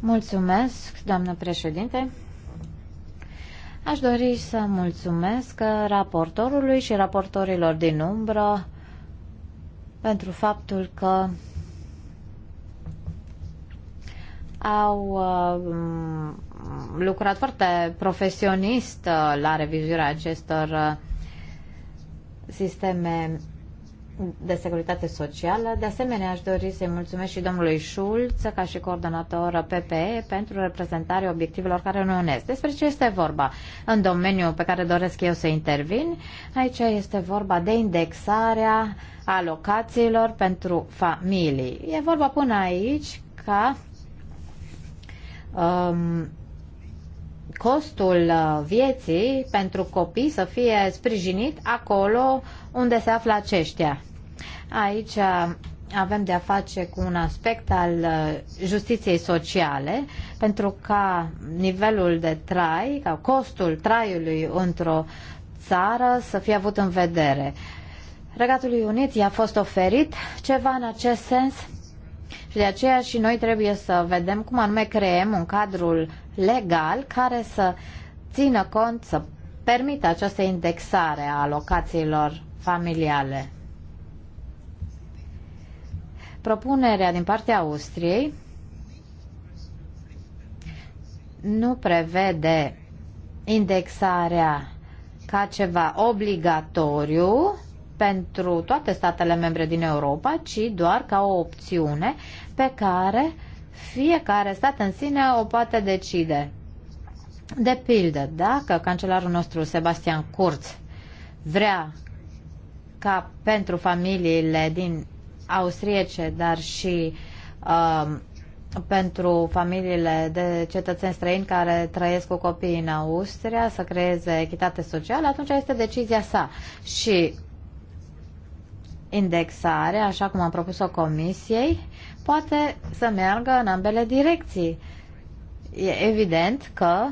Mulțumesc, doamnă președinte. Aș dori să mulțumesc raportorului și raportorilor din umbră pentru faptul că au uh, lucrat foarte profesionist uh, la revizuirea acestor uh, sisteme de Securitate Socială. De asemenea, aș dori să-i mulțumesc și domnului Schulz, ca și coordonator PPE, pentru reprezentarea obiectivelor care nu unesc. Despre ce este vorba? În domeniul pe care doresc eu să intervin, aici este vorba de indexarea alocațiilor pentru familii. E vorba până aici ca um, costul uh, vieții pentru copii să fie sprijinit acolo unde se află aceștia. Aici uh, avem de-a face cu un aspect al uh, justiției sociale, pentru ca nivelul de trai, ca costul traiului într-o țară să fie avut în vedere. Regatului Unit i-a fost oferit ceva în acest sens și de aceea și noi trebuie să vedem cum anume creăm un cadru legal care să țină cont, să permită această indexare a alocațiilor familiale. Propunerea din partea Austriei nu prevede indexarea ca ceva obligatoriu pentru toate statele membre din Europa, ci doar ca o opțiune pe care fiecare stat în sine o poate decide. De pildă, dacă cancelarul nostru Sebastian Kurz vrea ca pentru familiile din austriece, dar și uh, pentru familiile de cetățeni străini care trăiesc cu copiii în Austria să creeze echitate socială, atunci este decizia sa. Și indexarea, așa cum am propus-o comisiei, poate să meargă în ambele direcții. E evident că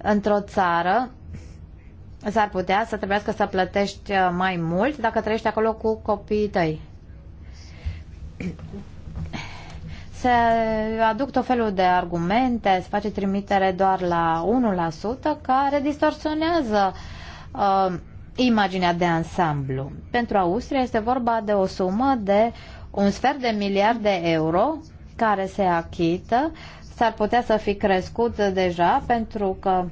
într-o țară s-ar putea să trebuiască să plătești uh, mai mult dacă trăiești acolo cu copiii tăi. Se aduc tot felul de argumente, se face trimitere doar la 1% care distorsionează uh, imaginea de ansamblu. Pentru Austria este vorba de o sumă de un sfert de miliard de euro care se achită, s-ar putea să fi crescut deja pentru că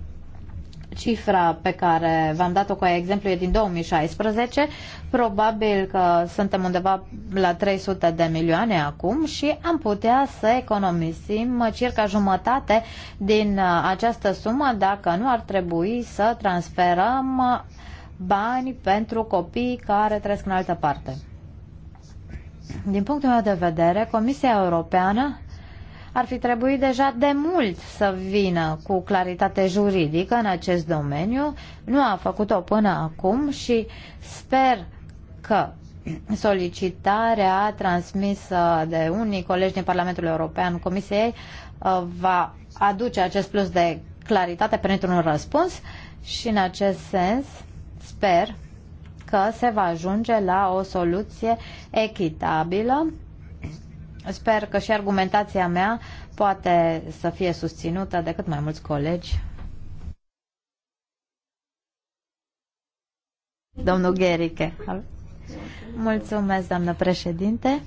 cifra pe care v-am dat-o ca exemplu e din 2016. Probabil că suntem undeva la 300 de milioane acum și am putea să economisim circa jumătate din această sumă dacă nu ar trebui să transferăm bani pentru copii care trăiesc în altă parte. Din punctul meu de vedere, Comisia Europeană ar fi trebuit deja de mult să vină cu claritate juridică în acest domeniu. Nu a făcut-o până acum și sper că solicitarea transmisă de unii colegi din Parlamentul European Comisiei uh, va aduce acest plus de claritate pentru un răspuns și în acest sens sper că se va ajunge la o soluție echitabilă Sper că și argumentația mea poate să fie susținută de cât mai mulți colegi. Domnul Gherike. Mulțumesc, doamnă președinte.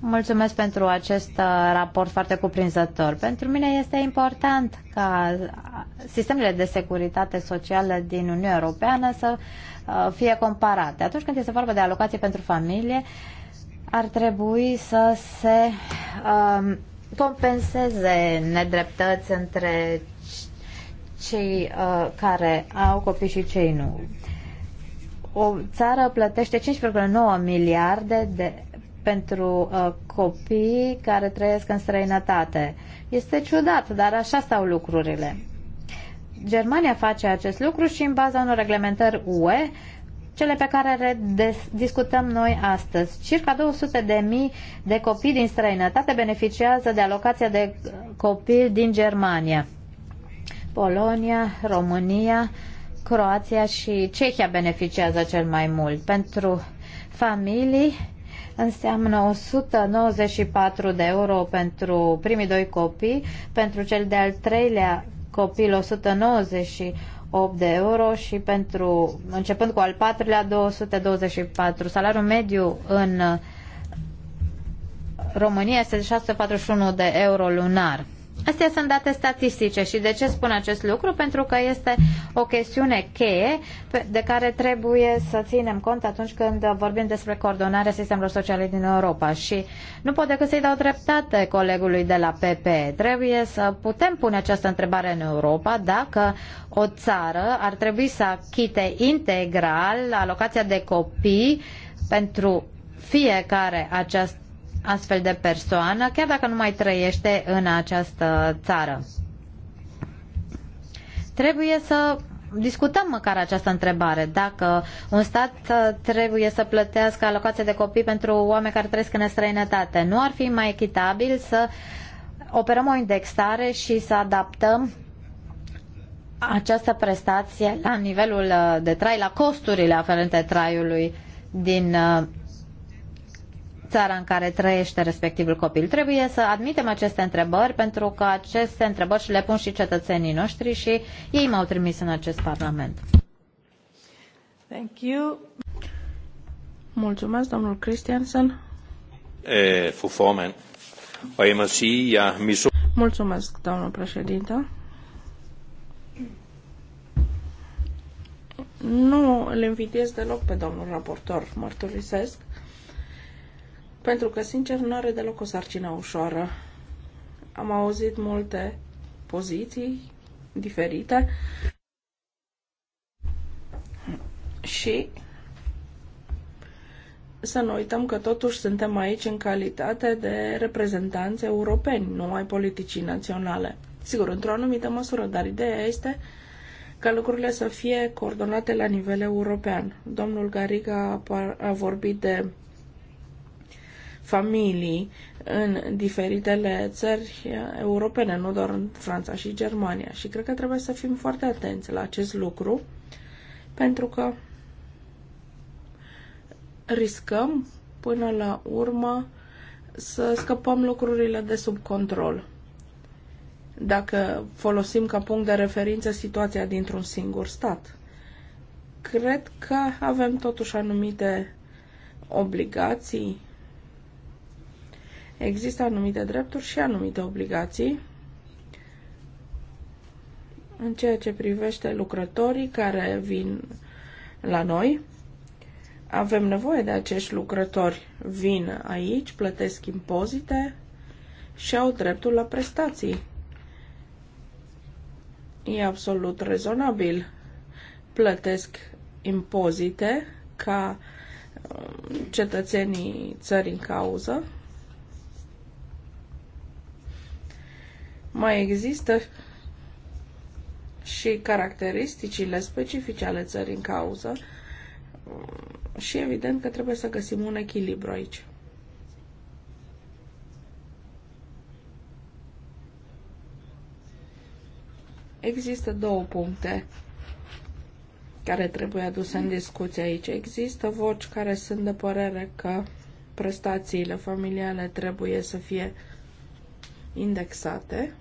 Mulțumesc pentru acest uh, raport foarte cuprinzător. Pentru mine este important ca sistemele de securitate socială din Uniunea Europeană să uh, fie comparate. Atunci când este vorba de alocații pentru familie, ar trebui să se um, compenseze nedreptăți între cei uh, care au copii și cei nu. O țară plătește 5,9 miliarde de, pentru uh, copii care trăiesc în străinătate. Este ciudat, dar așa stau lucrurile. Germania face acest lucru și în baza unor reglementări UE cele pe care le discutăm noi astăzi. Circa 200 de mii de copii din străinătate beneficiază de alocația de copil din Germania. Polonia, România, Croația și Cehia beneficiază cel mai mult. Pentru familii înseamnă 194 de euro pentru primii doi copii, pentru cel de-al treilea copil 190 8 de euro și pentru, începând cu al patrulea, 224. Salariul mediu în România este de 641 de euro lunar. Astea sunt date statistice și de ce spun acest lucru? Pentru că este o chestiune cheie de care trebuie să ținem cont atunci când vorbim despre coordonarea sistemelor sociale din Europa și nu pot decât să-i dau dreptate colegului de la PP. Trebuie să putem pune această întrebare în Europa dacă o țară ar trebui să achite integral alocația de copii pentru fiecare această astfel de persoană, chiar dacă nu mai trăiește în această țară. Trebuie să discutăm măcar această întrebare. Dacă un stat trebuie să plătească alocație de copii pentru oameni care trăiesc în străinătate, nu ar fi mai echitabil să operăm o indexare și să adaptăm această prestație la nivelul de trai, la costurile aferente traiului din uh, țara în care trăiește respectivul copil. Trebuie să admitem aceste întrebări pentru că aceste întrebări și le pun și cetățenii noștri și ei m-au trimis în acest Parlament. Thank you. Mulțumesc, domnul Christiansen. Eh, e, fufomen. Er Mulțumesc, domnul președinte. Nu îl invitez deloc pe domnul raportor, mărturisesc. Pentru că, sincer, nu are deloc o sarcină ușoară. Am auzit multe poziții diferite și să nu uităm că totuși suntem aici în calitate de reprezentanți europeni, nu ai politicii naționale. Sigur, într-o anumită măsură, dar ideea este ca lucrurile să fie coordonate la nivel european. Domnul Gariga a vorbit de familii în diferitele țări europene, nu doar în Franța și Germania. Și cred că trebuie să fim foarte atenți la acest lucru, pentru că riscăm până la urmă să scăpăm lucrurile de sub control. Dacă folosim ca punct de referință situația dintr-un singur stat, cred că avem totuși anumite obligații Există anumite drepturi și anumite obligații în ceea ce privește lucrătorii care vin la noi. Avem nevoie de acești lucrători. Vin aici, plătesc impozite și au dreptul la prestații. E absolut rezonabil. Plătesc impozite ca um, cetățenii țării în cauză Mai există și caracteristicile specifice ale țării în cauză și evident că trebuie să găsim un echilibru aici. Există două puncte care trebuie aduse în discuție aici. Există voci care sunt de părere că prestațiile familiale trebuie să fie indexate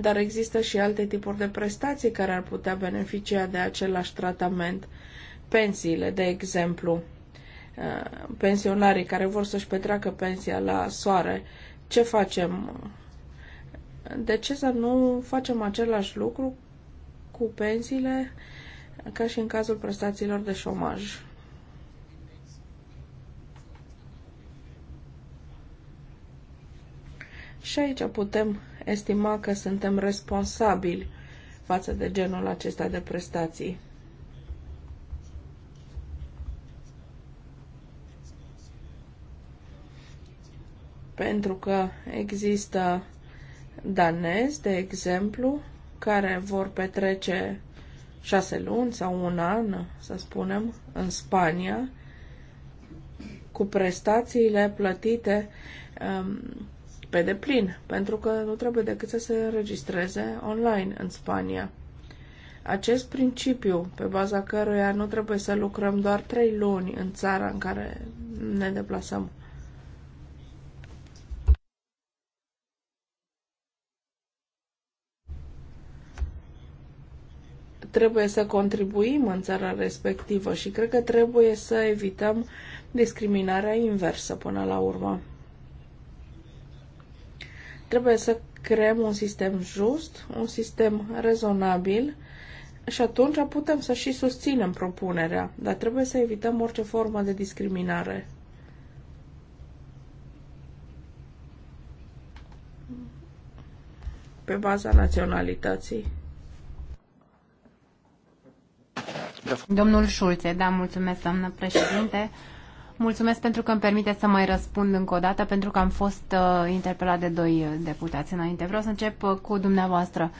dar există și alte tipuri de prestații care ar putea beneficia de același tratament. Pensiile, de exemplu, uh, pensionarii care vor să-și petreacă pensia la soare, ce facem? De ce să nu facem același lucru cu pensiile ca și în cazul prestațiilor de șomaj? Și aici putem estima că suntem responsabili față de genul acesta de prestații. Pentru că există danezi, de exemplu, care vor petrece șase luni sau un an, să spunem, în Spania, cu prestațiile plătite um, pe deplin, pentru că nu trebuie decât să se înregistreze online în Spania. Acest principiu, pe baza căruia nu trebuie să lucrăm doar trei luni în țara în care ne deplasăm. Trebuie să contribuim în țara respectivă și cred că trebuie să evităm discriminarea inversă până la urmă. Trebuie să creăm un sistem just, un sistem rezonabil și atunci putem să și susținem propunerea, dar trebuie să evităm orice formă de discriminare. pe baza naționalității. Domnul Șulțe, da, mulțumesc, doamnă președinte. Mulțumesc pentru că îmi permite să mai răspund încă o dată, pentru că am fost uh, interpelat de doi uh, deputați înainte. Vreau să încep uh, cu dumneavoastră.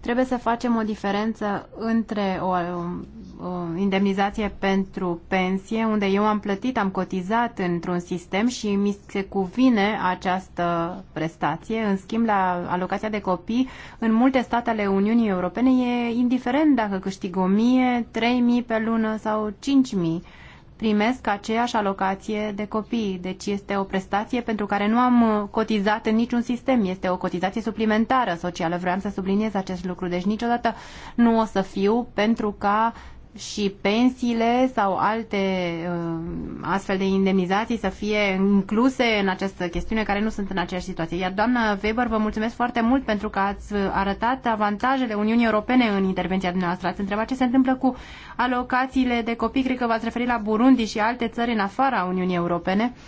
Trebuie să facem o diferență între o, o uh, uh, indemnizație pentru pensie, unde eu am plătit, am cotizat într-un sistem și mi se cuvine această prestație. În schimb, la alocația de copii, în multe state ale Uniunii Europene, e indiferent dacă câștig 1000, 3000 pe lună sau 5000 primesc aceeași alocație de copii. Deci este o prestație pentru care nu am uh, cotizat în niciun sistem. Este o cotizație suplimentară socială. Vreau să subliniez acest lucru. Deci niciodată nu o să fiu pentru ca și pensiile sau alte uh, astfel de indemnizații să fie incluse în această chestiune care nu sunt în aceeași situație. Iar doamnă Weber, vă mulțumesc foarte mult pentru că ați arătat avantajele Uniunii Europene în intervenția dumneavoastră. Ați întrebat ce se întâmplă cu alocațiile de copii, cred că v-ați referit la Burundi și alte țări în afara Uniunii Europene. Uh,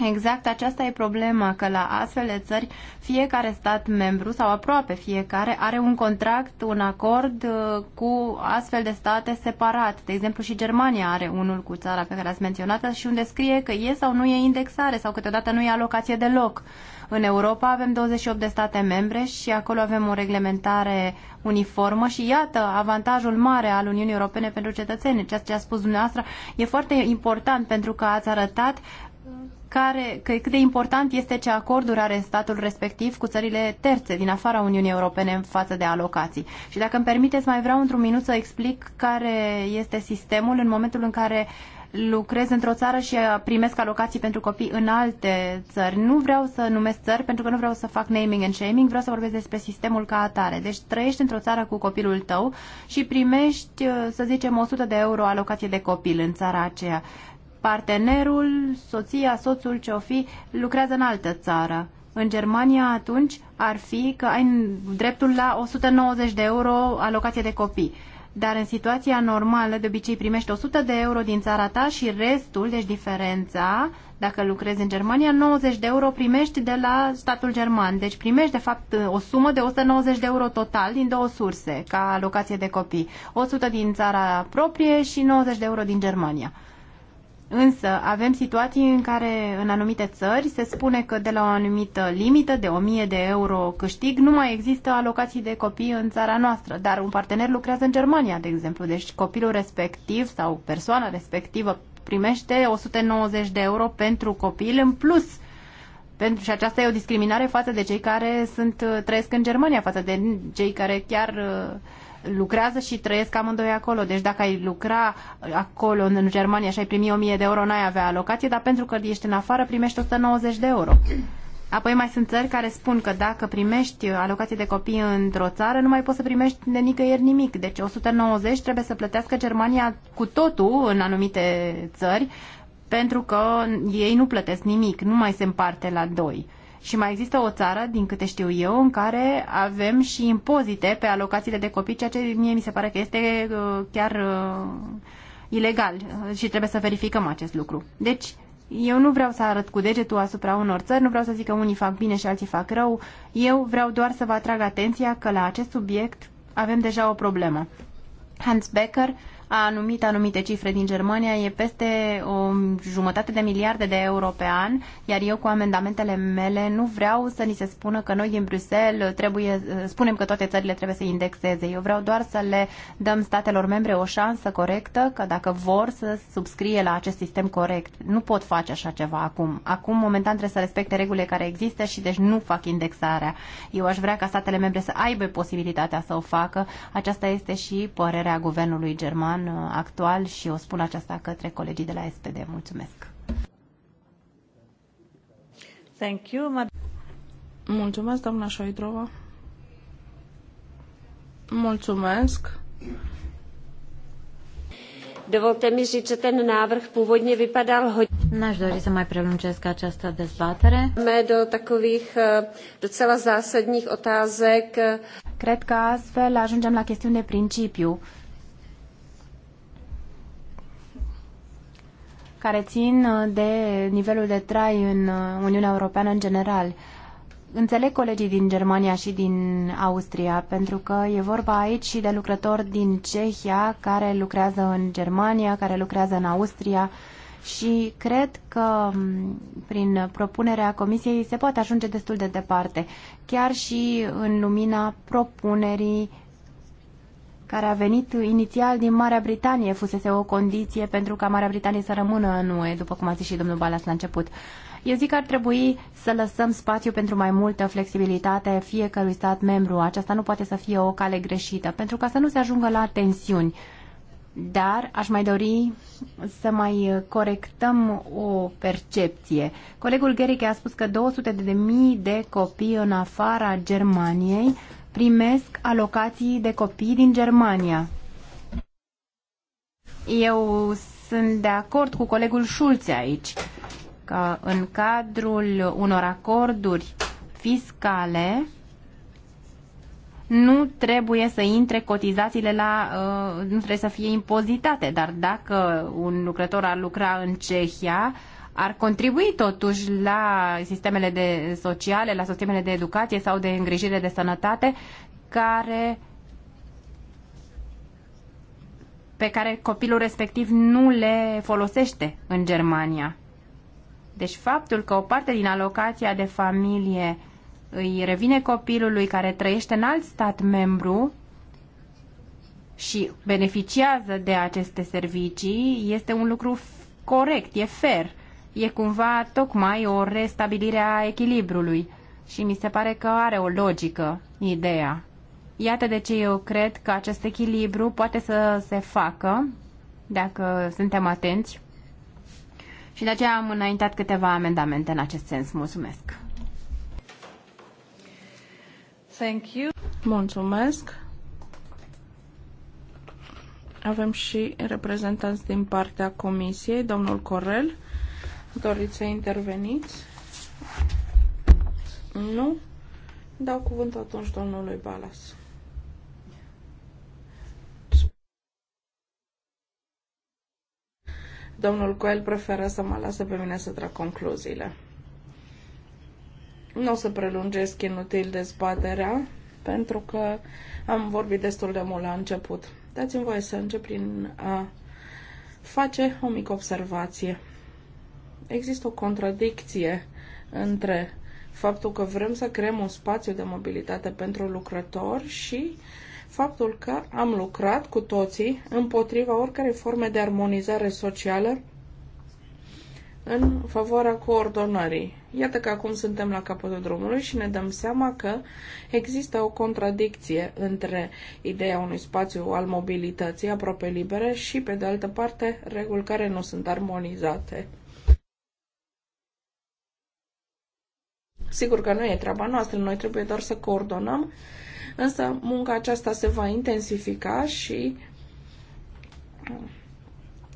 Exact aceasta e problema, că la astfel de țări fiecare stat membru sau aproape fiecare are un contract, un acord uh, cu astfel de state separat. De exemplu și Germania are unul cu țara pe care ați menționat și unde scrie că e sau nu e indexare sau câteodată nu e alocație deloc. În Europa avem 28 de state membre și acolo avem o reglementare uniformă și iată avantajul mare al Uniunii Europene pentru cetățeni. Ceea ce a spus dumneavoastră e foarte important pentru că ați arătat care, că cât de important este ce acorduri are statul respectiv cu țările terțe din afara Uniunii Europene în față de alocații. Și dacă îmi permiteți, mai vreau într-un minut să explic care este sistemul în momentul în care lucrez într-o țară și primesc alocații pentru copii în alte țări. Nu vreau să numesc țări pentru că nu vreau să fac naming and shaming, vreau să vorbesc despre sistemul ca atare. Deci trăiești într-o țară cu copilul tău și primești, să zicem, 100 de euro alocație de copil în țara aceea partenerul, soția, soțul ce-o fi, lucrează în altă țară. În Germania atunci ar fi că ai dreptul la 190 de euro alocație de copii. Dar în situația normală, de obicei primești 100 de euro din țara ta și restul, deci diferența, dacă lucrezi în Germania, 90 de euro primești de la statul german. Deci primești, de fapt, o sumă de 190 de euro total din două surse, ca alocație de copii. 100 din țara proprie și 90 de euro din Germania. Însă avem situații în care în anumite țări se spune că de la o anumită limită de 1000 de euro câștig nu mai există alocații de copii în țara noastră, dar un partener lucrează în Germania, de exemplu, deci copilul respectiv sau persoana respectivă primește 190 de euro pentru copil în plus. Pentru, și aceasta e o discriminare față de cei care sunt, trăiesc în Germania, față de cei care chiar uh, lucrează și trăiesc amândoi acolo. Deci dacă ai lucra acolo în Germania și ai primi 1000 de euro, n-ai avea alocație, dar pentru că ești în afară primești 190 de euro. Apoi mai sunt țări care spun că dacă primești alocație de copii într-o țară, nu mai poți să primești de nicăieri nimic. Deci 190 trebuie să plătească Germania cu totul în anumite țări, pentru că ei nu plătesc nimic, nu mai se împarte la doi. Și mai există o țară, din câte știu eu, în care avem și impozite pe alocațiile de copii, ceea ce mie mi se pare că este uh, chiar uh, ilegal și trebuie să verificăm acest lucru. Deci, eu nu vreau să arăt cu degetul asupra unor țări, nu vreau să zic că unii fac bine și alții fac rău. Eu vreau doar să vă atrag atenția că la acest subiect avem deja o problemă. Hans Becker a numit anumite cifre din Germania, e peste o jumătate de miliarde de euro pe an, iar eu cu amendamentele mele nu vreau să ni se spună că noi din Bruxelles trebuie, eh, spunem că toate țările trebuie să indexeze. Eu vreau doar să le dăm statelor membre o șansă corectă, că dacă vor să subscrie la acest sistem corect. Nu pot face așa ceva acum. Acum, momentan, trebuie să respecte regulile care există și deci nu fac indexarea. Eu aș vrea ca statele membre să aibă posibilitatea să o facă. Aceasta este și părerea guvernului german plan uh, actual și o spun aceasta către colegii de la SPD. Mulțumesc! Thank you, Mulțumesc, doamna Șoidrova. Mulțumesc. Dovolte mi říct, că ten návrh původně vypadal hodně. N-aș dori să mai prelungesc această dezbatere. do takových eh, docela zásadních otázek. Cred că astfel ajungem la chestiuni de principiu care țin uh, de nivelul de trai în uh, Uniunea Europeană în general. Înțeleg colegii din Germania și din Austria, pentru că e vorba aici și de lucrători din Cehia care lucrează în Germania, care lucrează în Austria și cred că mm, prin propunerea Comisiei se poate ajunge destul de departe, chiar și în lumina propunerii care a venit inițial din Marea Britanie, fusese o condiție pentru ca Marea Britanie să rămână în UE, după cum a zis și domnul Balas la început. Eu zic că ar trebui să lăsăm spațiu pentru mai multă flexibilitate fiecărui stat membru. Aceasta nu poate să fie o cale greșită, pentru ca să nu se ajungă la tensiuni. Dar aș mai dori să mai corectăm o percepție. Colegul Gheric a spus că 200 de mii de copii în afara Germaniei primesc alocații de copii din Germania. Eu sunt de acord cu colegul Schulze aici că în cadrul unor acorduri fiscale nu trebuie să intre cotizațiile la. Uh, nu trebuie să fie impozitate, dar dacă un lucrător ar lucra în Cehia, ar contribui totuși la sistemele de sociale, la sistemele de educație sau de îngrijire de sănătate care pe care copilul respectiv nu le folosește în Germania. Deci faptul că o parte din alocația de familie îi revine copilului care trăiește în alt stat membru și beneficiază de aceste servicii este un lucru corect, e fair e cumva tocmai o restabilire a echilibrului și mi se pare că are o logică ideea. Iată de ce eu cred că acest echilibru poate să se facă dacă suntem atenți și de aceea am înaintat câteva amendamente în acest sens. Mulțumesc! Thank you. Mulțumesc! Avem și reprezentanți din partea Comisiei, domnul Corel. Doriți să interveniți? Nu? Dau cuvântul atunci domnului Balas. Domnul Coel preferă să mă lasă pe mine să trag concluziile. Nu o să prelungesc inutil dezbaterea, pentru că am vorbit destul de mult la început. Dați-mi voie să încep prin a face o mică observație există o contradicție între faptul că vrem să creăm un spațiu de mobilitate pentru lucrători și faptul că am lucrat cu toții împotriva oricărei forme de armonizare socială în favoarea coordonării. Iată că acum suntem la capătul drumului și ne dăm seama că există o contradicție între ideea unui spațiu al mobilității aproape libere și, pe de altă parte, reguli care nu sunt armonizate. Sigur că nu e treaba noastră, noi trebuie doar să coordonăm, însă munca aceasta se va intensifica și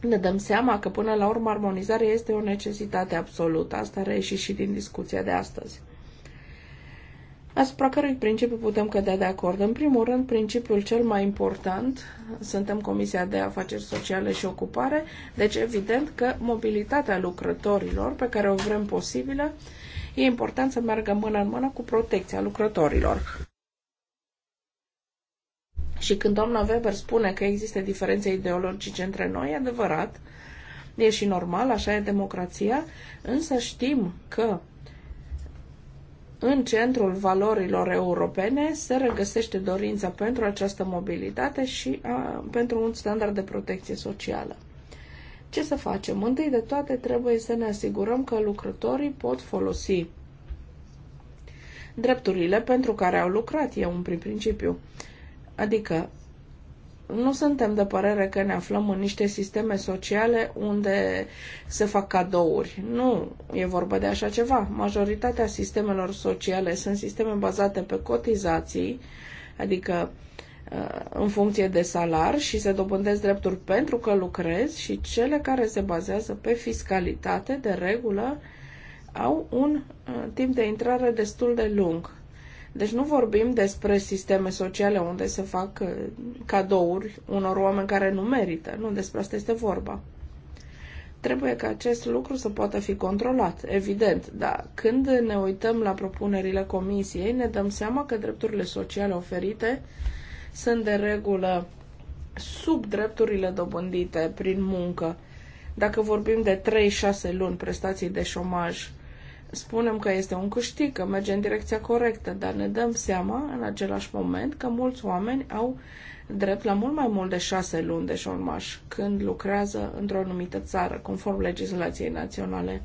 ne dăm seama că până la urmă armonizarea este o necesitate absolută. Asta reieși și din discuția de astăzi. Asupra cărui principiu putem cădea de acord? În primul rând, principiul cel mai important, suntem Comisia de Afaceri Sociale și Ocupare, deci evident că mobilitatea lucrătorilor pe care o vrem posibilă e important să meargă mână în mână cu protecția lucrătorilor. Și când doamna Weber spune că există diferențe ideologice între noi, e adevărat, e și normal, așa e democrația, însă știm că în centrul valorilor europene se regăsește dorința pentru această mobilitate și a, pentru un standard de protecție socială. Ce să facem? Întâi de toate trebuie să ne asigurăm că lucrătorii pot folosi drepturile pentru care au lucrat, e un prin principiu. Adică, nu suntem de părere că ne aflăm în niște sisteme sociale unde se fac cadouri. Nu e vorba de așa ceva. Majoritatea sistemelor sociale sunt sisteme bazate pe cotizații, adică Uh, în funcție de salar și se dobândesc drepturi pentru că lucrezi și cele care se bazează pe fiscalitate, de regulă, au un uh, timp de intrare destul de lung. Deci nu vorbim despre sisteme sociale unde se fac uh, cadouri unor oameni care nu merită. Nu despre asta este vorba. Trebuie ca acest lucru să poată fi controlat, evident, dar când ne uităm la propunerile comisiei, ne dăm seama că drepturile sociale oferite uh, sunt de regulă sub drepturile dobândite prin muncă. Dacă vorbim de 3-6 luni prestații de șomaj, spunem că este un câștig, că merge în direcția corectă, dar ne dăm seama în același moment că mulți oameni au drept la mult mai mult de 6 luni de șomaj când lucrează într-o anumită țară, conform legislației naționale.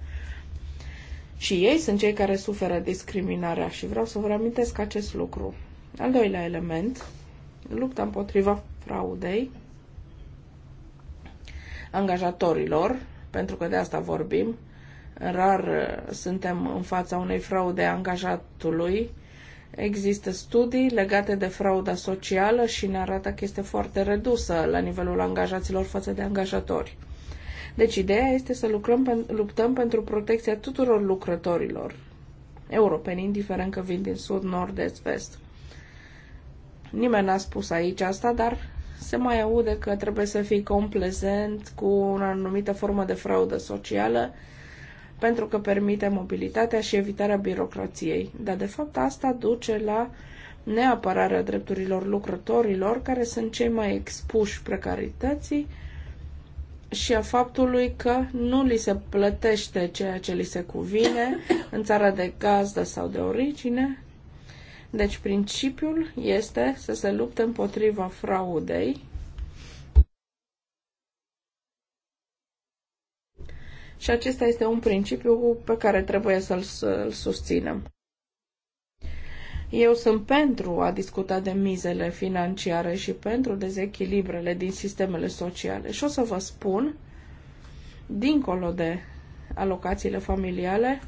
Și ei sunt cei care suferă discriminarea și vreau să vă amintesc acest lucru. Al doilea element lupta împotriva fraudei angajatorilor, pentru că de asta vorbim. Rar uh, suntem în fața unei fraude angajatului. Există studii legate de frauda socială și ne arată că este foarte redusă la nivelul angajaților față de angajatori. Deci ideea este să lucrăm, luptăm pentru protecția tuturor lucrătorilor europeni, indiferent că vin din sud, nord, est, vest. Nimeni n-a spus aici asta, dar se mai aude că trebuie să fii complezent cu o anumită formă de fraudă socială pentru că permite mobilitatea și evitarea birocrației. Dar, de fapt, asta duce la neapărarea drepturilor lucrătorilor, care sunt cei mai expuși precarității și a faptului că nu li se plătește ceea ce li se cuvine în țara de gazdă sau de origine, deci principiul este să se lupte împotriva fraudei și acesta este un principiu pe care trebuie să-l, să susținem. Eu sunt pentru a discuta de mizele financiare și pentru dezechilibrele din sistemele sociale și o să vă spun, dincolo de alocațiile familiale,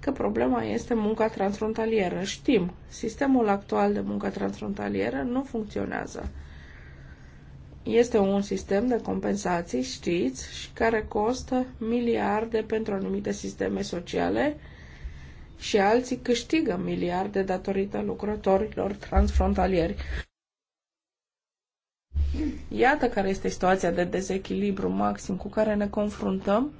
că problema este munca transfrontalieră. Știm, sistemul actual de muncă transfrontalieră nu funcționează. Este un sistem de compensații, știți, și care costă miliarde pentru anumite sisteme sociale și alții câștigă miliarde datorită lucrătorilor transfrontalieri. Iată care este situația de dezechilibru maxim cu care ne confruntăm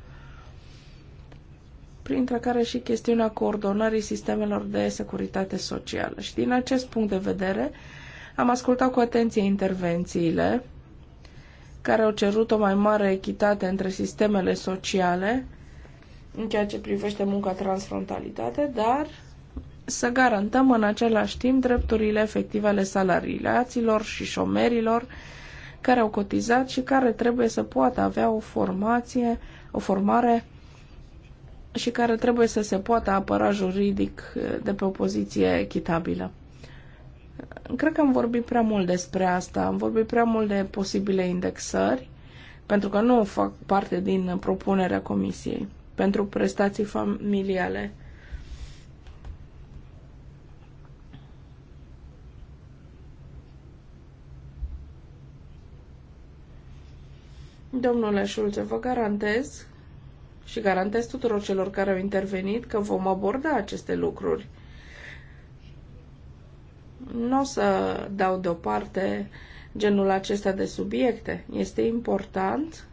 printre care și chestiunea coordonării sistemelor de securitate socială. Și din acest punct de vedere, am ascultat cu atenție intervențiile care au cerut o mai mare echitate între sistemele sociale în ceea ce privește munca transfrontalitate, dar să garantăm în același timp drepturile efective ale salariilor și șomerilor care au cotizat și care trebuie să poată avea o formație, o formare și care trebuie să se poată apăra juridic eh, de pe o poziție echitabilă. Cred că am vorbit prea mult despre asta, am vorbit prea mult de posibile indexări, pentru că nu fac parte din propunerea comisiei pentru prestații familiale. Domnule Șulțe, vă garantez și garantez tuturor celor care au intervenit că vom aborda aceste lucruri. Nu o să dau deoparte genul acesta de subiecte. Este important,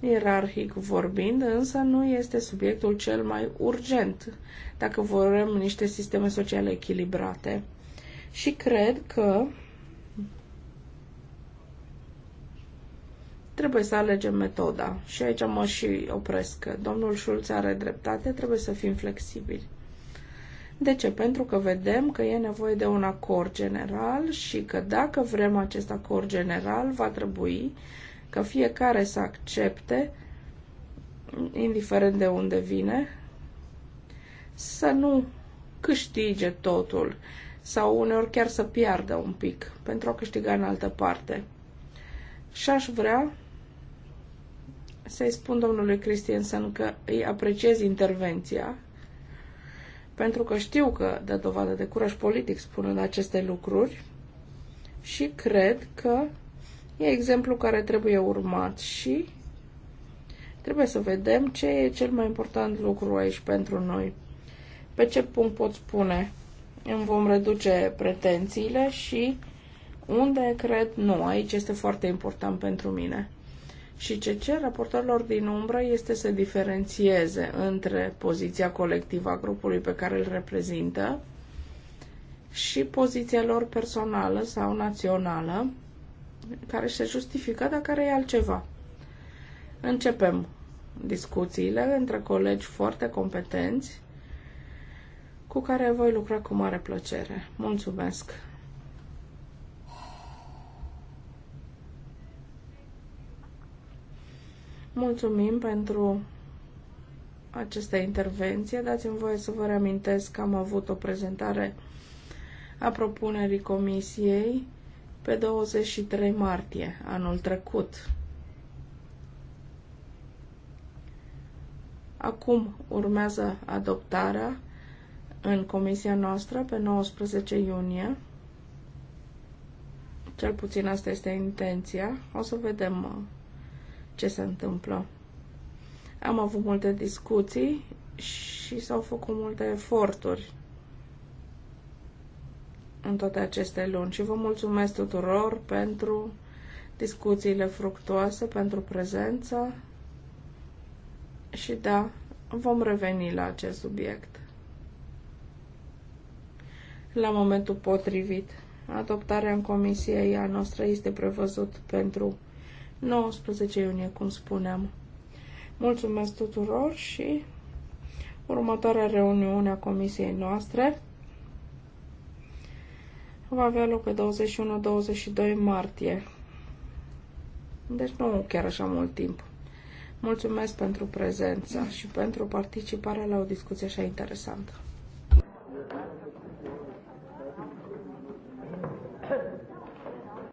ierarhic vorbind, însă nu este subiectul cel mai urgent dacă vrem niște sisteme sociale echilibrate. Și cred că Trebuie să alegem metoda și aici mă și opresc. Domnul Schulz are dreptate, trebuie să fim flexibili. De ce? Pentru că vedem că e nevoie de un acord general și că dacă vrem acest acord general, va trebui ca fiecare să accepte, indiferent de unde vine, să nu câștige totul sau uneori chiar să piardă un pic pentru a câștiga în altă parte. Și aș vrea să-i spun domnului Christiansen că îi apreciez intervenția, pentru că știu că dă dovadă de curaj politic spunând aceste lucruri și cred că e exemplu care trebuie urmat și trebuie să vedem ce e cel mai important lucru aici pentru noi. Pe ce punct pot spune îmi vom reduce pretențiile și unde cred nu. Aici este foarte important pentru mine. Și ce cer raportorilor din umbră este să diferențieze între poziția colectivă a grupului pe care îl reprezintă și poziția lor personală sau națională, care se justifică, dar care e altceva. Începem discuțiile între colegi foarte competenți cu care voi lucra cu mare plăcere. Mulțumesc! Mulțumim pentru această intervenție. Dați-mi voie să vă reamintesc că am avut o prezentare a propunerii comisiei pe 23 martie anul trecut. Acum urmează adoptarea în comisia noastră pe 19 iunie. Cel puțin asta este intenția. O să vedem uh, ce se întâmplă. Am avut multe discuții și s-au făcut multe eforturi în toate aceste luni și vă mulțumesc tuturor pentru discuțiile fructoase, pentru prezența și da, vom reveni la acest subiect. La momentul potrivit, adoptarea în comisiei a noastră este prevăzut pentru 19 iunie, cum spuneam. Mulțumesc tuturor și următoarea reuniune a comisiei noastre va avea loc pe 21-22 martie. Deci nu chiar așa mult timp. Mulțumesc pentru prezența și pentru participarea la o discuție așa interesantă.